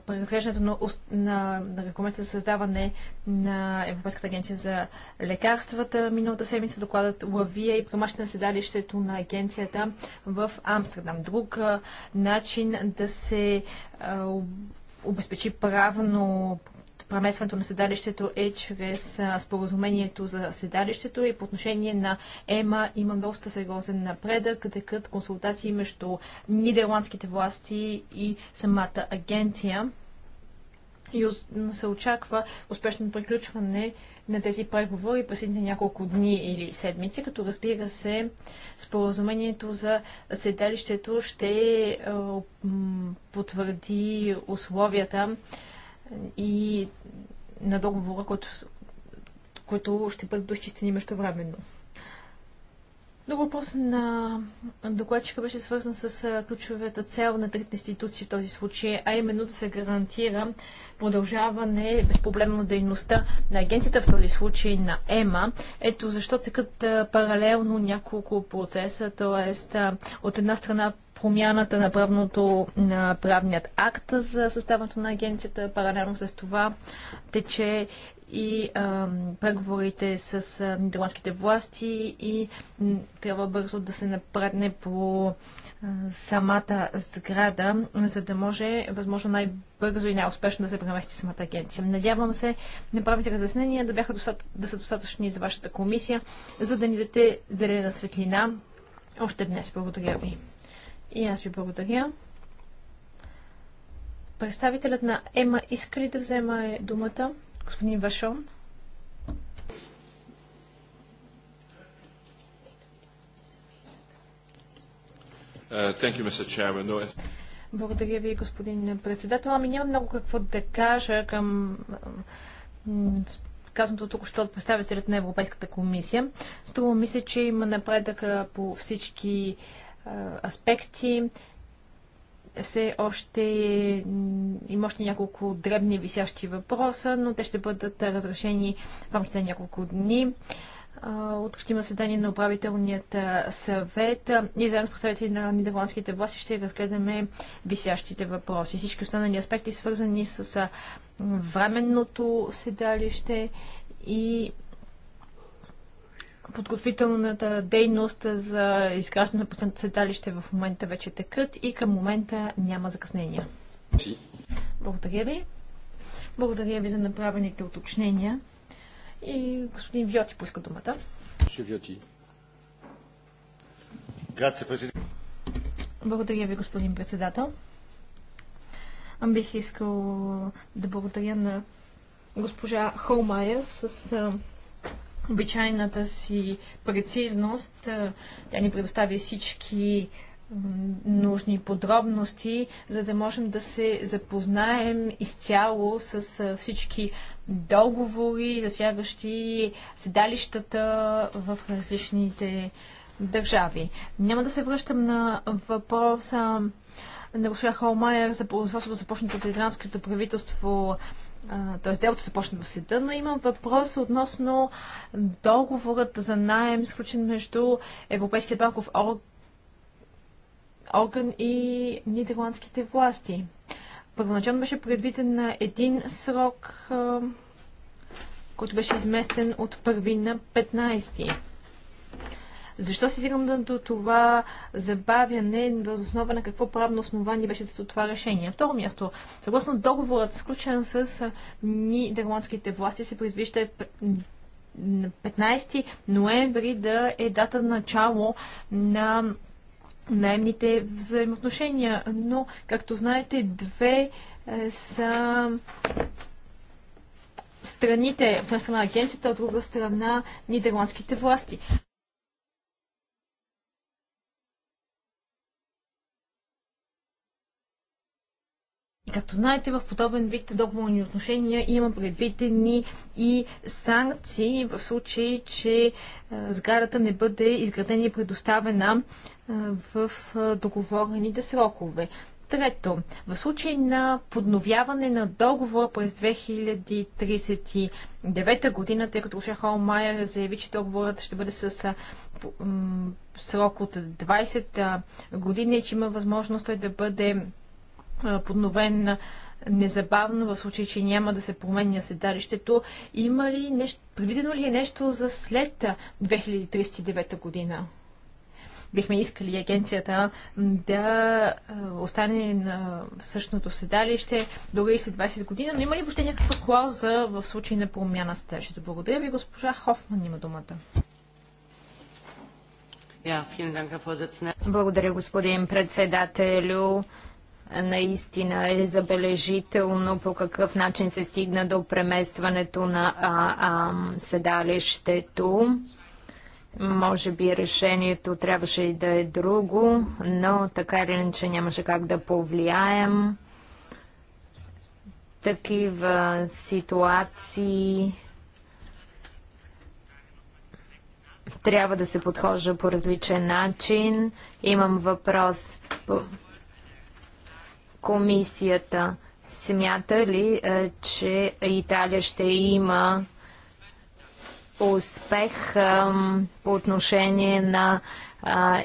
разглеждането на, на, на регламента за създаване на Европейската агенция за лекарствата. Миналата седмица докладът Лавия и премащане на седалището на агенцията в Амстердам. Друг а, начин да се а, обезпечи правно преместването на седалището е чрез споразумението за седалището и по отношение на ЕМА има доста сериозен напредък, текат консултации между нидерландските власти и самата агенция и се очаква успешно приключване на тези преговори през няколко дни или седмици, като разбира се, споразумението за седалището ще потвърди условията и на договора, който, който ще бъдат доизчистени междувременно. Друг въпрос на докладчика беше свързан с ключовата цел на трите институции в този случай, а именно да се гарантира продължаване безпроблемно дейността на агенцията в този случай на ЕМА. Ето защо тъкат паралелно няколко процеса, т.е. от една страна промяната на правното на правният акт за съставането на агенцията. Паралелно с това тече и а, преговорите с а, нидерландските власти и трябва бързо да се напредне по а, самата сграда, за да може възможно най-бързо и най-успешно да се премести самата агенция. Надявам се направите разяснения да, бяха достат, да са достатъчни за вашата комисия, за да ни дадете зелена светлина още днес. Благодаря ви. И аз ви благодаря. Представителят на ЕМА иска ли да взема думата? Господин Вашон. Uh, благодаря ви, господин председател. Ами няма много какво да кажа към казаното тук що от представителят на Европейската комисия. Струва мисля, че има напредък по всички аспекти. Все още има още няколко дребни висящи въпроса, но те ще бъдат разрешени в рамките на няколко дни. Утре ще има съдание на управителният съвет и заедно с представители на нидерландските власти ще разгледаме висящите въпроси. Всички останали аспекти, свързани с временното седалище и подготвителната дейност за изграждане на последното седалище в момента вече текат и към момента няма закъснения. Благодаря ви. Благодаря ви за направените уточнения. И господин Виоти пуска думата. Благодаря ви, господин председател. бих искал да благодаря на госпожа Холмайер с обичайната си прецизност. Е, тя ни предостави всички нужни подробности, за да можем да се запознаем изцяло с е, всички договори, засягащи седалищата в различните държави. Няма да се връщам на въпроса на госпожа Холмайер за производството започнато от италианското правителство т.е. делото започна в съда, но има въпрос относно договорът за найем, сключен между Европейския банков орган и нидерландските власти. Първоначално беше предвиден на един срок, който беше изместен от първи на 15. Защо си стигна до това забавяне, въз основа на какво правно основание беше за това решение? второ място, съгласно договорът, сключен с нидерландските власти, се предвижда 15 ноември да е дата начало на наемните взаимоотношения. Но, както знаете, две е, са страните, от една страна агенцията, от друга страна нидерландските власти. Както знаете, в подобен вид договорни отношения има предвидени и санкции в случай, че сградата не бъде изградена и предоставена в договорените срокове. Трето, в случай на подновяване на договора през 2039 година, тъй като Шахо Майер заяви, че договорът ще бъде с срок от 20 години, че има възможност той да бъде подновен незабавно, в случай, че няма да се променя седалището. Има ли нещо, предвидено ли е нещо за след 2039 година? бихме искали агенцията да остане на същото седалище до след 20 години, но има ли въобще някаква клауза в случай на промяна седалището? Благодаря ви, госпожа Хофман има думата. Благодаря, господин председателю наистина е забележително по какъв начин се стигна до преместването на а, а, седалището. Може би решението трябваше и да е друго, но така или иначе нямаше как да повлияем. Такива ситуации трябва да се подхожа по различен начин. Имам въпрос комисията? Смята ли, е, че Италия ще има успех по отношение на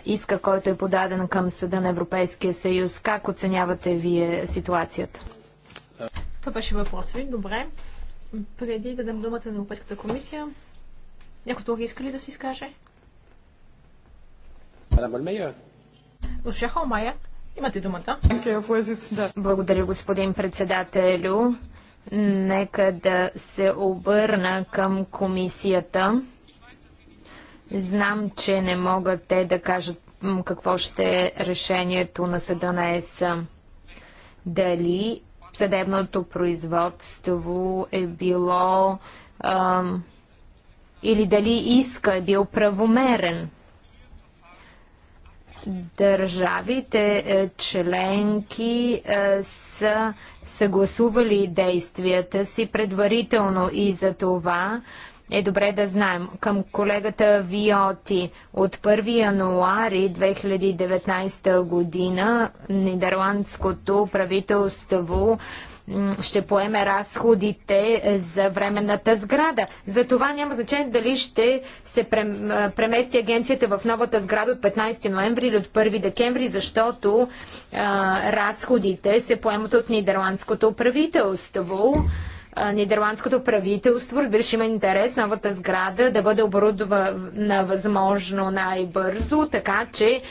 иска, който е подаден към Съда на Европейския съюз? Как оценявате вие ситуацията? Това беше въпрос ви. Добре. Преди да дам думата на Европейската комисия, някой друг иска ли да се изкаже? Госпожа Холмайер. Имате думата. Благодаря, господин председателю. Нека да се обърна към комисията. Знам, че не могат те да кажат какво ще е решението на съда на ЕС. Дали съдебното производство е било а, или дали иска е бил правомерен държавите е, членки е, са съгласували действията си предварително и за това е добре да знаем. Към колегата Виоти от 1 януари 2019 година нидерландското правителство ще поеме разходите за временната сграда. За това няма значение дали ще се премести агенцията в новата сграда от 15 ноември или от 1 декември, защото а, разходите се поемат от нидерландското правителство нидерландското правителство. Разбира се, има интерес новата сграда да бъде оборудвана възможно най-бързо, така че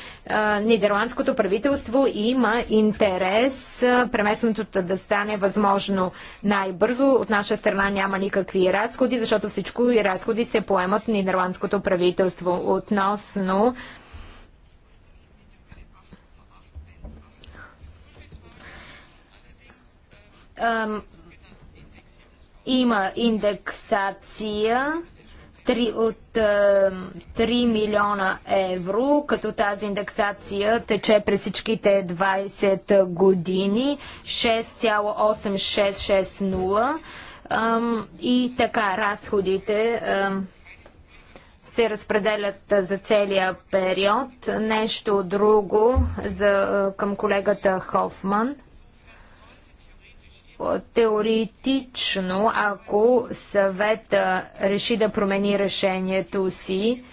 нидерландското правителство има интерес преместването да стане възможно най-бързо. От наша страна няма никакви разходи, защото всичко и разходи се поемат нидерландското правителство. Относно Um, има индексация от 3 е, милиона евро, като тази индексация тече през всичките 20 години 6,8660 и така разходите се разпределят за целия период. Нещо друго за, е, към колегата Хофман – Теоретично, ако съвета реши да промени решението си,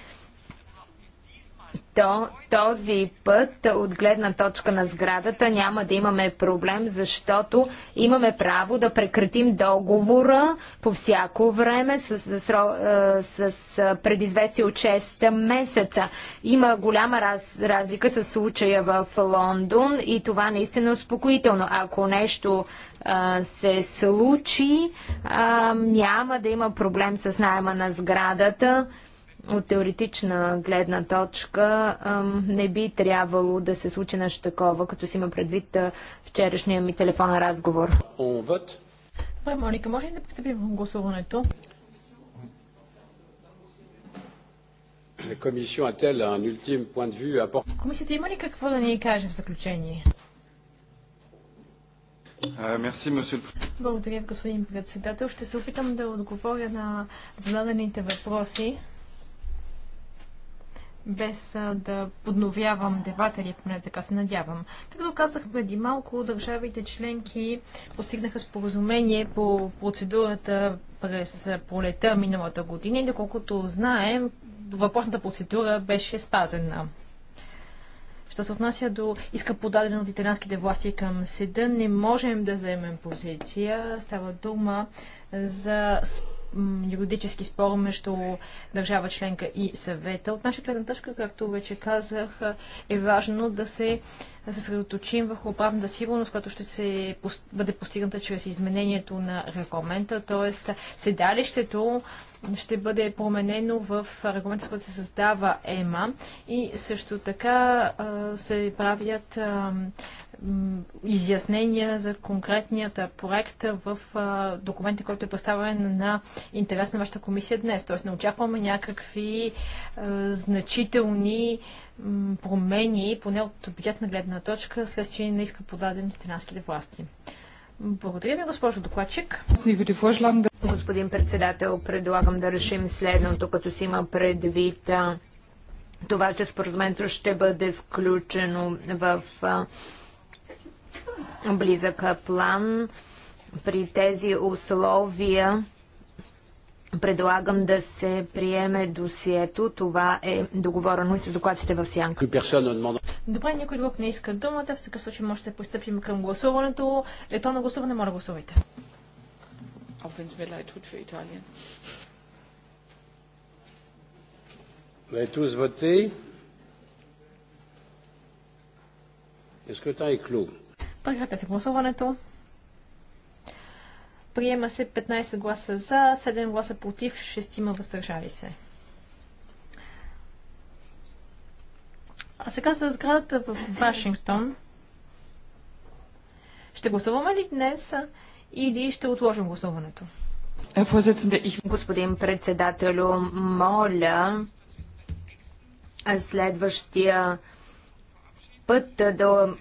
то този път от гледна точка на сградата няма да имаме проблем, защото имаме право да прекратим договора по всяко време с, с, с, е, предизвестие от 6 месеца. Има голяма раз, разлика с случая в Лондон и това наистина е успокоително. Ако нещо се случи, а, няма да има проблем с найема на сградата. От теоретична гледна точка а, не би трябвало да се случи нещо такова, като си има предвид вчерашния ми телефонен разговор. Добре, Моника, може ли да пристъпим гласуването? Комисията има ли какво да ни каже в заключение? Е, Благодаря, господин председател. Ще се опитам да отговоря на зададените въпроси, без да подновявам дебата, или поне така се надявам. Както казах преди малко, държавите членки постигнаха споразумение по процедурата през пролета миналата година и доколкото знаем, въпросната процедура беше спазена. Що се отнася до иска подадено от италианските власти към седа, не можем да заемем позиция. Става дума за юридически спор между държава членка и съвета. От нашата гледна точка, както вече казах, е важно да се съсредоточим върху правната сигурност, която ще се бъде постигната чрез изменението на регламента, т.е. седалището ще бъде променено в регламента, който се създава ЕМА и също така се правят изяснения за конкретният проект в документа, който е представен на интерес на вашата комисия днес. Тоест не очакваме някакви значителни промени, поне от бюджетна гледна точка, следствие на иска подадените от власти. Благодаря ви, госпожо докладчик. Господин председател, предлагам да решим следното, като си има предвид това, че споразумението ще бъде сключено в близък план при тези условия Предлагам да се приеме досието. Това е договорено и с докладчите в Сянка. Добре, никой друг не иска думата. В такъв случай може да пристъпим към гласуването. Ето на гласуване, моля гласувайте. Auch wenn es mir leid tut für Italien. Прекратете гласуването. Приема се 15 гласа за, 7 гласа против, 6 има въздържали се. А сега за сградата в Вашингтон. Ще гласуваме ли днес или ще отложим гласуването? Е, Господин председателю, моля следващия път да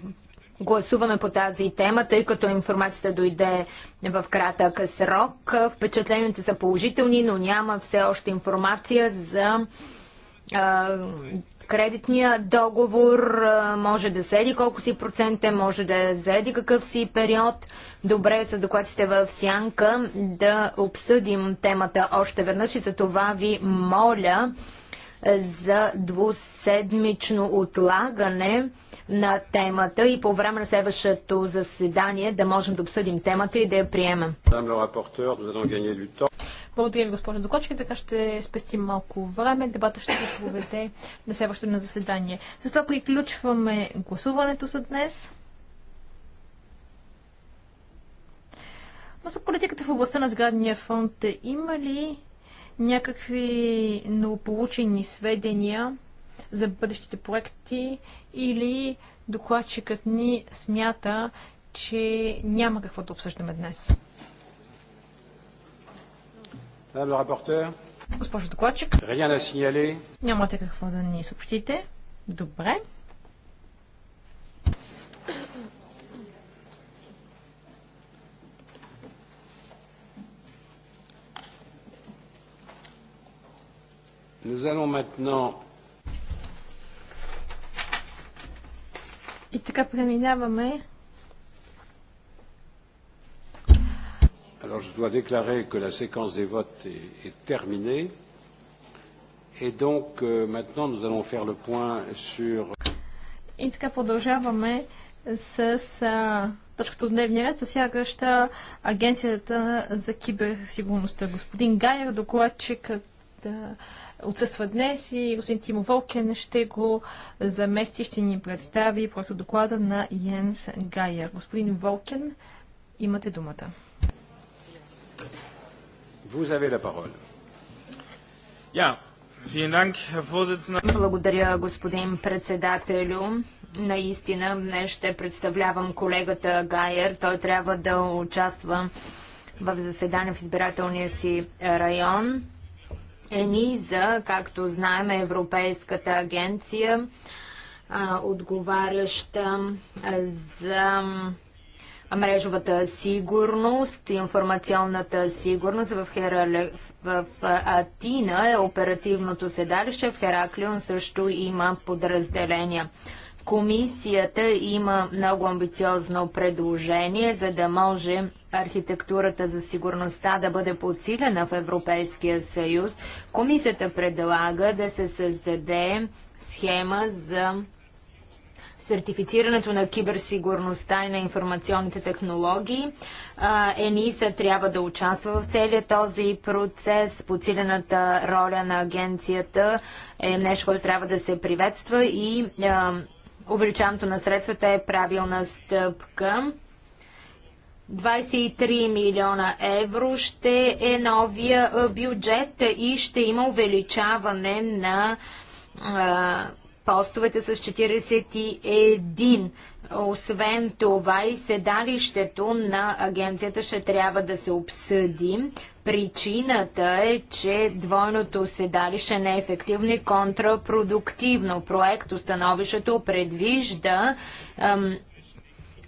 гласуваме по тази тема, тъй като информацията дойде в кратък срок. Впечатленията са положителни, но няма все още информация за а, кредитния договор. Може да седи колко си проценте, може да заеди какъв си период. Добре е с докладците в сянка да обсъдим темата още веднъж и за това ви моля за двуседмично отлагане на темата и по време на следващото заседание да можем да обсъдим темата и да я приемем. Благодарим госпожа госпожо Докочки. Така ще спестим малко време. Дебата ще се проведе на следващото на заседание. С това приключваме гласуването за днес. Но за политиката в областта на сградния фонд има ли някакви новополучени сведения за бъдещите проекти или докладчикът ни смята, че няма какво да обсъждаме днес. Госпожо докладчик, нямате какво да ни съобщите. Добре. Nous allons maintenant И така преминаваме. Alors je dois déclarer que la séquence des votes est, est terminée. Et donc euh, maintenant nous allons faire le point sur... И така продължаваме с а, точката от дневния ред, засягаща Агенцията за киберсигурността. Господин Гайер, докладчикът да, отсъства днес и господин Тимо Волкен ще го замести, ще ни представи проекта доклада на Йенс Гайер. Господин Волкен, имате думата. Vous avez la parole. Yeah. Благодаря, господин председателю. Наистина, днес ще представлявам колегата Гайер. Той трябва да участва в заседание в избирателния си район. ЕНИЗА, както знаем, Европейската агенция, отговаряща за мрежовата сигурност, информационната сигурност в, Херале, в Атина е оперативното седалище, в Хераклион също има подразделения. Комисията има много амбициозно предложение, за да може архитектурата за сигурността да бъде подсилена в Европейския съюз. Комисията предлага да се създаде схема за сертифицирането на киберсигурността и на информационните технологии. ЕНИСА трябва да участва в целия този процес. Подсилената роля на агенцията е нещо, което трябва да се приветства и а, увеличаването на средствата е правилна стъпка. 23 милиона евро ще е новия бюджет и ще има увеличаване на постовете с 41. Освен това и седалището на агенцията ще трябва да се обсъди. Причината е, че двойното седалище не е ефективно и контрапродуктивно. Проект установището предвижда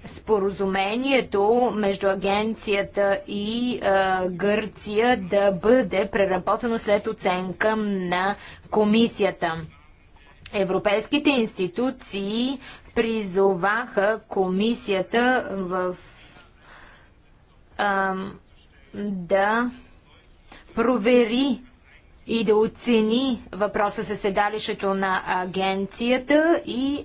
споразумението между агенцията и Гърция да бъде преработено след оценка на комисията. Европейските институции призоваха комисията в да провери и да оцени въпроса със седалището на агенцията и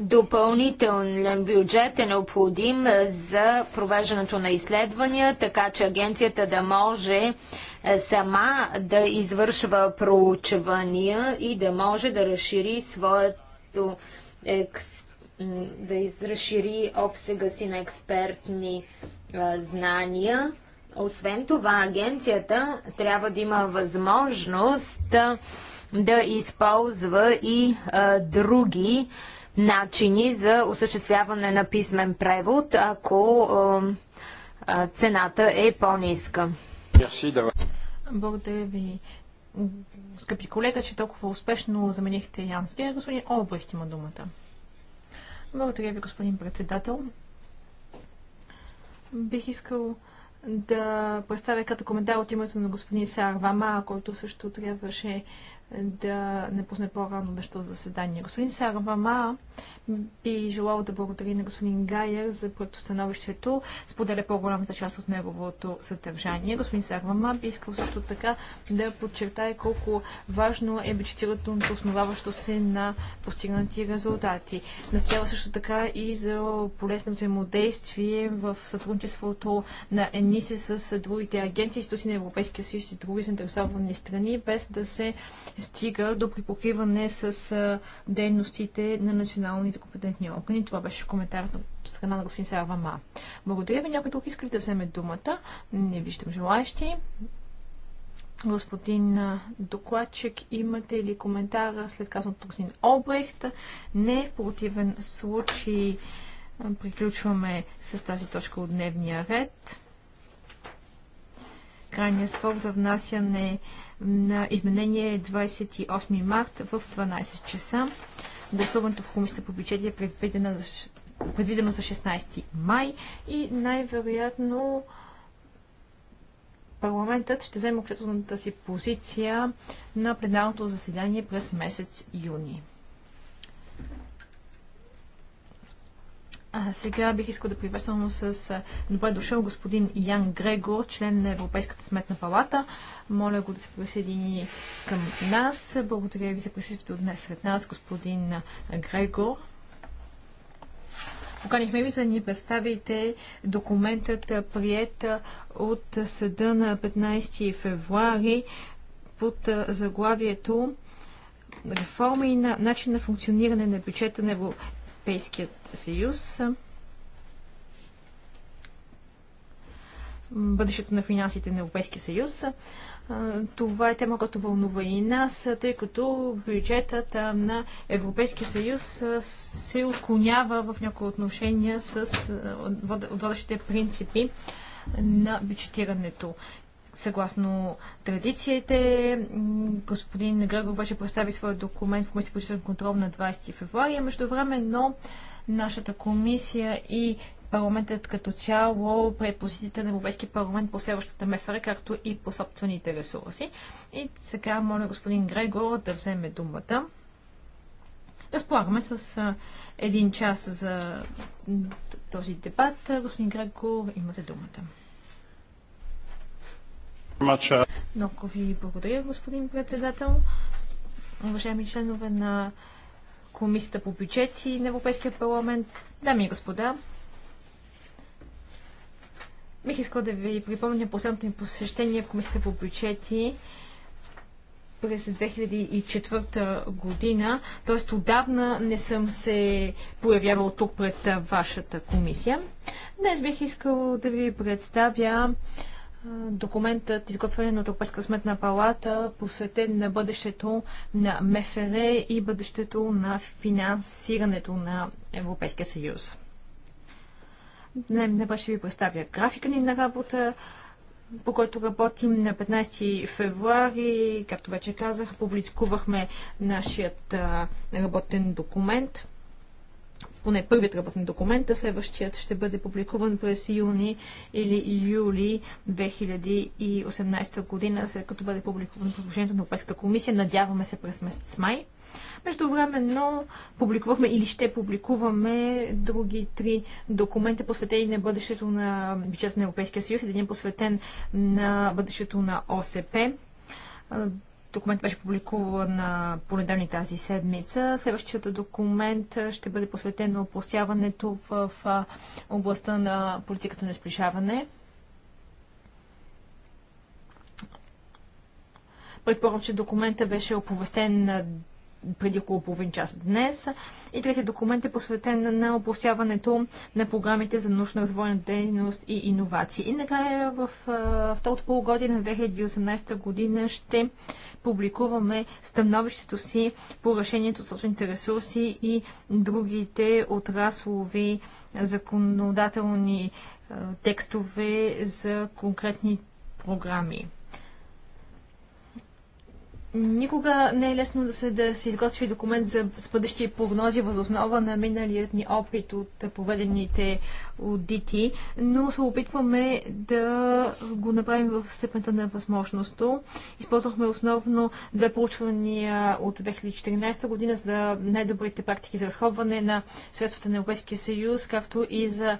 Допълнителен бюджет е необходим за провеждането на изследвания, така че агенцията да може е, сама да извършва проучвания и да може да разшири своето екс да изразшири обсега си на експертни а, знания. Освен това, агенцията трябва да има възможност а, да използва и а, други начини за осъществяване на писмен превод, ако цената е по-ниска. Благодаря ви, скъпи колега, че толкова успешно заменихте Янския. Господин Олбрехт има думата. Благодаря ви, господин председател. Бих искал да представя като коментар от името на господин Сарвама, който също трябваше да не пусне по-рано нещо заседание. Господин Сарвама би желал да благодари на господин Гайер за становището, споделя по-голямата част от неговото съдържание. Господин Сарвама би искал също така да подчертае колко важно е бюджетирането, основаващо се на постигнати резултати. Настоява също така и за полезно взаимодействие в сътрудничеството на ЕНИСЕ с другите агенции, институции на Европейския съюз и други заинтересовани страни, без да се стига до припокриване с дейностите на националните компетентни органи. Това беше коментар на страна на господин Ма. Благодаря ви. Някой друг иска да вземе думата? Не виждам желаящи. Господин докладчик, имате ли коментара след казаното господин Обрехт? Не, в противен случай приключваме с тази точка от дневния ред. Крайният срок за внасяне е на изменение 28 е март в 12 часа. Гласуването в комисията по бюджет е предвидено за, 16 май и най-вероятно парламентът ще вземе окончателната си позиция на пленарното заседание през месец юни. А сега бих искал да приветствам с добре дошъл господин Ян Грегор, член на Европейската сметна палата. Моля го да се присъедини към нас. Благодаря ви за присъствието днес сред нас, господин Грегор. Поканихме ви за да ни представите документът, прият от съда на 15 февруари под заглавието реформи на начин на функциониране на бюджета на Европейският съюз. бъдещето на финансите на Европейския съюз. Това е тема, която вълнува и нас, тъй като бюджетът на Европейския съюз се отклонява в някои отношения с водещите принципи на бюджетирането съгласно традициите. Господин Грегов вече представи своя документ в Комисия по контрол на 20 февруари. Между време, но нашата комисия и парламентът като цяло пред позицията на Европейския парламент по следващата МФР, както и по собствените ресурси. И сега моля господин Грегор да вземе думата. Разполагаме с един час за този дебат. Господин Грегор, имате думата. Uh, Много ви благодаря, господин председател. Уважаеми членове на Комисията по бюджет и на Европейския парламент, дами и господа, бих искал да ви припомня последното ни посещение в Комисията по бюджети през 2004 година, т.е. отдавна не съм се появявал тук пред вашата комисия. Днес бих искал да ви представя документът, изготвен от Европейска сметна палата, посветен на бъдещето на МФР и бъдещето на финансирането на Европейския съюз. Не, не ще ви представя графика ни на работа, по който работим на 15 февруари. Както вече казах, публикувахме нашият работен документ – поне първият работен документ, а следващият ще бъде публикуван през юни или юли 2018 година, след като бъде публикуван предложението на Европейската комисия. Надяваме се през месец май. Между времено публикувахме или ще публикуваме други три документа, посветени на бъдещето на бюджета на Европейския съюз, един е посветен на бъдещето на ОСП документ беше публикуван на понеделни тази седмица. Следващият документ ще бъде посветен на опосяването в, в областта на политиката на сближаване. Предполагам, че документът беше оповестен преди около половин час днес. И третия документ е посветен на обосяването на програмите за научна развойна дейност и иновации. И накрая в второто полугодие на 2018 година ще публикуваме становището си по решението от собствените ресурси и другите отраслови законодателни текстове за конкретни програми. Никога не е лесно да се, да се изготви документ за бъдещи прогнози въз основа на миналият ни опит от проведените аудити, но се опитваме да го направим в степента на възможността. Използвахме основно две проучвания от 2014 година за най-добрите практики за разходване на средствата на Европейския съюз, както и за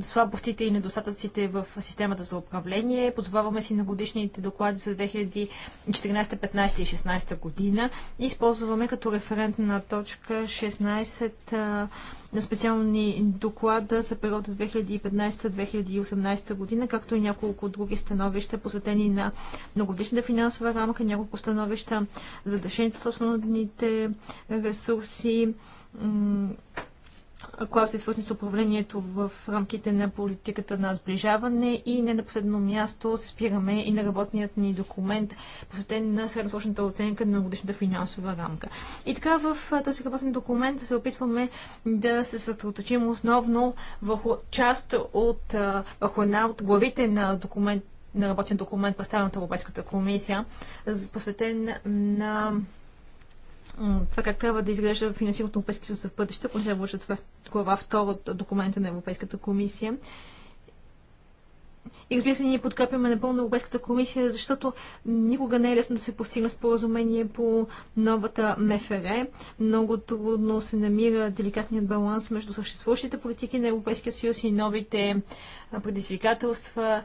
слабостите и недостатъците в системата за управление. Позоваваме си на годишните доклади за 2014 2015 и 2016 година и използваме като референтна точка 16 на специални доклада за периода 2015-2018 година, както и няколко други становища, посветени на многодишната финансова рамка, няколко становища за дъщението собствените ресурси, се свързани с управлението в рамките на политиката на сближаване и не на последно място спираме и на работният ни документ, посветен на средносрочната оценка на годишната финансова рамка. И така в този работен документ се опитваме да се съсредоточим основно върху част от, върху една от главите на документ на работен документ, представен от Европейската комисия, посветен на това как трябва да изглежда финансирането на Европейския съюз в бъдеще, ако не се вършат в е глава втора от документа на Европейската комисия. И разбира се, ние подкрепяме напълно Европейската комисия, защото никога не е лесно да се постигне споразумение по новата МФР. Много трудно се намира деликатният баланс между съществуващите политики на Европейския съюз и новите предизвикателства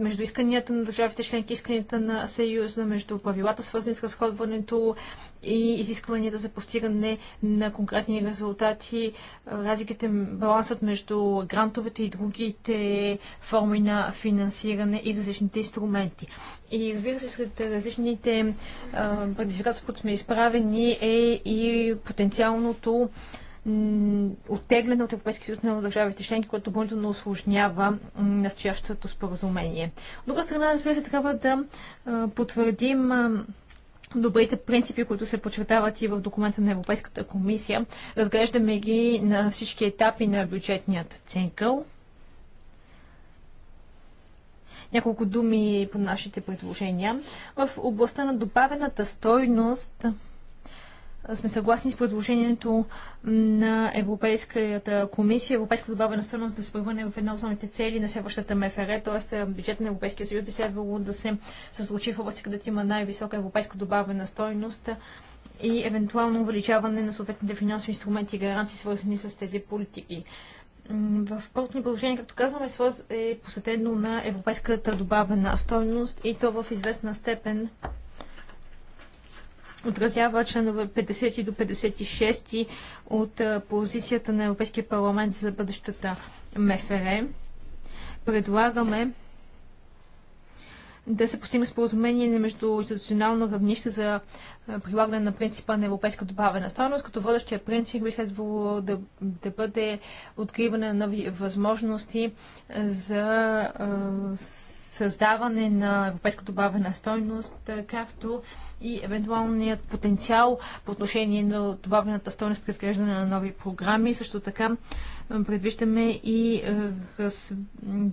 между исканията на държавите членки, исканията на Съюза, между правилата свързани с разходването и изискванията за постигане на конкретни резултати, разликите, балансът между грантовете и другите форми на финансиране и различните инструменти. И разбира се, сред различните предизвикателства, които сме изправени е и потенциалното Оттегляне от Европейския съюз на държавите членки, което допълнително осложнява настоящото споразумение. От друга страна, разбира се, трябва да потвърдим добрите принципи, които се подчертават и в документа на Европейската комисия. Разглеждаме ги на всички етапи на бюджетният цикъл. Няколко думи по нашите предложения. В областта на добавената стойност сме съгласни с предложението на Европейската комисия, Европейска добавена стойност да се превърне в една от основните цели на следващата МФР, т.е. бюджет на Европейския съюз би следвало да се случи в области, където има най-висока европейска добавена стойност и евентуално увеличаване на съответните финансови инструменти и гаранции, свързани с тези политики. В първото ни положение, както казваме, е, е посветено на европейската добавена стойност и то в известна степен отразява членове 50 до 56 от позицията на Европейския парламент за бъдещата МФР. Предлагаме да се постигне споразумение на междуинституционално равнище за прилагане на принципа на европейска добавена стойност, като водещия принцип би следвало да, да бъде откриване на нови възможности за създаване на европейска добавена стойност, както и евентуалният потенциал по отношение на добавената стоеност при изграждане на нови програми. Също така предвиждаме и е, раз...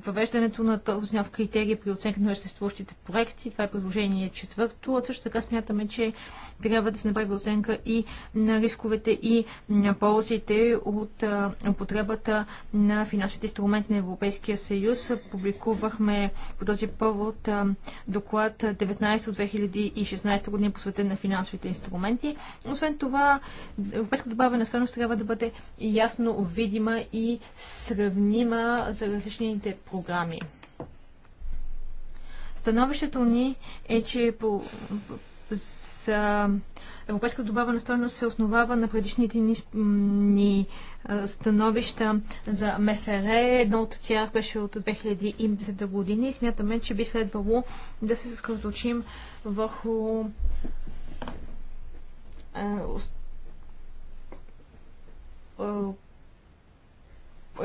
въвеждането на този нов критерий при оценка на съществуващите проекти. Това е предложение четвърто. А също така смятаме, че трябва да се направи оценка и на рисковете и на ползите от е, употребата на финансовите инструменти на Европейския съюз. Публикувахме по този повод е, доклад 19 от 2016 година по е посветен на финансовите инструменти. Освен това, европейска добавена стойност трябва да бъде ясно видима и сравнима за различните програми. Становището ни е, че по, за европейска добавена стойност се основава на предишните ни, ни становища за МФР. Едно от тях беше от 2010 година и смятаме, че би следвало да се съсредоточим върху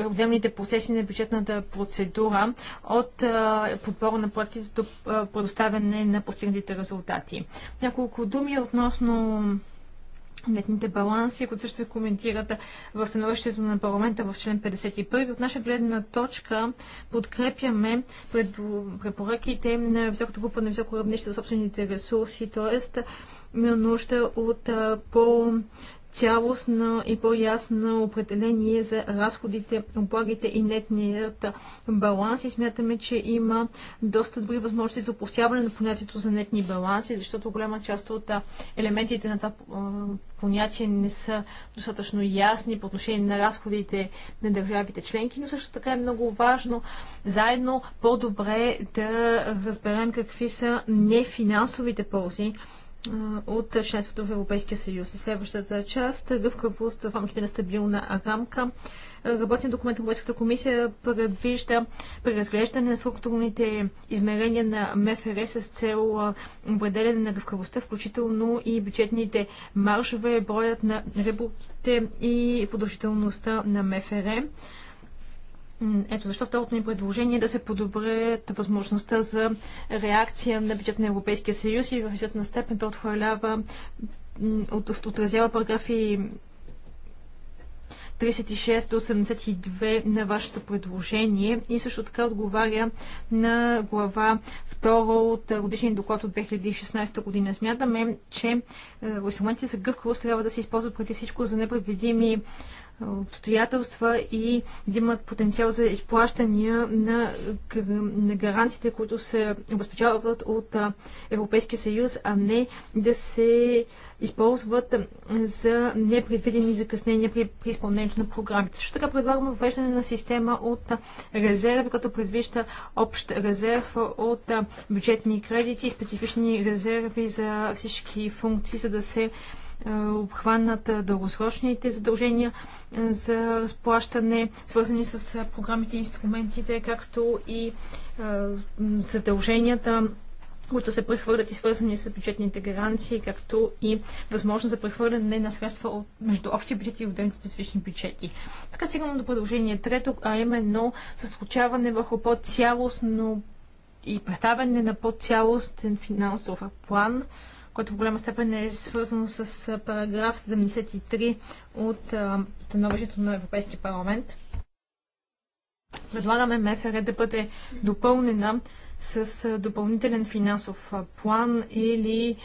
отделните процеси на бюджетната процедура от подбора на проектите до предоставяне на постигнатите резултати. Няколко думи относно нетните баланси, които ще се коментират в становището на парламента в член 51. От наша гледна точка подкрепяме препоръките на високата група на високо равнище за собствените ресурси, т.е. има нужда от по цялостно и по-ясно определение за разходите, облагите и нетният баланс и смятаме, че има доста добри възможности за опустяване на понятието за нетни баланси, защото голяма част от елементите на това понятие не са достатъчно ясни по отношение на разходите на държавите членки, но също така е много важно заедно по-добре да разберем какви са нефинансовите ползи от членството в Европейския съюз. Следващата част гъвкавост в рамките на стабилна рамка. Работният документ на Европейската комисия предвижда преразглеждане на структурните измерения на МФР с цел определяне на гъвкавостта, включително и бюджетните маршове, броят на ребруките и продължителността на МФР. Ето защо второто ни предложение е да се подобрят възможността за реакция на бюджет на Европейския съюз и в известна степен то отхвърлява, от, отразява параграфи 36 до 82 на вашето предложение и също така отговаря на глава 2 от годишния доклад от 2016 година. Смятаме, че инструментите е, за гъвкавост трябва да се използват преди всичко за непредвидими обстоятелства и да имат потенциал за изплащания на, на гаранциите, които се обезпечават от Европейския съюз, а не да се използват за непредвидени закъснения при, при изпълнението на програмите. Също така предлагаме въвеждане на система от резерви, като предвижда общ резерв от бюджетни кредити и специфични резерви за всички функции, за да се е, обхванат е, дългосрочните задължения е, за разплащане, свързани с програмите и инструментите, както и задълженията които се прехвърлят и свързани с бюджетните гаранции, както и възможност за прехвърляне на средства от, между общия бюджет и отделните специфични бюджети. Така сигурно до продължение трето, а именно съсключаване върху по-цялостно и представяне на по-цялостен финансов план, което в голяма степен е свързано с параграф 73 от становището на Европейския парламент. Предлагаме МФР да бъде допълнена с допълнителен финансов план или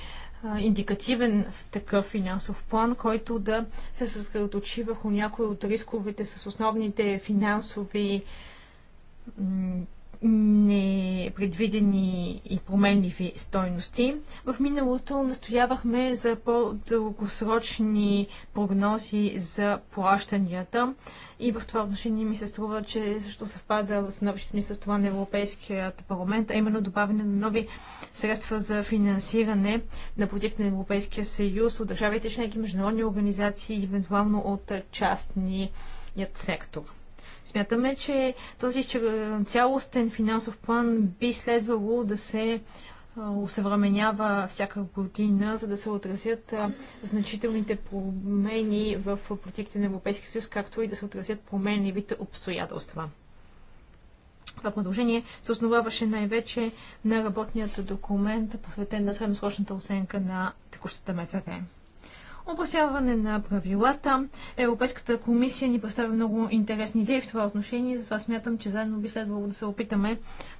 индикативен такъв финансов план, който да се съсредоточи върху някои от рисковете с основните финансови непредвидени и променливи стойности. В миналото настоявахме за по-дългосрочни прогнози за плащанията и в това отношение ми се струва, че също съвпада с новището ни с това на Европейският парламент, а именно добавяне на нови средства за финансиране на политиката на Европейския съюз от държавите членки, международни организации и евентуално от частният сектор. Смятаме, че този цялостен финансов план би следвало да се усъвременява всяка година, за да се отразят значителните промени в политиките на Европейския съюз, както и да се отразят променливите обстоятелства. Това продължение се основаваше най-вече на работният документ, посветен на средносрочната оценка на текущата МФР. Обрасяване на правилата. Европейската комисия ни представя много интересни идеи в това отношение, затова смятам, че заедно би следвало да се опитаме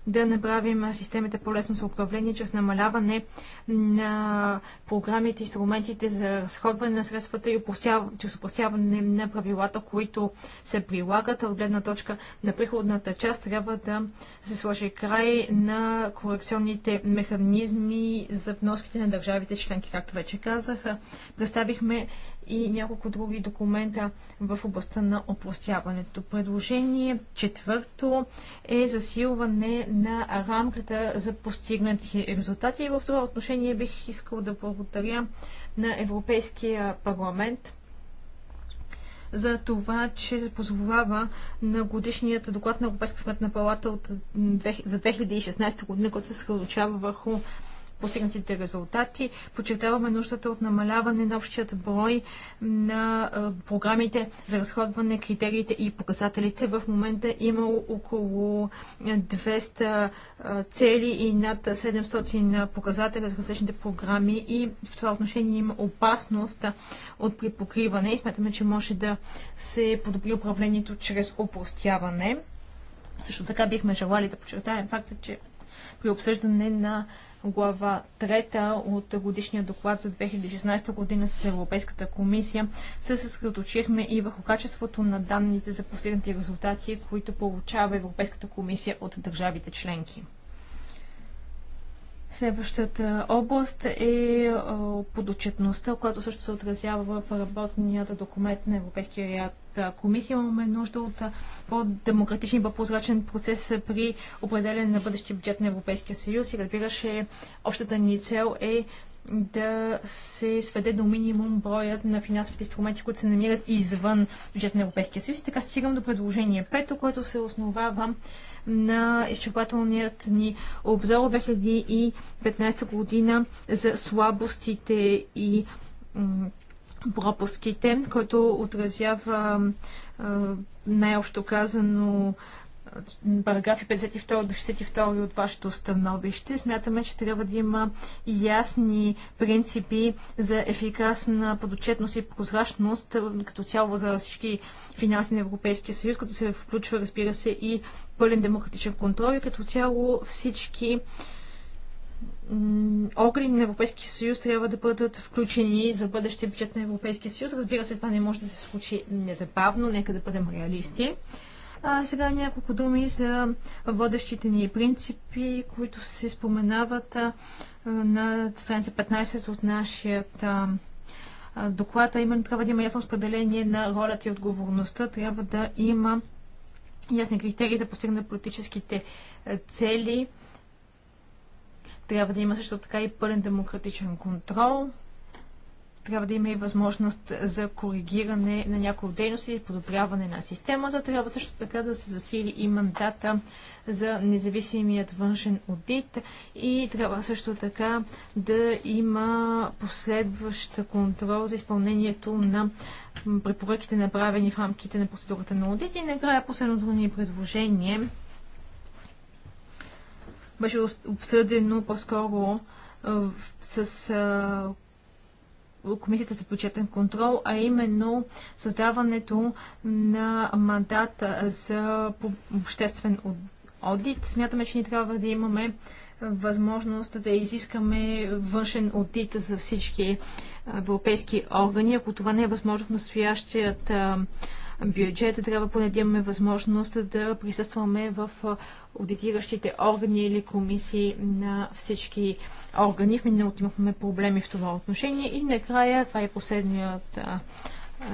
да направим системите по-лесно за управление, чрез намаляване на програмите, и инструментите за разходване на средствата и опустяв... чрез опустяване на правилата, които се прилагат. От гледна точка на приходната част трябва да се сложи край на корекционните механизми за вноските на държавите членки, както вече казах. Представихме и няколко други документа в областта на опростяването. Предложение четвърто е засилване на рамката за постигнати резултати и в това отношение бих искал да благодаря на Европейския парламент за това, че се позовава на годишният доклад на Европейската сметна палата от, за 2016 година, който се съсредоточава върху постигнатите резултати. Подчертаваме нуждата от намаляване на общият брой на програмите за разходване, критериите и показателите. В момента има около 200 цели и над 700 показателя за различните програми и в това отношение има опасност от припокриване и смятаме, че може да се подобри управлението чрез опростяване. Също така бихме желали да подчертаем факта, че при обсъждане на глава 3 от годишния доклад за 2016 година с Европейската комисия, се съсредоточихме и върху качеството на данните за постигнати резултати, които получава Европейската комисия от държавите членки. Следващата област е, е подотчетността, която също се отразява в работният документ на Европейския ряд комисия. Имаме нужда от по-демократичен и по-прозрачен процес при определен на бъдещия бюджет на Европейския съюз. И разбира се, общата ни цел е да се сведе до минимум броят на финансовите инструменти, които се намират извън бюджет на Европейския съюз. И така стигам до предложение пето, което се основава на изчерпателният ни обзор 2015 година за слабостите и пропуските, който отразява най-общо казано параграфи 52 до 62 от вашето становище. Смятаме, че трябва да има ясни принципи за ефикасна подотчетност и прозрачност като цяло за всички финанси на Европейския съюз, като се включва, разбира се, и пълен демократичен контрол и като цяло всички огрени на Европейския съюз трябва да бъдат включени за бъдещия бюджет на Европейския съюз. Разбира се, това не може да се случи незабавно, нека да бъдем реалисти. А сега няколко думи за водещите ни принципи, които се споменават на страница 15 от нашият доклад, а именно трябва да има ясно споделение на ролята и отговорността, трябва да има ясни критерии за постигане на политическите е, цели, трябва да има също така и пълен демократичен контрол. Трябва да има и възможност за коригиране на някои дейности и подобряване на системата. Трябва също така да се засили и мандата за независимият външен одит и трябва също така да има последващ контрол за изпълнението на препоръките направени в рамките на процедурата на аудит. И накрая последното ни предложение беше обсъдено по-скоро с Комисията за бюджетен контрол, а именно създаването на мандат за обществен одит. Смятаме, че ни трябва да имаме възможност да изискаме външен одит за всички европейски органи. Ако това не е възможно в настоящият бюджет, трябва поне да имаме възможност да присъстваме в аудитиращите органи или комисии на всички органи. В миналото имахме проблеми в това отношение. И накрая, това е последният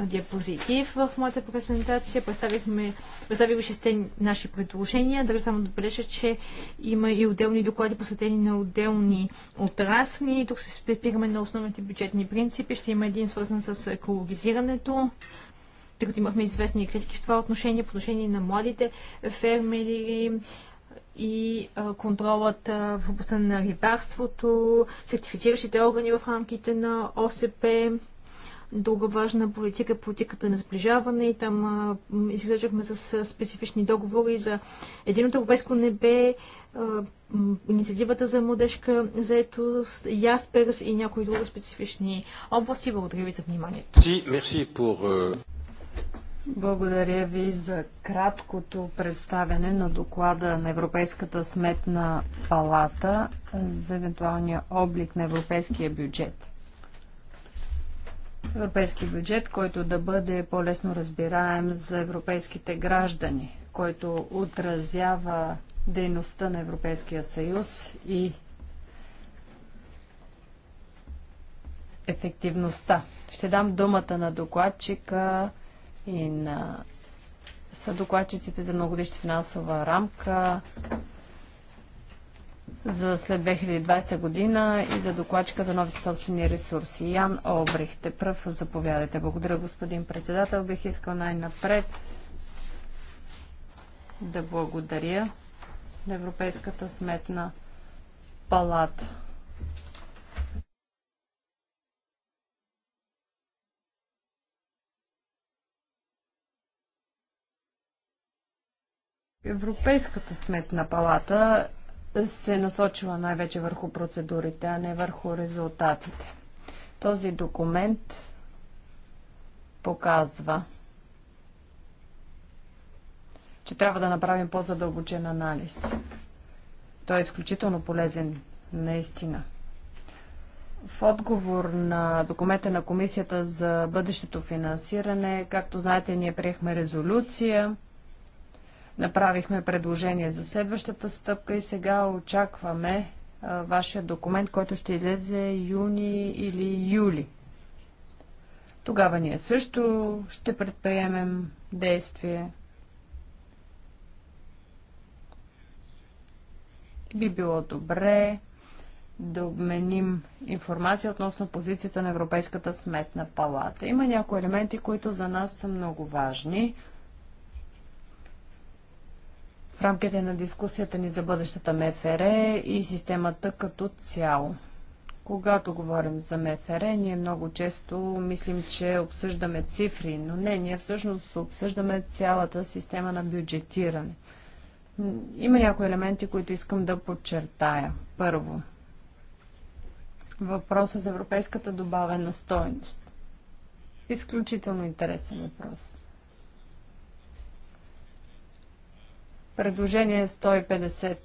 диапозитив в моята презентация. Представихме, представихме шесте наши предложения. Държа само да бележа, че има и отделни доклади, посветени на отделни отрасли. Тук се спираме на основните бюджетни принципи. Ще има един свързан с екологизирането, тъй като имахме известни критики в това отношение, по отношение на младите фермери и контролът в областта на рибарството, сертифициращите органи в рамките на ОСП, друга важна политика политиката на сближаване и там изглеждахме с специфични договори за един от европейско небе, инициативата за младежка заетост, Ясперс и някои други специфични области. Благодаря ви за вниманието. Euh, благодаря ви за краткото представяне на доклада на Европейската сметна палата за евентуалния облик на европейския бюджет. Европейски бюджет, който да бъде по-лесно разбираем за европейските граждани, който отразява дейността на Европейския съюз и ефективността. Ще дам думата на докладчика и на съдокладчиците за многодишна финансова рамка за след 2020 година и за докладчика за новите собствени ресурси. Ян Обрихте, пръв заповядайте. Благодаря, господин председател. Бих искал най-напред да благодаря на Европейската сметна палата Европейската сметна палата се е насочила най-вече върху процедурите, а не върху резултатите. Този документ показва, че трябва да направим по-задълбочен анализ. Той е изключително полезен, наистина. В отговор на документа на Комисията за бъдещето финансиране, както знаете, ние приехме резолюция Направихме предложение за следващата стъпка и сега очакваме а, вашия документ, който ще излезе юни или юли. Тогава ние също ще предприемем действие. Би било добре да обменим информация относно позицията на Европейската сметна палата. Има някои елементи, които за нас са много важни в рамките на дискусията ни за бъдещата МФР и системата като цяло. Когато говорим за МФР, ние много често мислим, че обсъждаме цифри, но не, ние всъщност обсъждаме цялата система на бюджетиране. Има някои елементи, които искам да подчертая. Първо, въпросът за европейската добавена стойност. Изключително интересен въпрос. Предложение 150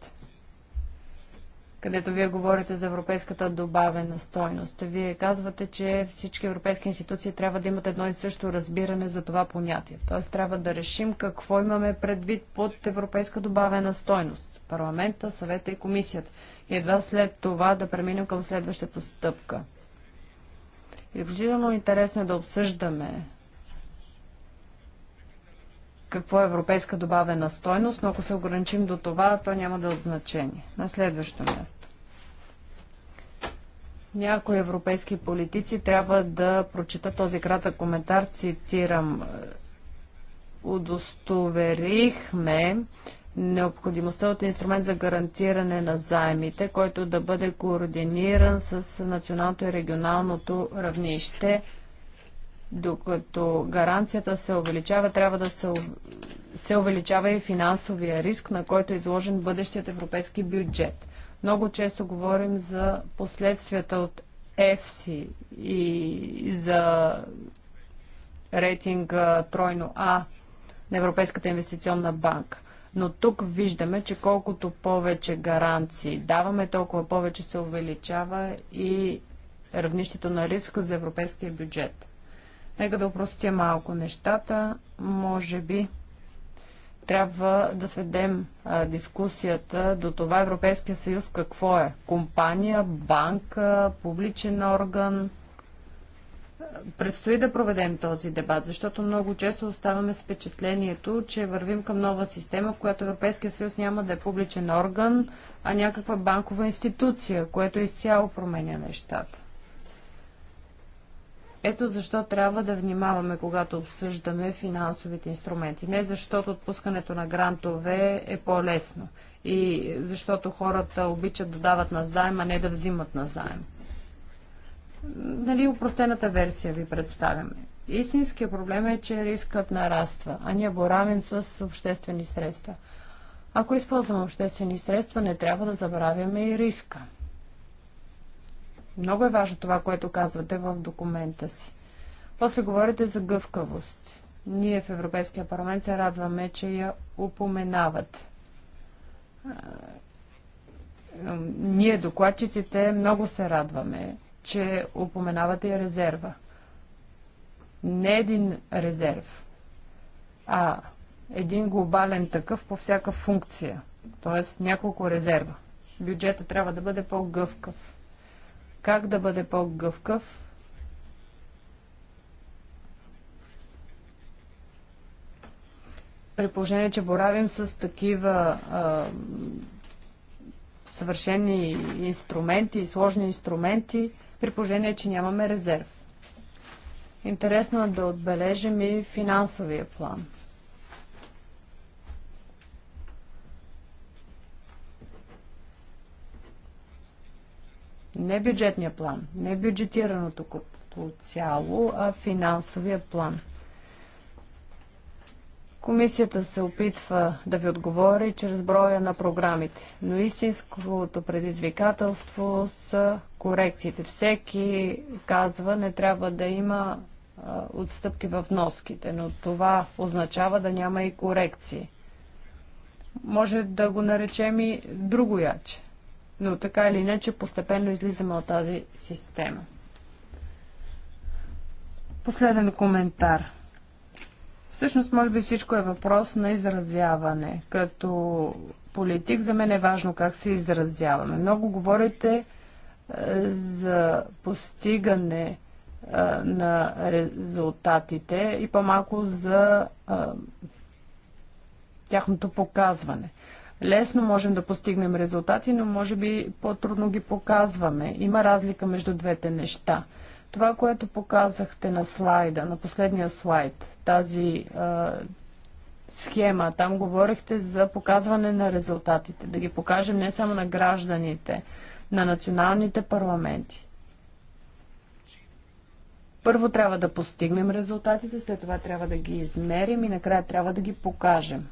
където вие говорите за европейската добавена стойност. Вие казвате, че всички европейски институции трябва да имат едно и също разбиране за това понятие. Тоест трябва да решим какво имаме предвид под европейска добавена стойност. Парламента, съвета и комисията. И едва след това да преминем към следващата стъпка. Изключително интересно е да обсъждаме какво е европейска добавена стойност, но ако се ограничим до това, то няма да е от значение. На следващо място. Някои европейски политици трябва да прочита този кратък коментар, цитирам. «Е, удостоверихме необходимостта от инструмент за гарантиране на заемите, който да бъде координиран с националното и регионалното равнище – докато гаранцията се увеличава, трябва да се, се увеличава и финансовия риск, на който е изложен бъдещият европейски бюджет. Много често говорим за последствията от ЕФСИ и за рейтинга тройно А на Европейската инвестиционна банка. Но тук виждаме, че колкото повече гаранции даваме, толкова повече се увеличава и равнището на риск за европейския бюджет. Нека да упростя малко нещата. Може би трябва да сведем а, дискусията до това Европейския съюз какво е? Компания, банка, публичен орган? Предстои да проведем този дебат, защото много често оставаме с впечатлението, че вървим към нова система, в която Европейския съюз няма да е публичен орган, а някаква банкова институция, което изцяло променя нещата. Ето защо трябва да внимаваме, когато обсъждаме финансовите инструменти. Не защото отпускането на грантове е по-лесно и защото хората обичат да дават на заем, а не да взимат на заем. Нали, упростената версия ви представяме. Истинският проблем е, че рискът нараства, а ние боравим с обществени средства. Ако използваме обществени средства, не трябва да забравяме и риска. Много е важно това, което казвате в документа си. После говорите за гъвкавост. Ние в Европейския парламент се радваме, че я упоменават. Ние, докладчиците, много се радваме, че упоменавате и резерва. Не един резерв, а един глобален такъв по всяка функция, Тоест няколко резерва. Бюджета трябва да бъде по-гъвкав как да бъде по-гъвкав. При положение, че боравим с такива а, съвършени инструменти, сложни инструменти, при положение, че нямаме резерв. Интересно е да отбележим и финансовия план – Не бюджетния план, не бюджетираното като цяло, а финансовия план. Комисията се опитва да ви отговори чрез броя на програмите, но истинското предизвикателство са корекциите. Всеки казва, не трябва да има отстъпки в носките, но това означава да няма и корекции. Може да го наречем и другояче. Но така или иначе постепенно излизаме от тази система. Последен коментар. Всъщност, може би всичко е въпрос на изразяване. Като политик за мен е важно как се изразяваме. Много говорите е, за постигане е, на резултатите и по-малко за е, тяхното показване. Лесно можем да постигнем резултати, но може би по-трудно ги показваме. Има разлика между двете неща. Това, което показахте на слайда, на последния слайд, тази а, схема, там говорихте за показване на резултатите, да ги покажем не само на гражданите, на националните парламенти. Първо трябва да постигнем резултатите, след това трябва да ги измерим и накрая трябва да ги покажем.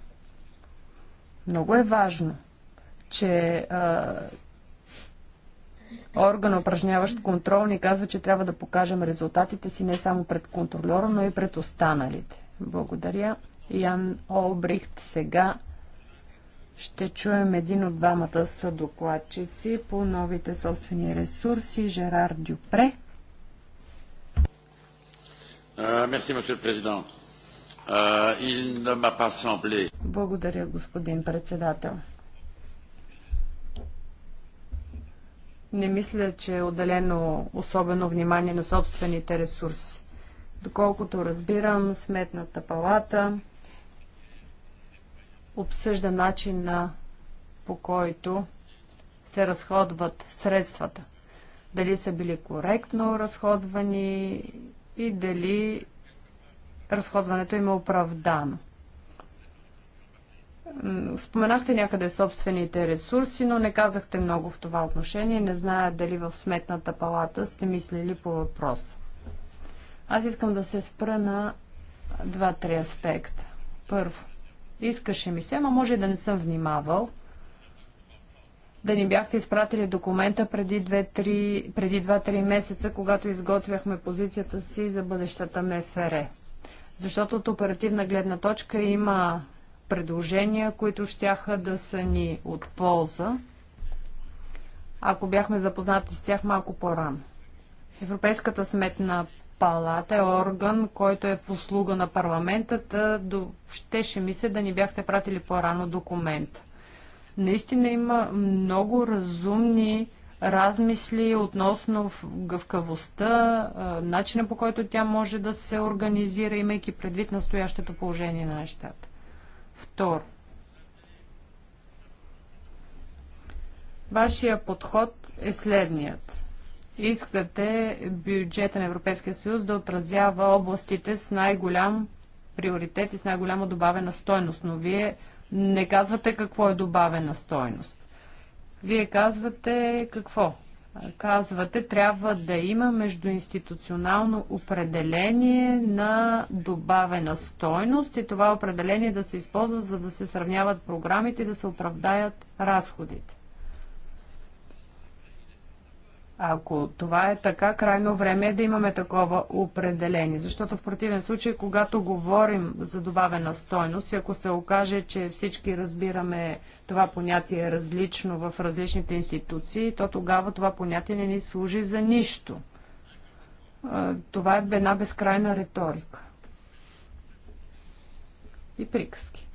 Много е важно, че а, орган, упражняващ контрол, ни казва, че трябва да покажем резултатите си не само пред контролера, но и пред останалите. Благодаря. Ян Олбрихт сега ще чуем един от двамата съдокладчици по новите собствени ресурси Жерар Дюпре. Мерси, uh, президент. Euh, Благодаря, господин председател. Не мисля, че е отделено особено внимание на собствените ресурси. Доколкото разбирам, Сметната палата обсъжда начина по който се разходват средствата. Дали са били коректно разходвани и дали разходването им е оправдано. Споменахте някъде собствените ресурси, но не казахте много в това отношение. Не зная дали в Сметната палата сте мислили по въпрос. Аз искам да се спра на два-три аспекта. Първо, искаше ми се, ама може и да не съм внимавал, да ни бяхте изпратили документа преди 2-3 месеца, когато изготвяхме позицията си за бъдещата МФР. Защото от оперативна гледна точка има предложения, които щяха да са ни от полза, ако бяхме запознати с тях малко по-рано. Европейската сметна палата е орган, който е в услуга на парламента, да, до... щеше ми се да ни бяхте пратили по-рано документ. Наистина има много разумни размисли относно гъвкавостта, начина по който тя може да се организира, имайки предвид настоящето положение на нещата. Второ. Вашия подход е следният. Искате бюджета на Европейския съюз да отразява областите с най-голям приоритет и с най-голяма добавена стойност, но вие не казвате какво е добавена стойност. Вие казвате какво? Казвате, трябва да има междуинституционално определение на добавена стойност и това определение да се използва, за да се сравняват програмите и да се оправдаят разходите. Ако това е така, крайно време е да имаме такова определение, защото в противен случай, когато говорим за добавена стойност и ако се окаже, че всички разбираме това понятие различно в различните институции, то тогава това понятие не ни служи за нищо. Това е една безкрайна риторика. И приказки.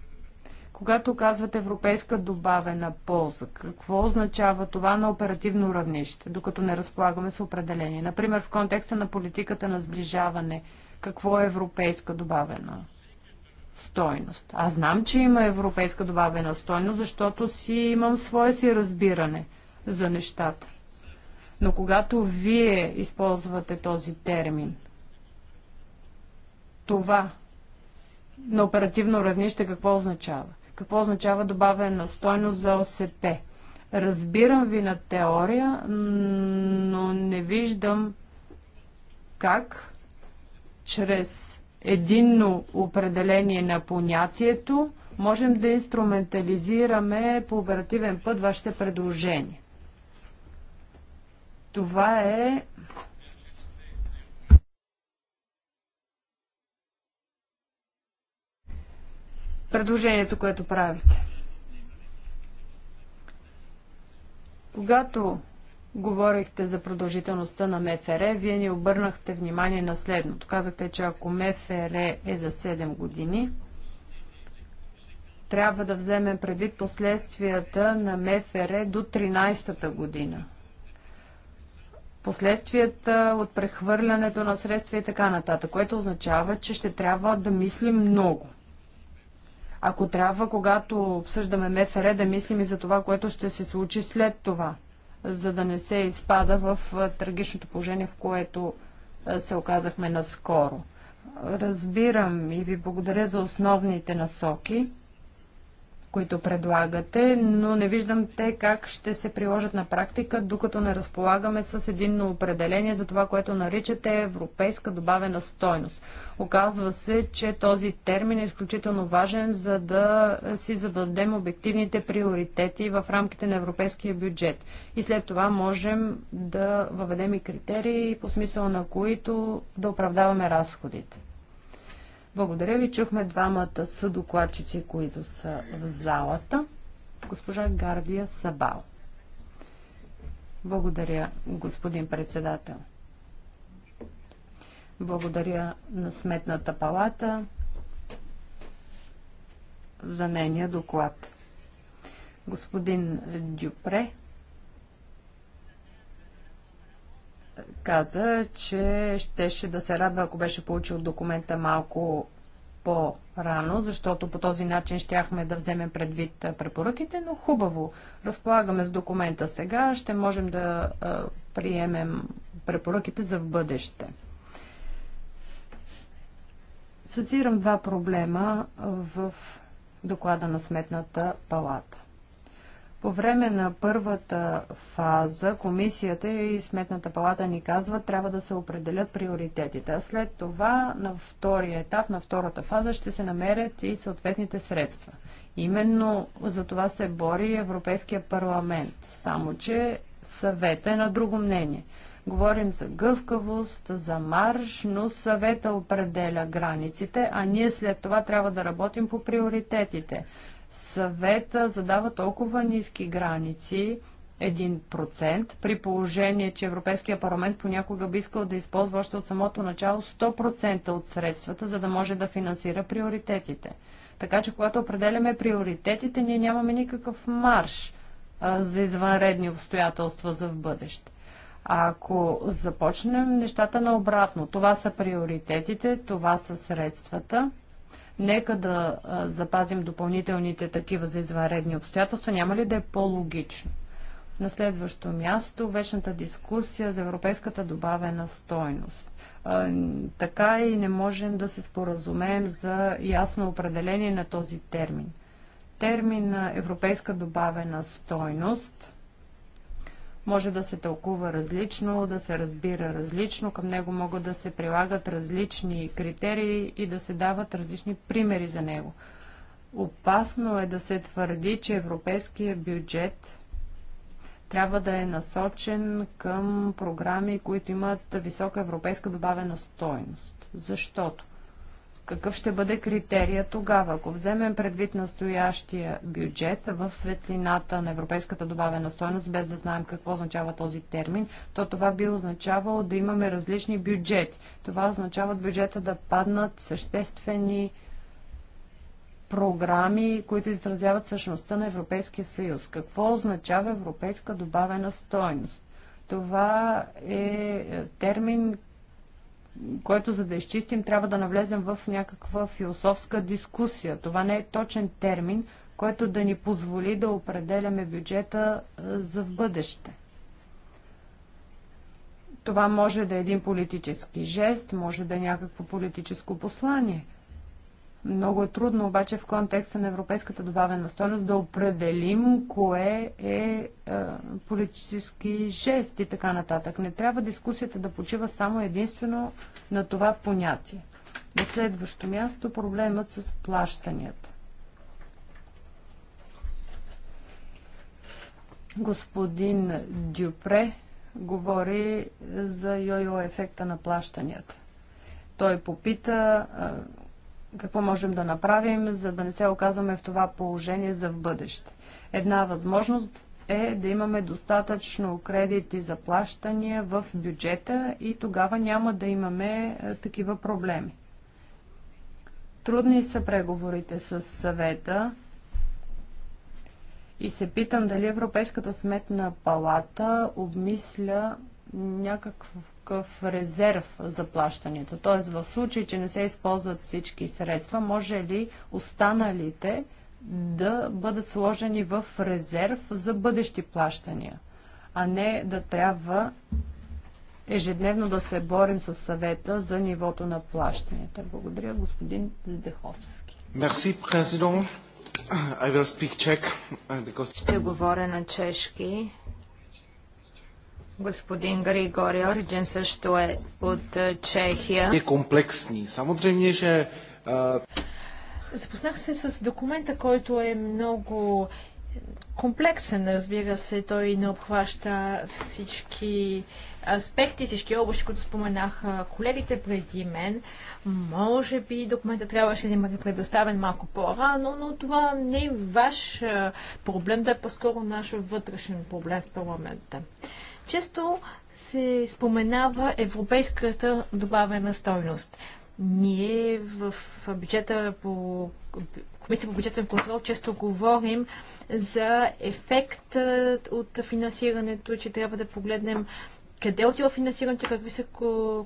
Когато казват европейска добавена полза, какво означава това на оперативно равнище, докато не разполагаме с определение? Например, в контекста на политиката на сближаване, какво е европейска добавена стойност? Аз знам, че има европейска добавена стойност, защото си имам свое си разбиране за нещата. Но когато вие използвате този термин, това на оперативно равнище какво означава? какво означава добавена стойност за ОСП. Разбирам ви на теория, но не виждам как чрез единно определение на понятието можем да инструментализираме по оперативен път вашите предложения. Това е предложението, което правите. Когато говорихте за продължителността на МФР, вие ни обърнахте внимание на следното. Казахте, че ако МФР е за 7 години, трябва да вземем предвид последствията на МФР до 13-та година. Последствията от прехвърлянето на средства и така нататък, което означава, че ще трябва да мислим много – ако трябва, когато обсъждаме МФР, да мислим и за това, което ще се случи след това, за да не се изпада в трагичното положение, в което се оказахме наскоро. Разбирам и ви благодаря за основните насоки които предлагате, но не виждам те как ще се приложат на практика, докато не разполагаме с единно определение за това, което наричате европейска добавена стойност. Оказва се, че този термин е изключително важен, за да си зададем обективните приоритети в рамките на европейския бюджет. И след това можем да въведем и критерии, по смисъла на които да оправдаваме разходите. Благодаря ви. Чухме двамата съдокладчици, които са в залата. Госпожа Гарбия Сабал. Благодаря, господин председател. Благодаря на Сметната палата за нейния доклад. Господин Дюпре каза, че щеше да се радва, ако беше получил документа малко по-рано, защото по този начин щяхме да вземем предвид препоръките, но хубаво. Разполагаме с документа сега, ще можем да приемем препоръките за в бъдеще. Съзирам два проблема в доклада на Сметната палата. По време на първата фаза комисията и сметната палата ни казват, трябва да се определят приоритетите. А след това на втория етап, на втората фаза ще се намерят и съответните средства. Именно за това се бори Европейския парламент. Само, че съвета е на друго мнение. Говорим за гъвкавост, за марш, но съвета определя границите, а ние след това трябва да работим по приоритетите съвета задава толкова ниски граници, 1%, при положение, че Европейския парламент понякога би искал да използва още от самото начало 100% от средствата, за да може да финансира приоритетите. Така че, когато определяме приоритетите, ние нямаме никакъв марш а, за извънредни обстоятелства за в бъдеще. А ако започнем нещата наобратно, това са приоритетите, това са средствата, Нека да запазим допълнителните такива за извънредни обстоятелства. Няма ли да е по-логично? На следващо място вечната дискусия за европейската добавена стойност. Така и не можем да се споразумеем за ясно определение на този термин. Термин на европейска добавена стойност – може да се тълкува различно, да се разбира различно, към него могат да се прилагат различни критерии и да се дават различни примери за него. Опасно е да се твърди, че европейския бюджет трябва да е насочен към програми, които имат висока европейска добавена стойност. Защото какъв ще бъде критерия тогава? Ако вземем предвид настоящия бюджет в светлината на европейската добавена стоеност, без да знаем какво означава този термин, то това би означавало да имаме различни бюджети. Това означава от бюджета да паднат съществени програми, които изразяват същността на Европейския съюз. Какво означава европейска добавена стоеност? Това е термин, което за да изчистим трябва да навлезем в някаква философска дискусия. Това не е точен термин, който да ни позволи да определяме бюджета за в бъдеще. Това може да е един политически жест, може да е някакво политическо послание – много е трудно обаче в контекста на европейската добавена стойност да определим кое е, е политически жест и така нататък. Не трябва дискусията да почива само единствено на това понятие. На следващо място проблемът с плащанията. Господин Дюпре говори за йо-йо ефекта на плащанията. Той попита е, какво можем да направим, за да не се оказваме в това положение за в бъдеще. Една възможност е да имаме достатъчно кредити за плащания в бюджета и тогава няма да имаме е, такива проблеми. Трудни са преговорите с съвета и се питам дали Европейската сметна палата обмисля някакво някакъв резерв за плащането. Т.е. в случай, че не се използват всички средства, може ли останалите да бъдат сложени в резерв за бъдещи плащания, а не да трябва ежедневно да се борим с съвета за нивото на плащанията. Благодаря, господин Дедеховски. Мерси, президент. Because... Ще говоря на чешки, Господин Григори, Ориджен също е от Чехия. Е комплексни. Самотремně, že... Запознах се с документа, който е много комплексен, разбира се. Той не обхваща всички аспекти, всички области, които споменаха колегите преди мен. Може би документа трябваше да имате предоставен малко по-рано, но това не е ваш проблем, да е по-скоро наш вътрешен проблем в парламента. Често се споменава европейската добавена стойност. Ние в бюджета по Комисията по бюджетен контрол често говорим за ефектът от финансирането, че трябва да погледнем къде отива финансирането, какви са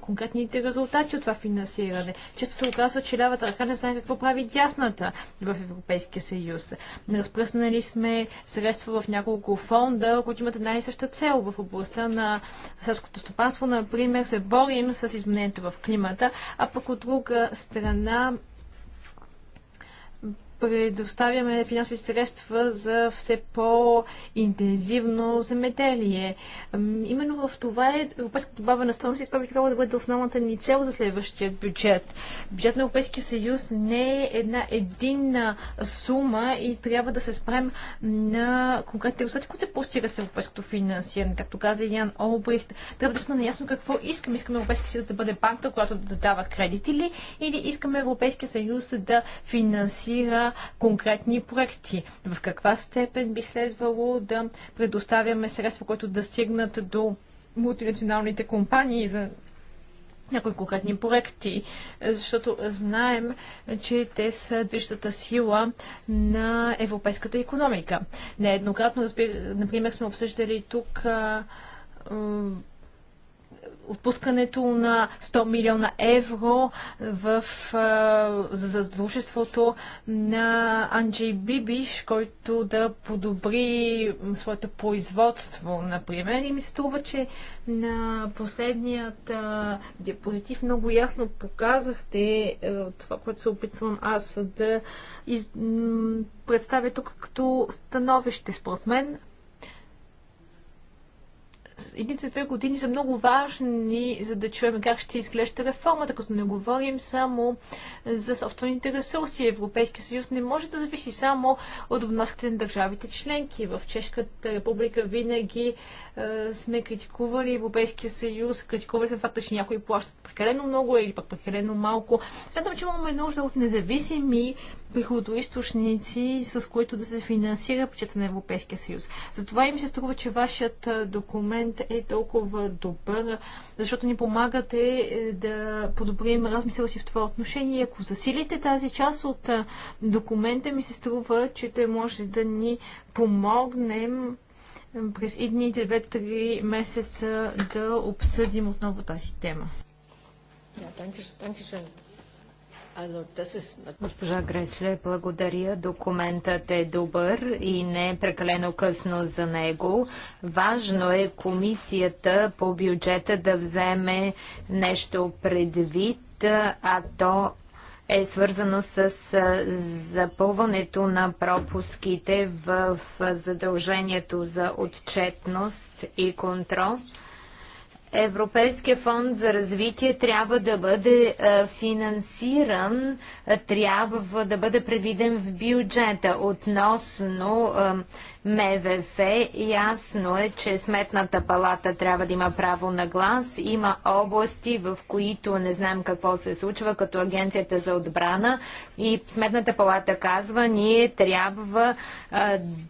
конкретните резултати от това финансиране. Често се оказва, че лявата ръка не знае какво прави дясната в Европейския съюз. Разпръснали сме средства в няколко фонда, които имат една и съща цел в областта на селското стопанство. Например, се борим с изменението в климата, а пък от друга страна предоставяме финансови средства за все по-интензивно земеделие. Именно в това е европейската добавена стойност и това би трябвало да бъде основната ни цел за следващия бюджет. Бюджет на Европейския съюз не е една единна сума и трябва да се спрем на конкретните резултати, които се постигат с европейското финансиране. Както каза Ян Олбрихт, трябва да сме наясно какво искаме. Искаме Европейския съюз да бъде банка, която да дава кредити ли, или искаме Европейския съюз да финансира конкретни проекти. В каква степен би следвало да предоставяме средства, които да стигнат до мултинационалните компании за някои конкретни проекти, защото знаем, че те са движещата сила на европейската економика. Нееднократно, например, сме обсъждали тук а, отпускането на 100 милиона евро в, за дружеството на Анджей Бибиш, който да подобри своето производство, например. И ми се струва, че на последният диапозитив много ясно показахте това, което се опитвам аз да из... представя тук като становище. Според мен едните две години са много важни, за да чуем как ще изглежда реформата, като не говорим само за собствените ресурси. Европейския съюз не може да зависи само от вноските на държавите членки. В Чешката република винаги е, сме критикували Европейския съюз, критикували се факта, че някои плащат прекалено много или пък прекалено малко. Смятам, че имаме нужда от независими приходоисточници, с които да се финансира бюджета на Европейския съюз. Затова им ми се струва, че вашият документ е толкова добър, защото ни помагате е, да подобрим размисъл си в това отношение. Ако засилите тази част от документа, ми се струва, че той може да ни помогнем през едни 2-3 месеца да обсъдим отново тази тема. Yeah, danke, Госпожа Гресле, благодаря. Документът е добър и не е прекалено късно за него. Важно е комисията по бюджета да вземе нещо предвид, а то е свързано с запълването на пропуските в задължението за отчетност и контрол. Европейския фонд за развитие трябва да бъде е, финансиран, е, трябва да бъде предвиден в бюджета. Относно е, МВФ, ясно е, че Сметната палата трябва да има право на глас. Има области, в които не знаем какво се случва, като Агенцията за отбрана. И Сметната палата казва, ние трябва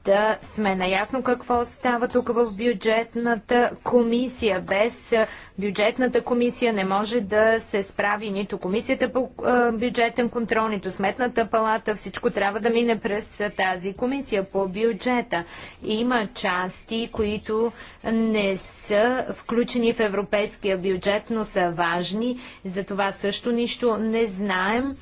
да сме наясно какво става тук в бюджетната комисия, без бюджетната комисия не може да се справи нито комисията по бюджетен контрол, нито сметната палата. Всичко трябва да мине през тази комисия по бюджета. Има части, които не са включени в европейския бюджет, но са важни. За това също нищо не знаем.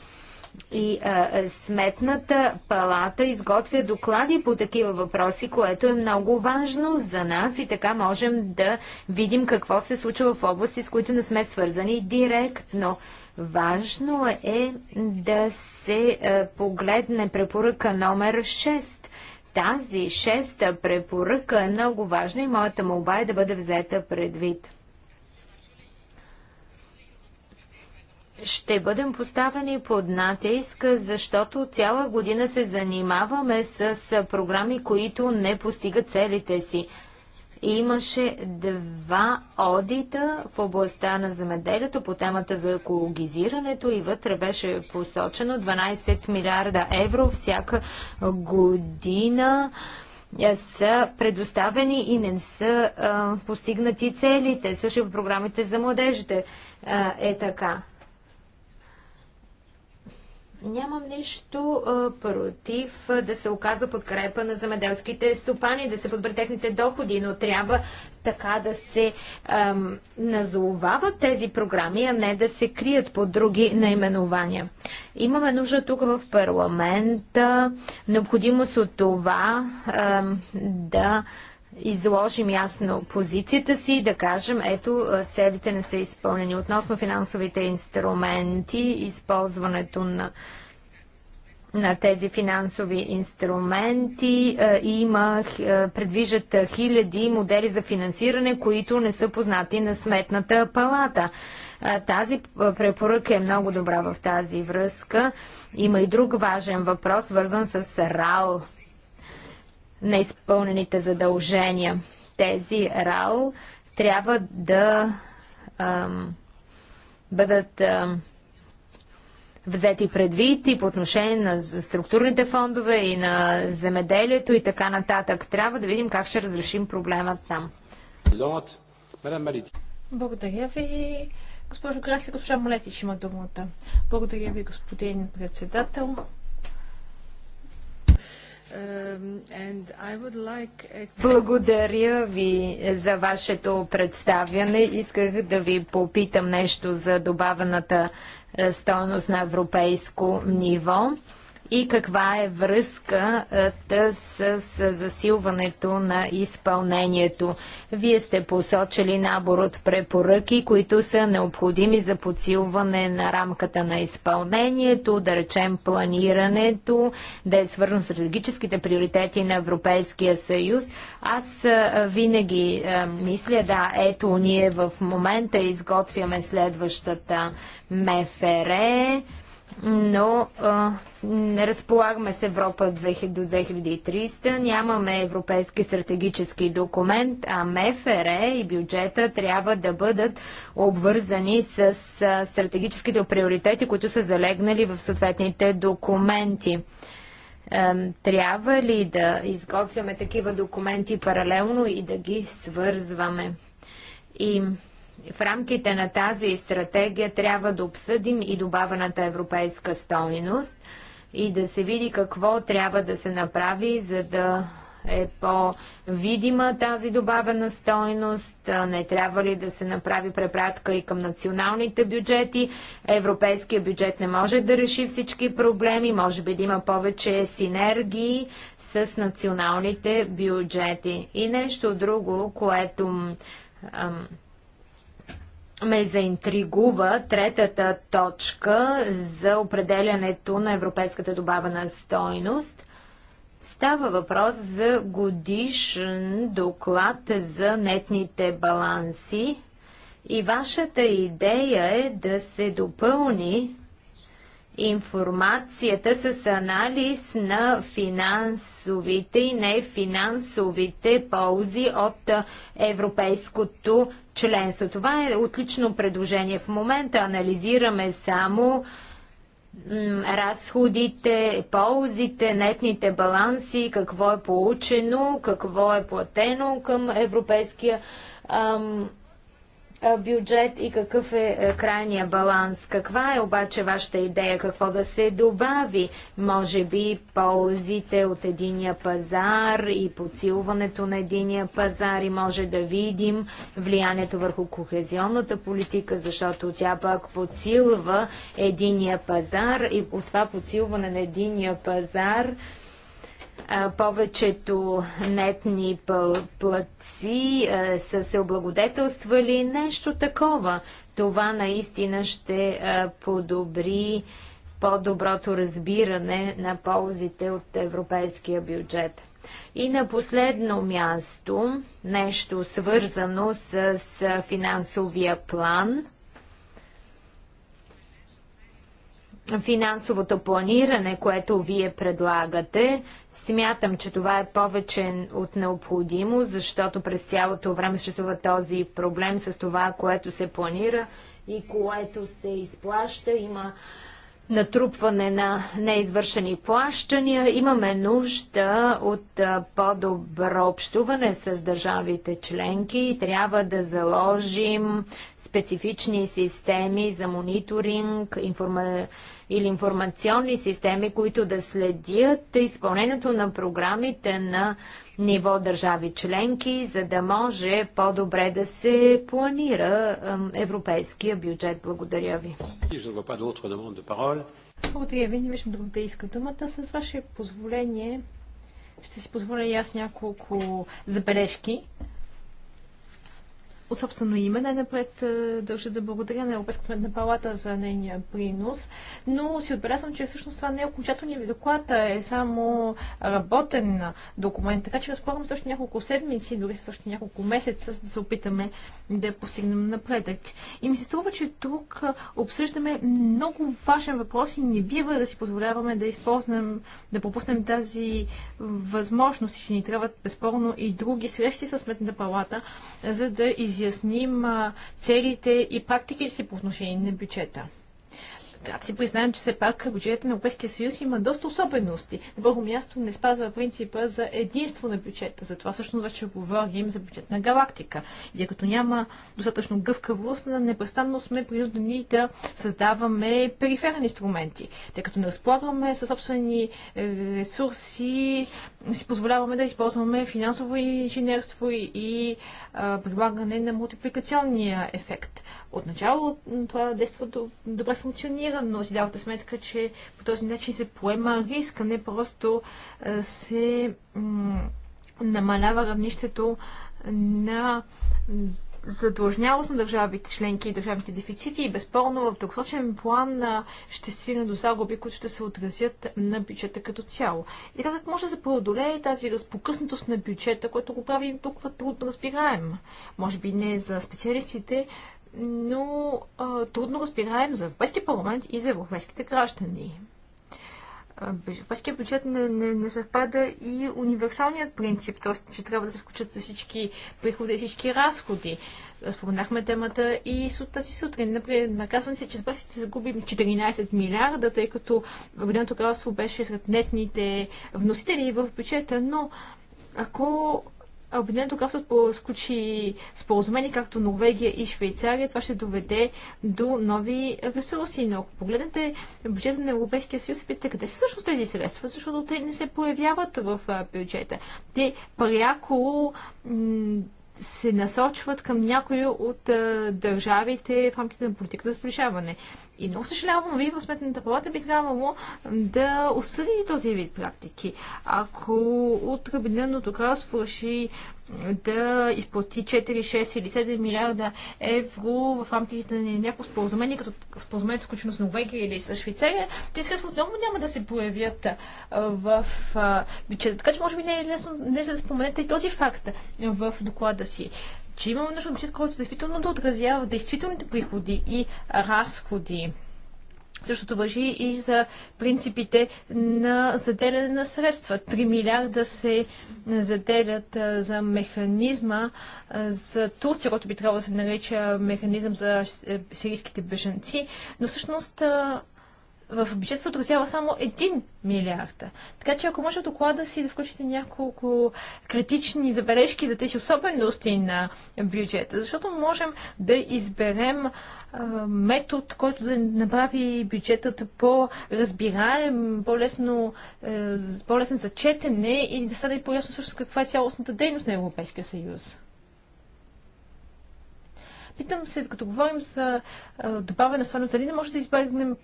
И а, сметната палата изготвя доклади по такива въпроси, което е много важно за нас и така можем да видим какво се случва в области, с които не сме свързани директно. Важно е да се а, погледне препоръка номер 6. Тази шеста препоръка е много важна и моята молба е да бъде взета предвид. ще бъдем поставени под натиск, защото цяла година се занимаваме с програми, които не постигат целите си. Имаше два одита в областта на земеделието по темата за екологизирането и вътре беше посочено 12 милиарда евро всяка година е, са предоставени и не са а, е, постигнати целите. Също в програмите за младежите а, е, е така. Нямам нищо а, против да се оказва подкрепа на земеделските стопани, да се подбре техните доходи, но трябва така да се назовават тези програми, а не да се крият под други наименования. Имаме нужда тук в парламента, необходимост от това ам, да изложим ясно позицията си, да кажем, ето, целите не са изпълнени. Относно финансовите инструменти, използването на на тези финансови инструменти. Има, предвиждат хиляди модели за финансиране, които не са познати на сметната палата. Тази препоръка е много добра в тази връзка. Има и друг важен въпрос, свързан с РАЛ неизпълнените задължения. Тези РАО трябва да ам, бъдат ам, взети предвид и по отношение на структурните фондове и на земеделието и така нататък. Трябва да видим как ще разрешим проблема там. Благодаря ви. Госпожо Краси, госпожа Малетич има думата. Благодаря ви, господин председател. Um, Благодаря ви за вашето представяне. Исках да ви попитам нещо за добавената е, стойност на европейско ниво и каква е връзката с, с засилването на изпълнението. Вие сте посочили набор от препоръки, които са необходими за подсилване на рамката на изпълнението, да речем планирането, да е свързано с стратегическите приоритети на Европейския съюз. Аз винаги мисля, да, ето ние в момента изготвяме следващата МФР но а, не разполагаме с Европа до 2030, нямаме европейски стратегически документ, а МФР е и бюджета трябва да бъдат обвързани с а, стратегическите приоритети, които са залегнали в съответните документи. А, трябва ли да изготвяме такива документи паралелно и да ги свързваме? И в рамките на тази стратегия трябва да обсъдим и добавената европейска стойност и да се види какво трябва да се направи, за да е по-видима тази добавена стойност? Не трябва ли да се направи препратка и към националните бюджети? Европейския бюджет не може да реши всички проблеми, може би да има повече синергии с националните бюджети. И нещо друго, което ам, ме заинтригува третата точка за определянето на европейската добавена стойност. Става въпрос за годишен доклад за нетните баланси и вашата идея е да се допълни информацията с анализ на финансовите и нефинансовите ползи от европейското членство. Това е отлично предложение. В момента анализираме само разходите, ползите, нетните баланси, какво е получено, какво е платено към Европейския ам, бюджет и какъв е, е крайния баланс. Каква е обаче вашата идея? Какво да се добави? Може би ползите от единия пазар и подсилването на единия пазар и може да видим влиянието върху кохезионната политика, защото тя пък подсилва единия пазар и от това подсилване на единия пазар повечето нетни платци са се облагодетелствали нещо такова. Това наистина ще подобри по-доброто разбиране на ползите от европейския бюджет. И на последно място, нещо свързано с финансовия план – финансовото планиране, което вие предлагате, смятам, че това е повече от необходимо, защото през цялото време съществува този проблем с това, което се планира и което се изплаща. Има натрупване на неизвършени плащания. Имаме нужда от по-добро общуване с държавите членки и трябва да заложим специфични системи за мониторинг информа... или информационни системи, които да следят изпълнението на програмите на ниво държави членки, за да може по-добре да се планира европейския бюджет. Благодаря ви. Благодаря ви. Не виждам друг да иска думата. С ваше позволение ще си позволя и аз няколко забележки от собствено име. Най-напред е, държа да благодаря на Европейската сметна палата за нейния принос, но си отбелязвам, че всъщност това не е окончателният ви доклад, а е само работен документ. Така че разполагам също няколко седмици, дори също няколко месеца, за да се опитаме да постигнем напредък. И ми се струва, че тук обсъждаме много важен въпрос и не бива да си позволяваме да използвам, да пропуснем тази възможност, че ни трябват безспорно и други срещи с Сметната палата, за да изясним изясним целите и практиките си по отношение на бюджета трябва да си признаем, че все пак бюджета на Европейския съюз има доста особености. На първо място не спазва принципа за единство на бюджета. Затова всъщност вече говорим за бюджетна галактика. И като няма достатъчно гъвкавост, непрестанно сме принудени да създаваме периферни инструменти. Тъй като не разполагаме със собствени е, ресурси, си позволяваме да използваме финансово инженерство и, и а, прилагане на мултипликационния ефект. Отначало това действо добре функционира, но си давате сметка, че по този начин се поема а не просто се намалява равнището на задлъжнялост на държавите членки и държавните дефицити и безспорно в дългосрочен план ще стигне до загуби, които ще се отразят на бюджета като цяло. И така как може да се преодолее тази разпокъснатост на бюджета, което го прави толкова трудно разбираем? Може би не за специалистите, но а, трудно разбираем за Европейския парламент и за европейските граждани. Европейския бюджет не, не, не съвпада и универсалният принцип, т.е. че трябва да се включат всички приходи и всички разходи. Споменахме темата и с тази сутрин. Например, наказване се, че с ще загубим 14 милиарда, тъй като Обединеното кралство беше сред нетните вносители в бюджета, но ако Обединеното кралство сключи споразумение, както Норвегия и Швейцария, това ще доведе до нови ресурси. Но ако погледнете бюджета на Европейския съюз, питате къде са всъщност тези средства, защото те не се появяват в бюджета. Те пряко се насочват към някои от държавите в рамките на политиката за сближаване. И много съжалявам, но вие в сметната палата би трябвало да осъдите този вид практики. Ако от Обединеното кралство реши да изплати 4, 6 или 7 милиарда евро в рамките на някакво споразумение, като споразумение с с Норвегия или с Швейцария, те средства отново няма да се появят в бюджета. Така че може би не е лесно не за да споменете и този факт в доклада си че имаме нужда от бюджет, който действително да отразява действителните приходи и разходи. Същото въжи и за принципите на заделяне на средства. 3 милиарда се заделят за механизма за Турция, който би трябвало да се нарича механизъм за сирийските беженци, но всъщност в бюджета се отразява само 1 милиард. Така че ако може в доклада си да включите няколко критични забележки за тези особености на бюджета, защото можем да изберем а, метод, който да направи бюджетът по-разбираем, по-лесно, е, по за четене и да стане по-ясно също каква е цялостната дейност на Европейския съюз. Питам се, като говорим за добавена стойност, дали не може да избегнем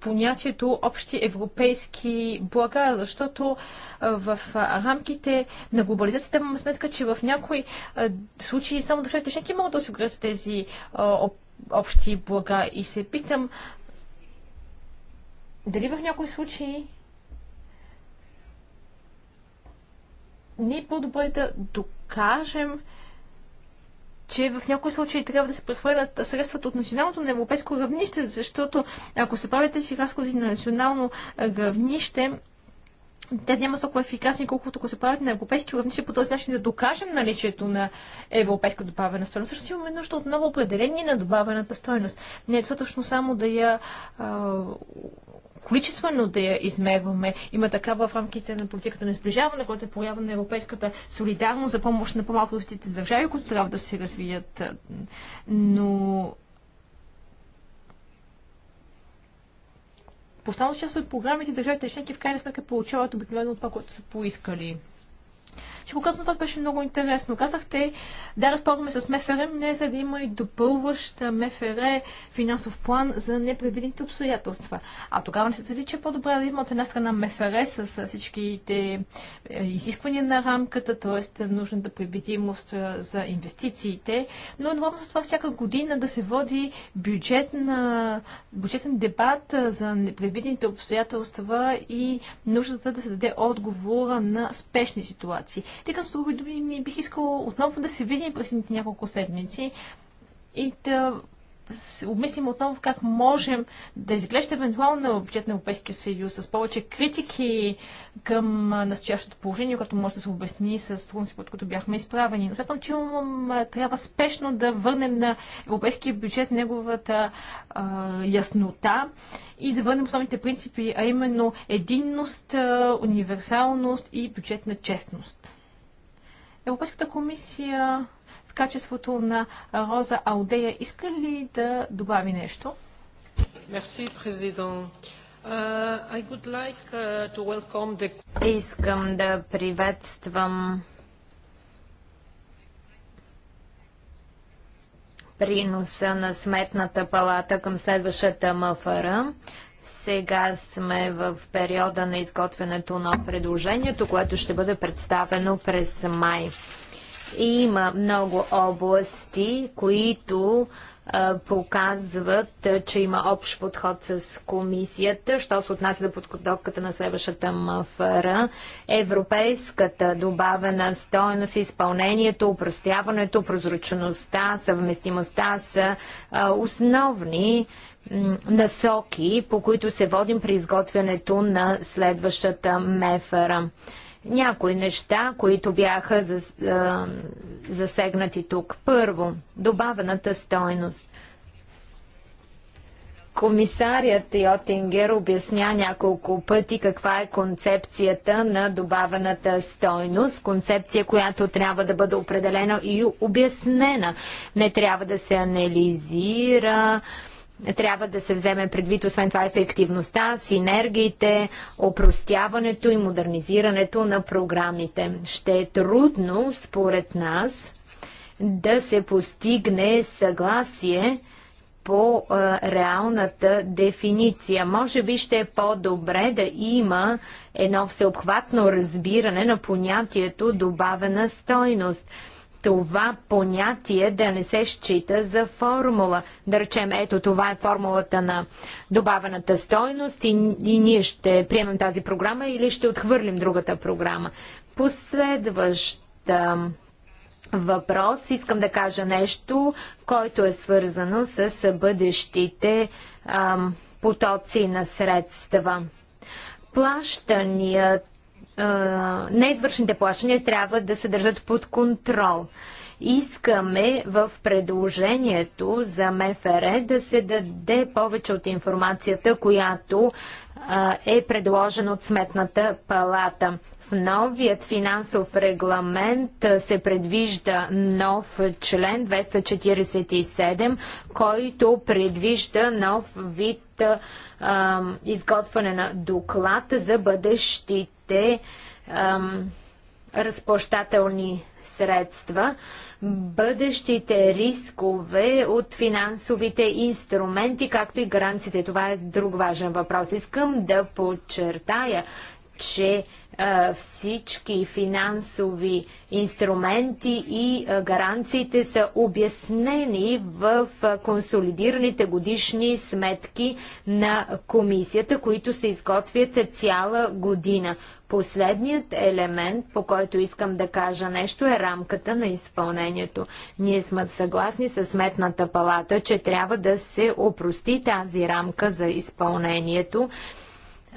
понятието общи европейски блага, защото в рамките на глобализацията имаме сметка, че в някои случаи само държавите членки могат да осигурят тези общи блага. И се питам дали в някои случаи не е по-добре да докажем, че в някои случаи трябва да се прехвърлят средствата от националното на европейско равнище, защото ако се правят тези разходи на национално равнище, те няма толкова ефикасни, колкото ако се правят на европейски равнище, по този начин да докажем наличието на европейска добавена стоеност. Също имаме нужда от ново определение на добавената стоеност. Не е достатъчно само да я а, количествено да я измерваме. Има такава в рамките на политиката на сближаване, която е проява на европейската солидарност за помощ на по-малко развитите държави, които трябва да се развият. Но по част от програмите държавите членки в крайна сметка получават обикновено това, което са поискали. Ще го казвам, това беше много интересно. Казахте, да, разполагаме с МФР, но не за да има и допълващ МФР финансов план за непредвидените обстоятелства. А тогава не се ли, че е по-добре да има от една страна МФР с всичките е, изисквания на рамката, т.е. нужната предвидимост за инвестициите, но едновременно с това всяка година да се води бюджетен дебат за непредвидените обстоятелства и нуждата да се даде отговора на спешни ситуации. И като с други думи ми бих искал отново да се видим през няколко седмици и да обмислим отново как можем да изглежда евентуално бюджет на Европейския съюз с повече критики към настоящото положение, което може да се обясни с трудности, под които бяхме изправени. Но смятам, че трябва спешно да върнем на европейския бюджет неговата а, яснота и да върнем основните принципи, а именно единност, универсалност и бюджетна честност. Европейската комисия в качеството на Роза Алдея иска ли да добави нещо? Мерси, президент. Искам да приветствам приноса на Сметната палата към следващата МФР. Сега сме в периода на изготвянето на предложението, което ще бъде представено през май. Има много области, които а, показват, а, че има общ подход с комисията, що се отнася до подготовката на следващата МФР, европейската добавена стоеност, изпълнението, упростяването, прозрачността, съвместимостта са а, основни насоки, по които се водим при изготвянето на следващата мефера. Някои неща, които бяха засегнати тук. Първо, добавената стойност. Комисарият Йотингер обясня няколко пъти каква е концепцията на добавената стойност, концепция, която трябва да бъде определена и обяснена. Не трябва да се анализира, трябва да се вземе предвид, освен това, ефективността, синергиите, опростяването и модернизирането на програмите. Ще е трудно, според нас, да се постигне съгласие по а, реалната дефиниция. Може би ще е по-добре да има едно всеобхватно разбиране на понятието добавена стойност това понятие да не се счита за формула. Да речем, ето това е формулата на добавената стойност и, и ние ще приемем тази програма или ще отхвърлим другата програма. Последващ въпрос искам да кажа нещо, който е свързано с бъдещите ам, потоци на средства. Плащанията неизвършените плащания трябва да се държат под контрол. Искаме в предложението за МФР да се даде повече от информацията, която е предложена от Сметната палата. В новият финансов регламент се предвижда нов член 247, който предвижда нов вид а, изготвяне на доклад за бъдещите новите ам, разплащателни средства, бъдещите рискове от финансовите инструменти, както и гаранциите. Това е друг важен въпрос. Искам да подчертая, че всички финансови инструменти и гаранциите са обяснени в консолидираните годишни сметки на комисията, които се изготвят цяла година. Последният елемент, по който искам да кажа нещо, е рамката на изпълнението. Ние сме съгласни с Сметната палата, че трябва да се опрости тази рамка за изпълнението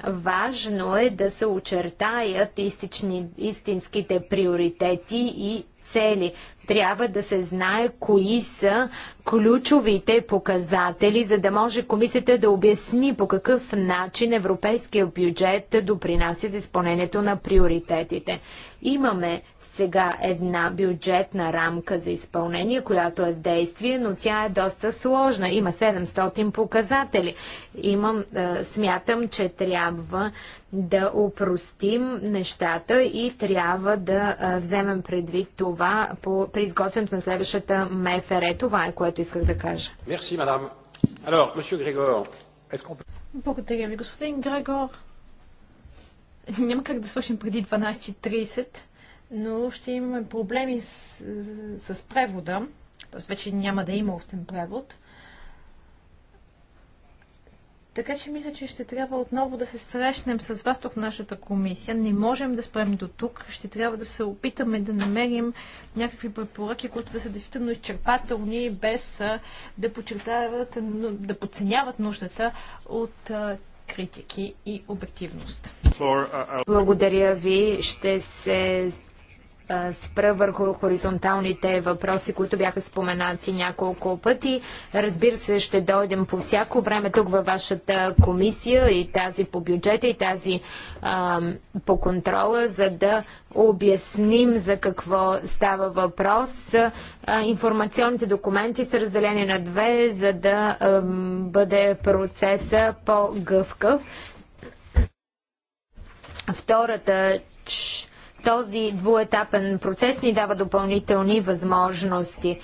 Важно е да се очертаят истични, истинските приоритети и цели. Трябва да се знае кои са ключовите показатели, за да може комисията да обясни по какъв начин европейския бюджет допринася за изпълнението на приоритетите. Имаме сега една бюджетна рамка за изпълнение, която е в действие, но тя е доста сложна. Има 700 показатели. Имам, е, смятам, че трябва да упростим нещата и трябва да е, вземем предвид това по при изготвянето на следващата МФР. Това е което исках да кажа. Мерси, мадам. Алор, monsieur Грегор, Благодаря ви, господин Грегор. Няма как да свършим преди 12.30, но ще имаме проблеми с, с превода. Тоест вече няма да има устен превод. Така че мисля, че ще трябва отново да се срещнем с вас тук в нашата комисия. Не можем да спрем до тук. Ще трябва да се опитаме да намерим някакви препоръки, които да са действително изчерпателни, без да подчертават, да подценяват нуждата от критики и обективност. Благодаря ви. Ще се спра върху хоризонталните въпроси, които бяха споменати няколко пъти. Разбира се, ще дойдем по всяко време тук във вашата комисия и тази по бюджета и тази а, по контрола, за да обясним за какво става въпрос. А, информационните документи са разделени на две, за да а, бъде процеса по-гъвкав. Втората ч този двуетапен процес ни дава допълнителни възможности.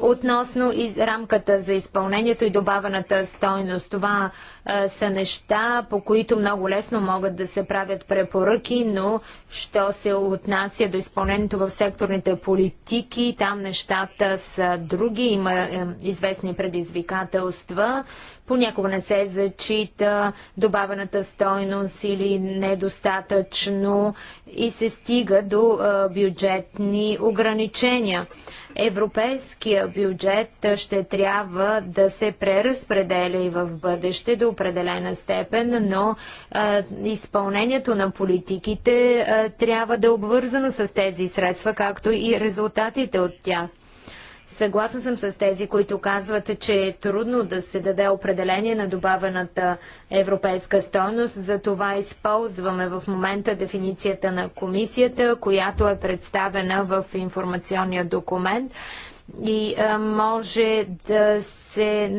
Относно из рамката за изпълнението и добавената стойност, това а, са неща, по които много лесно могат да се правят препоръки, но що се отнася до изпълнението в секторните политики, там нещата са други, има е, известни предизвикателства. Понякога не се зачита добавената стойност или недостатъчно и се стига до бюджетни ограничения. Европейския бюджет ще трябва да се преразпределя и в бъдеще до определена степен, но а, изпълнението на политиките а, трябва да е обвързано с тези средства, както и резултатите от тях. Съгласна съм с тези, които казват, че е трудно да се даде определение на добавената европейска стойност. Затова използваме в момента дефиницията на комисията, която е представена в информационния документ и а, може да се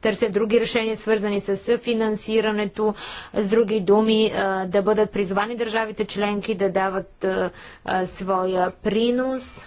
търсят други решения, свързани с финансирането, с други думи, а, да бъдат призвани държавите членки да дават а, своя принос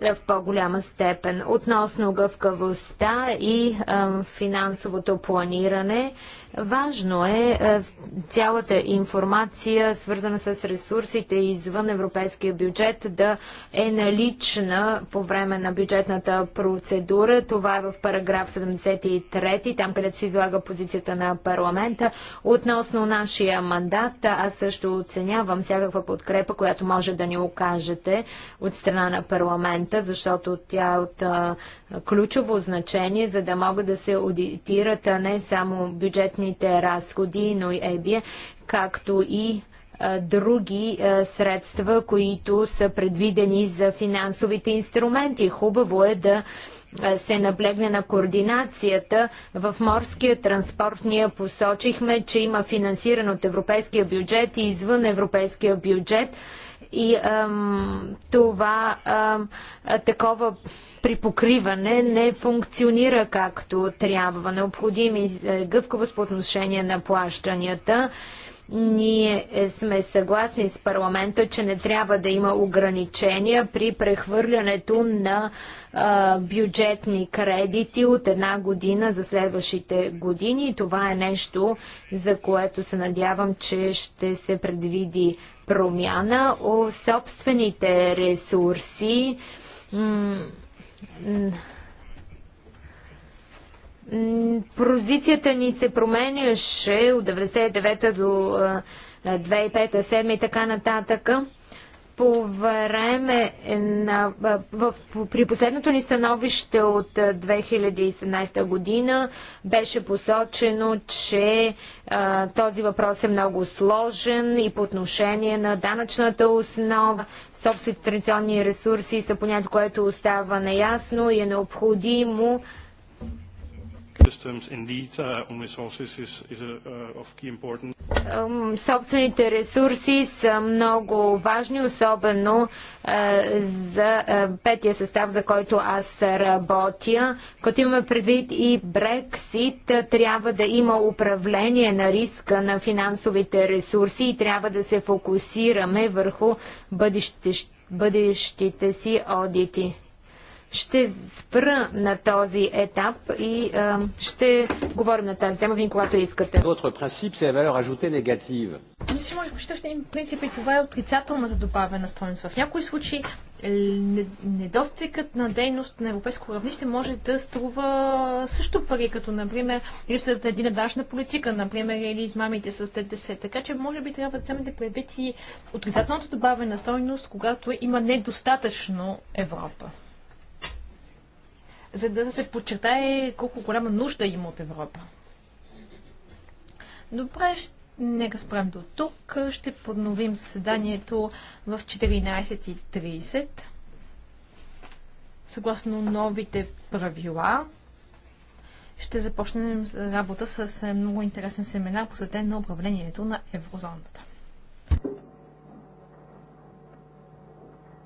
в по-голяма степен. Относно гъвкавостта и а, финансовото планиране, Важно е, е цялата информация, свързана с ресурсите извън европейския бюджет, да е налична по време на бюджетната процедура. Това е в параграф 73, там където се излага позицията на парламента относно нашия мандат. Аз също оценявам всякаква подкрепа, която може да ни окажете от страна на парламента, защото тя е от е, ключово значение, за да могат да се аудитират не само бюджетни местните разходи, но и ЕБИЕ, както и други средства, които са предвидени за финансовите инструменти. Хубаво е да се наблегне на координацията. В морския транспорт ние посочихме, че има финансиран от европейския бюджет и извън европейския бюджет. И ам, това ам, такова при покриване не функционира както трябва. Необходими е, гъвкавост по отношение на плащанията. Ние е, сме съгласни с парламента, че не трябва да има ограничения при прехвърлянето на а, бюджетни кредити от една година за следващите години. Това е нещо, за което се надявам, че ще се предвиди промяна о собствените ресурси Позицията ни се променяше от 99-та до 2005-та, 7 и така нататък по време на, в, при последното ни становище от 2017 година беше посочено, че а, този въпрос е много сложен и по отношение на данъчната основа, собствените традиционни ресурси са понятие, което остава неясно и е необходимо indeed, uh, resources is, is a, uh, uh, of key importance. Собствените ресурси са много важни, особено е, за е, петия състав, за който аз работя. Като имаме предвид и Брексит, е, трябва да има управление на риска на финансовите ресурси и трябва да се фокусираме върху бъдещите, бъдещите си одити. Ще спра на този етап и а, ще говорим на тази тема вие, когато искате. принцип, Мисля, може би ще принцип и това е отрицателната добавена стоеност. В някои случаи е, недостигът на дейност на европейско равнище може да струва също пари, като, например, липсата на един дашна политика, например, или измамите с ДДС. Така че, може би, трябва да вземете предвид и отрицателната добавена стоеност, когато има недостатъчно Европа за да се подчертае колко голяма нужда има от Европа. Добре, нека спрем до тук. Ще подновим заседанието в 14.30 съгласно новите правила. Ще започнем работа с е, много интересен семинар, посветен на управлението на еврозоната.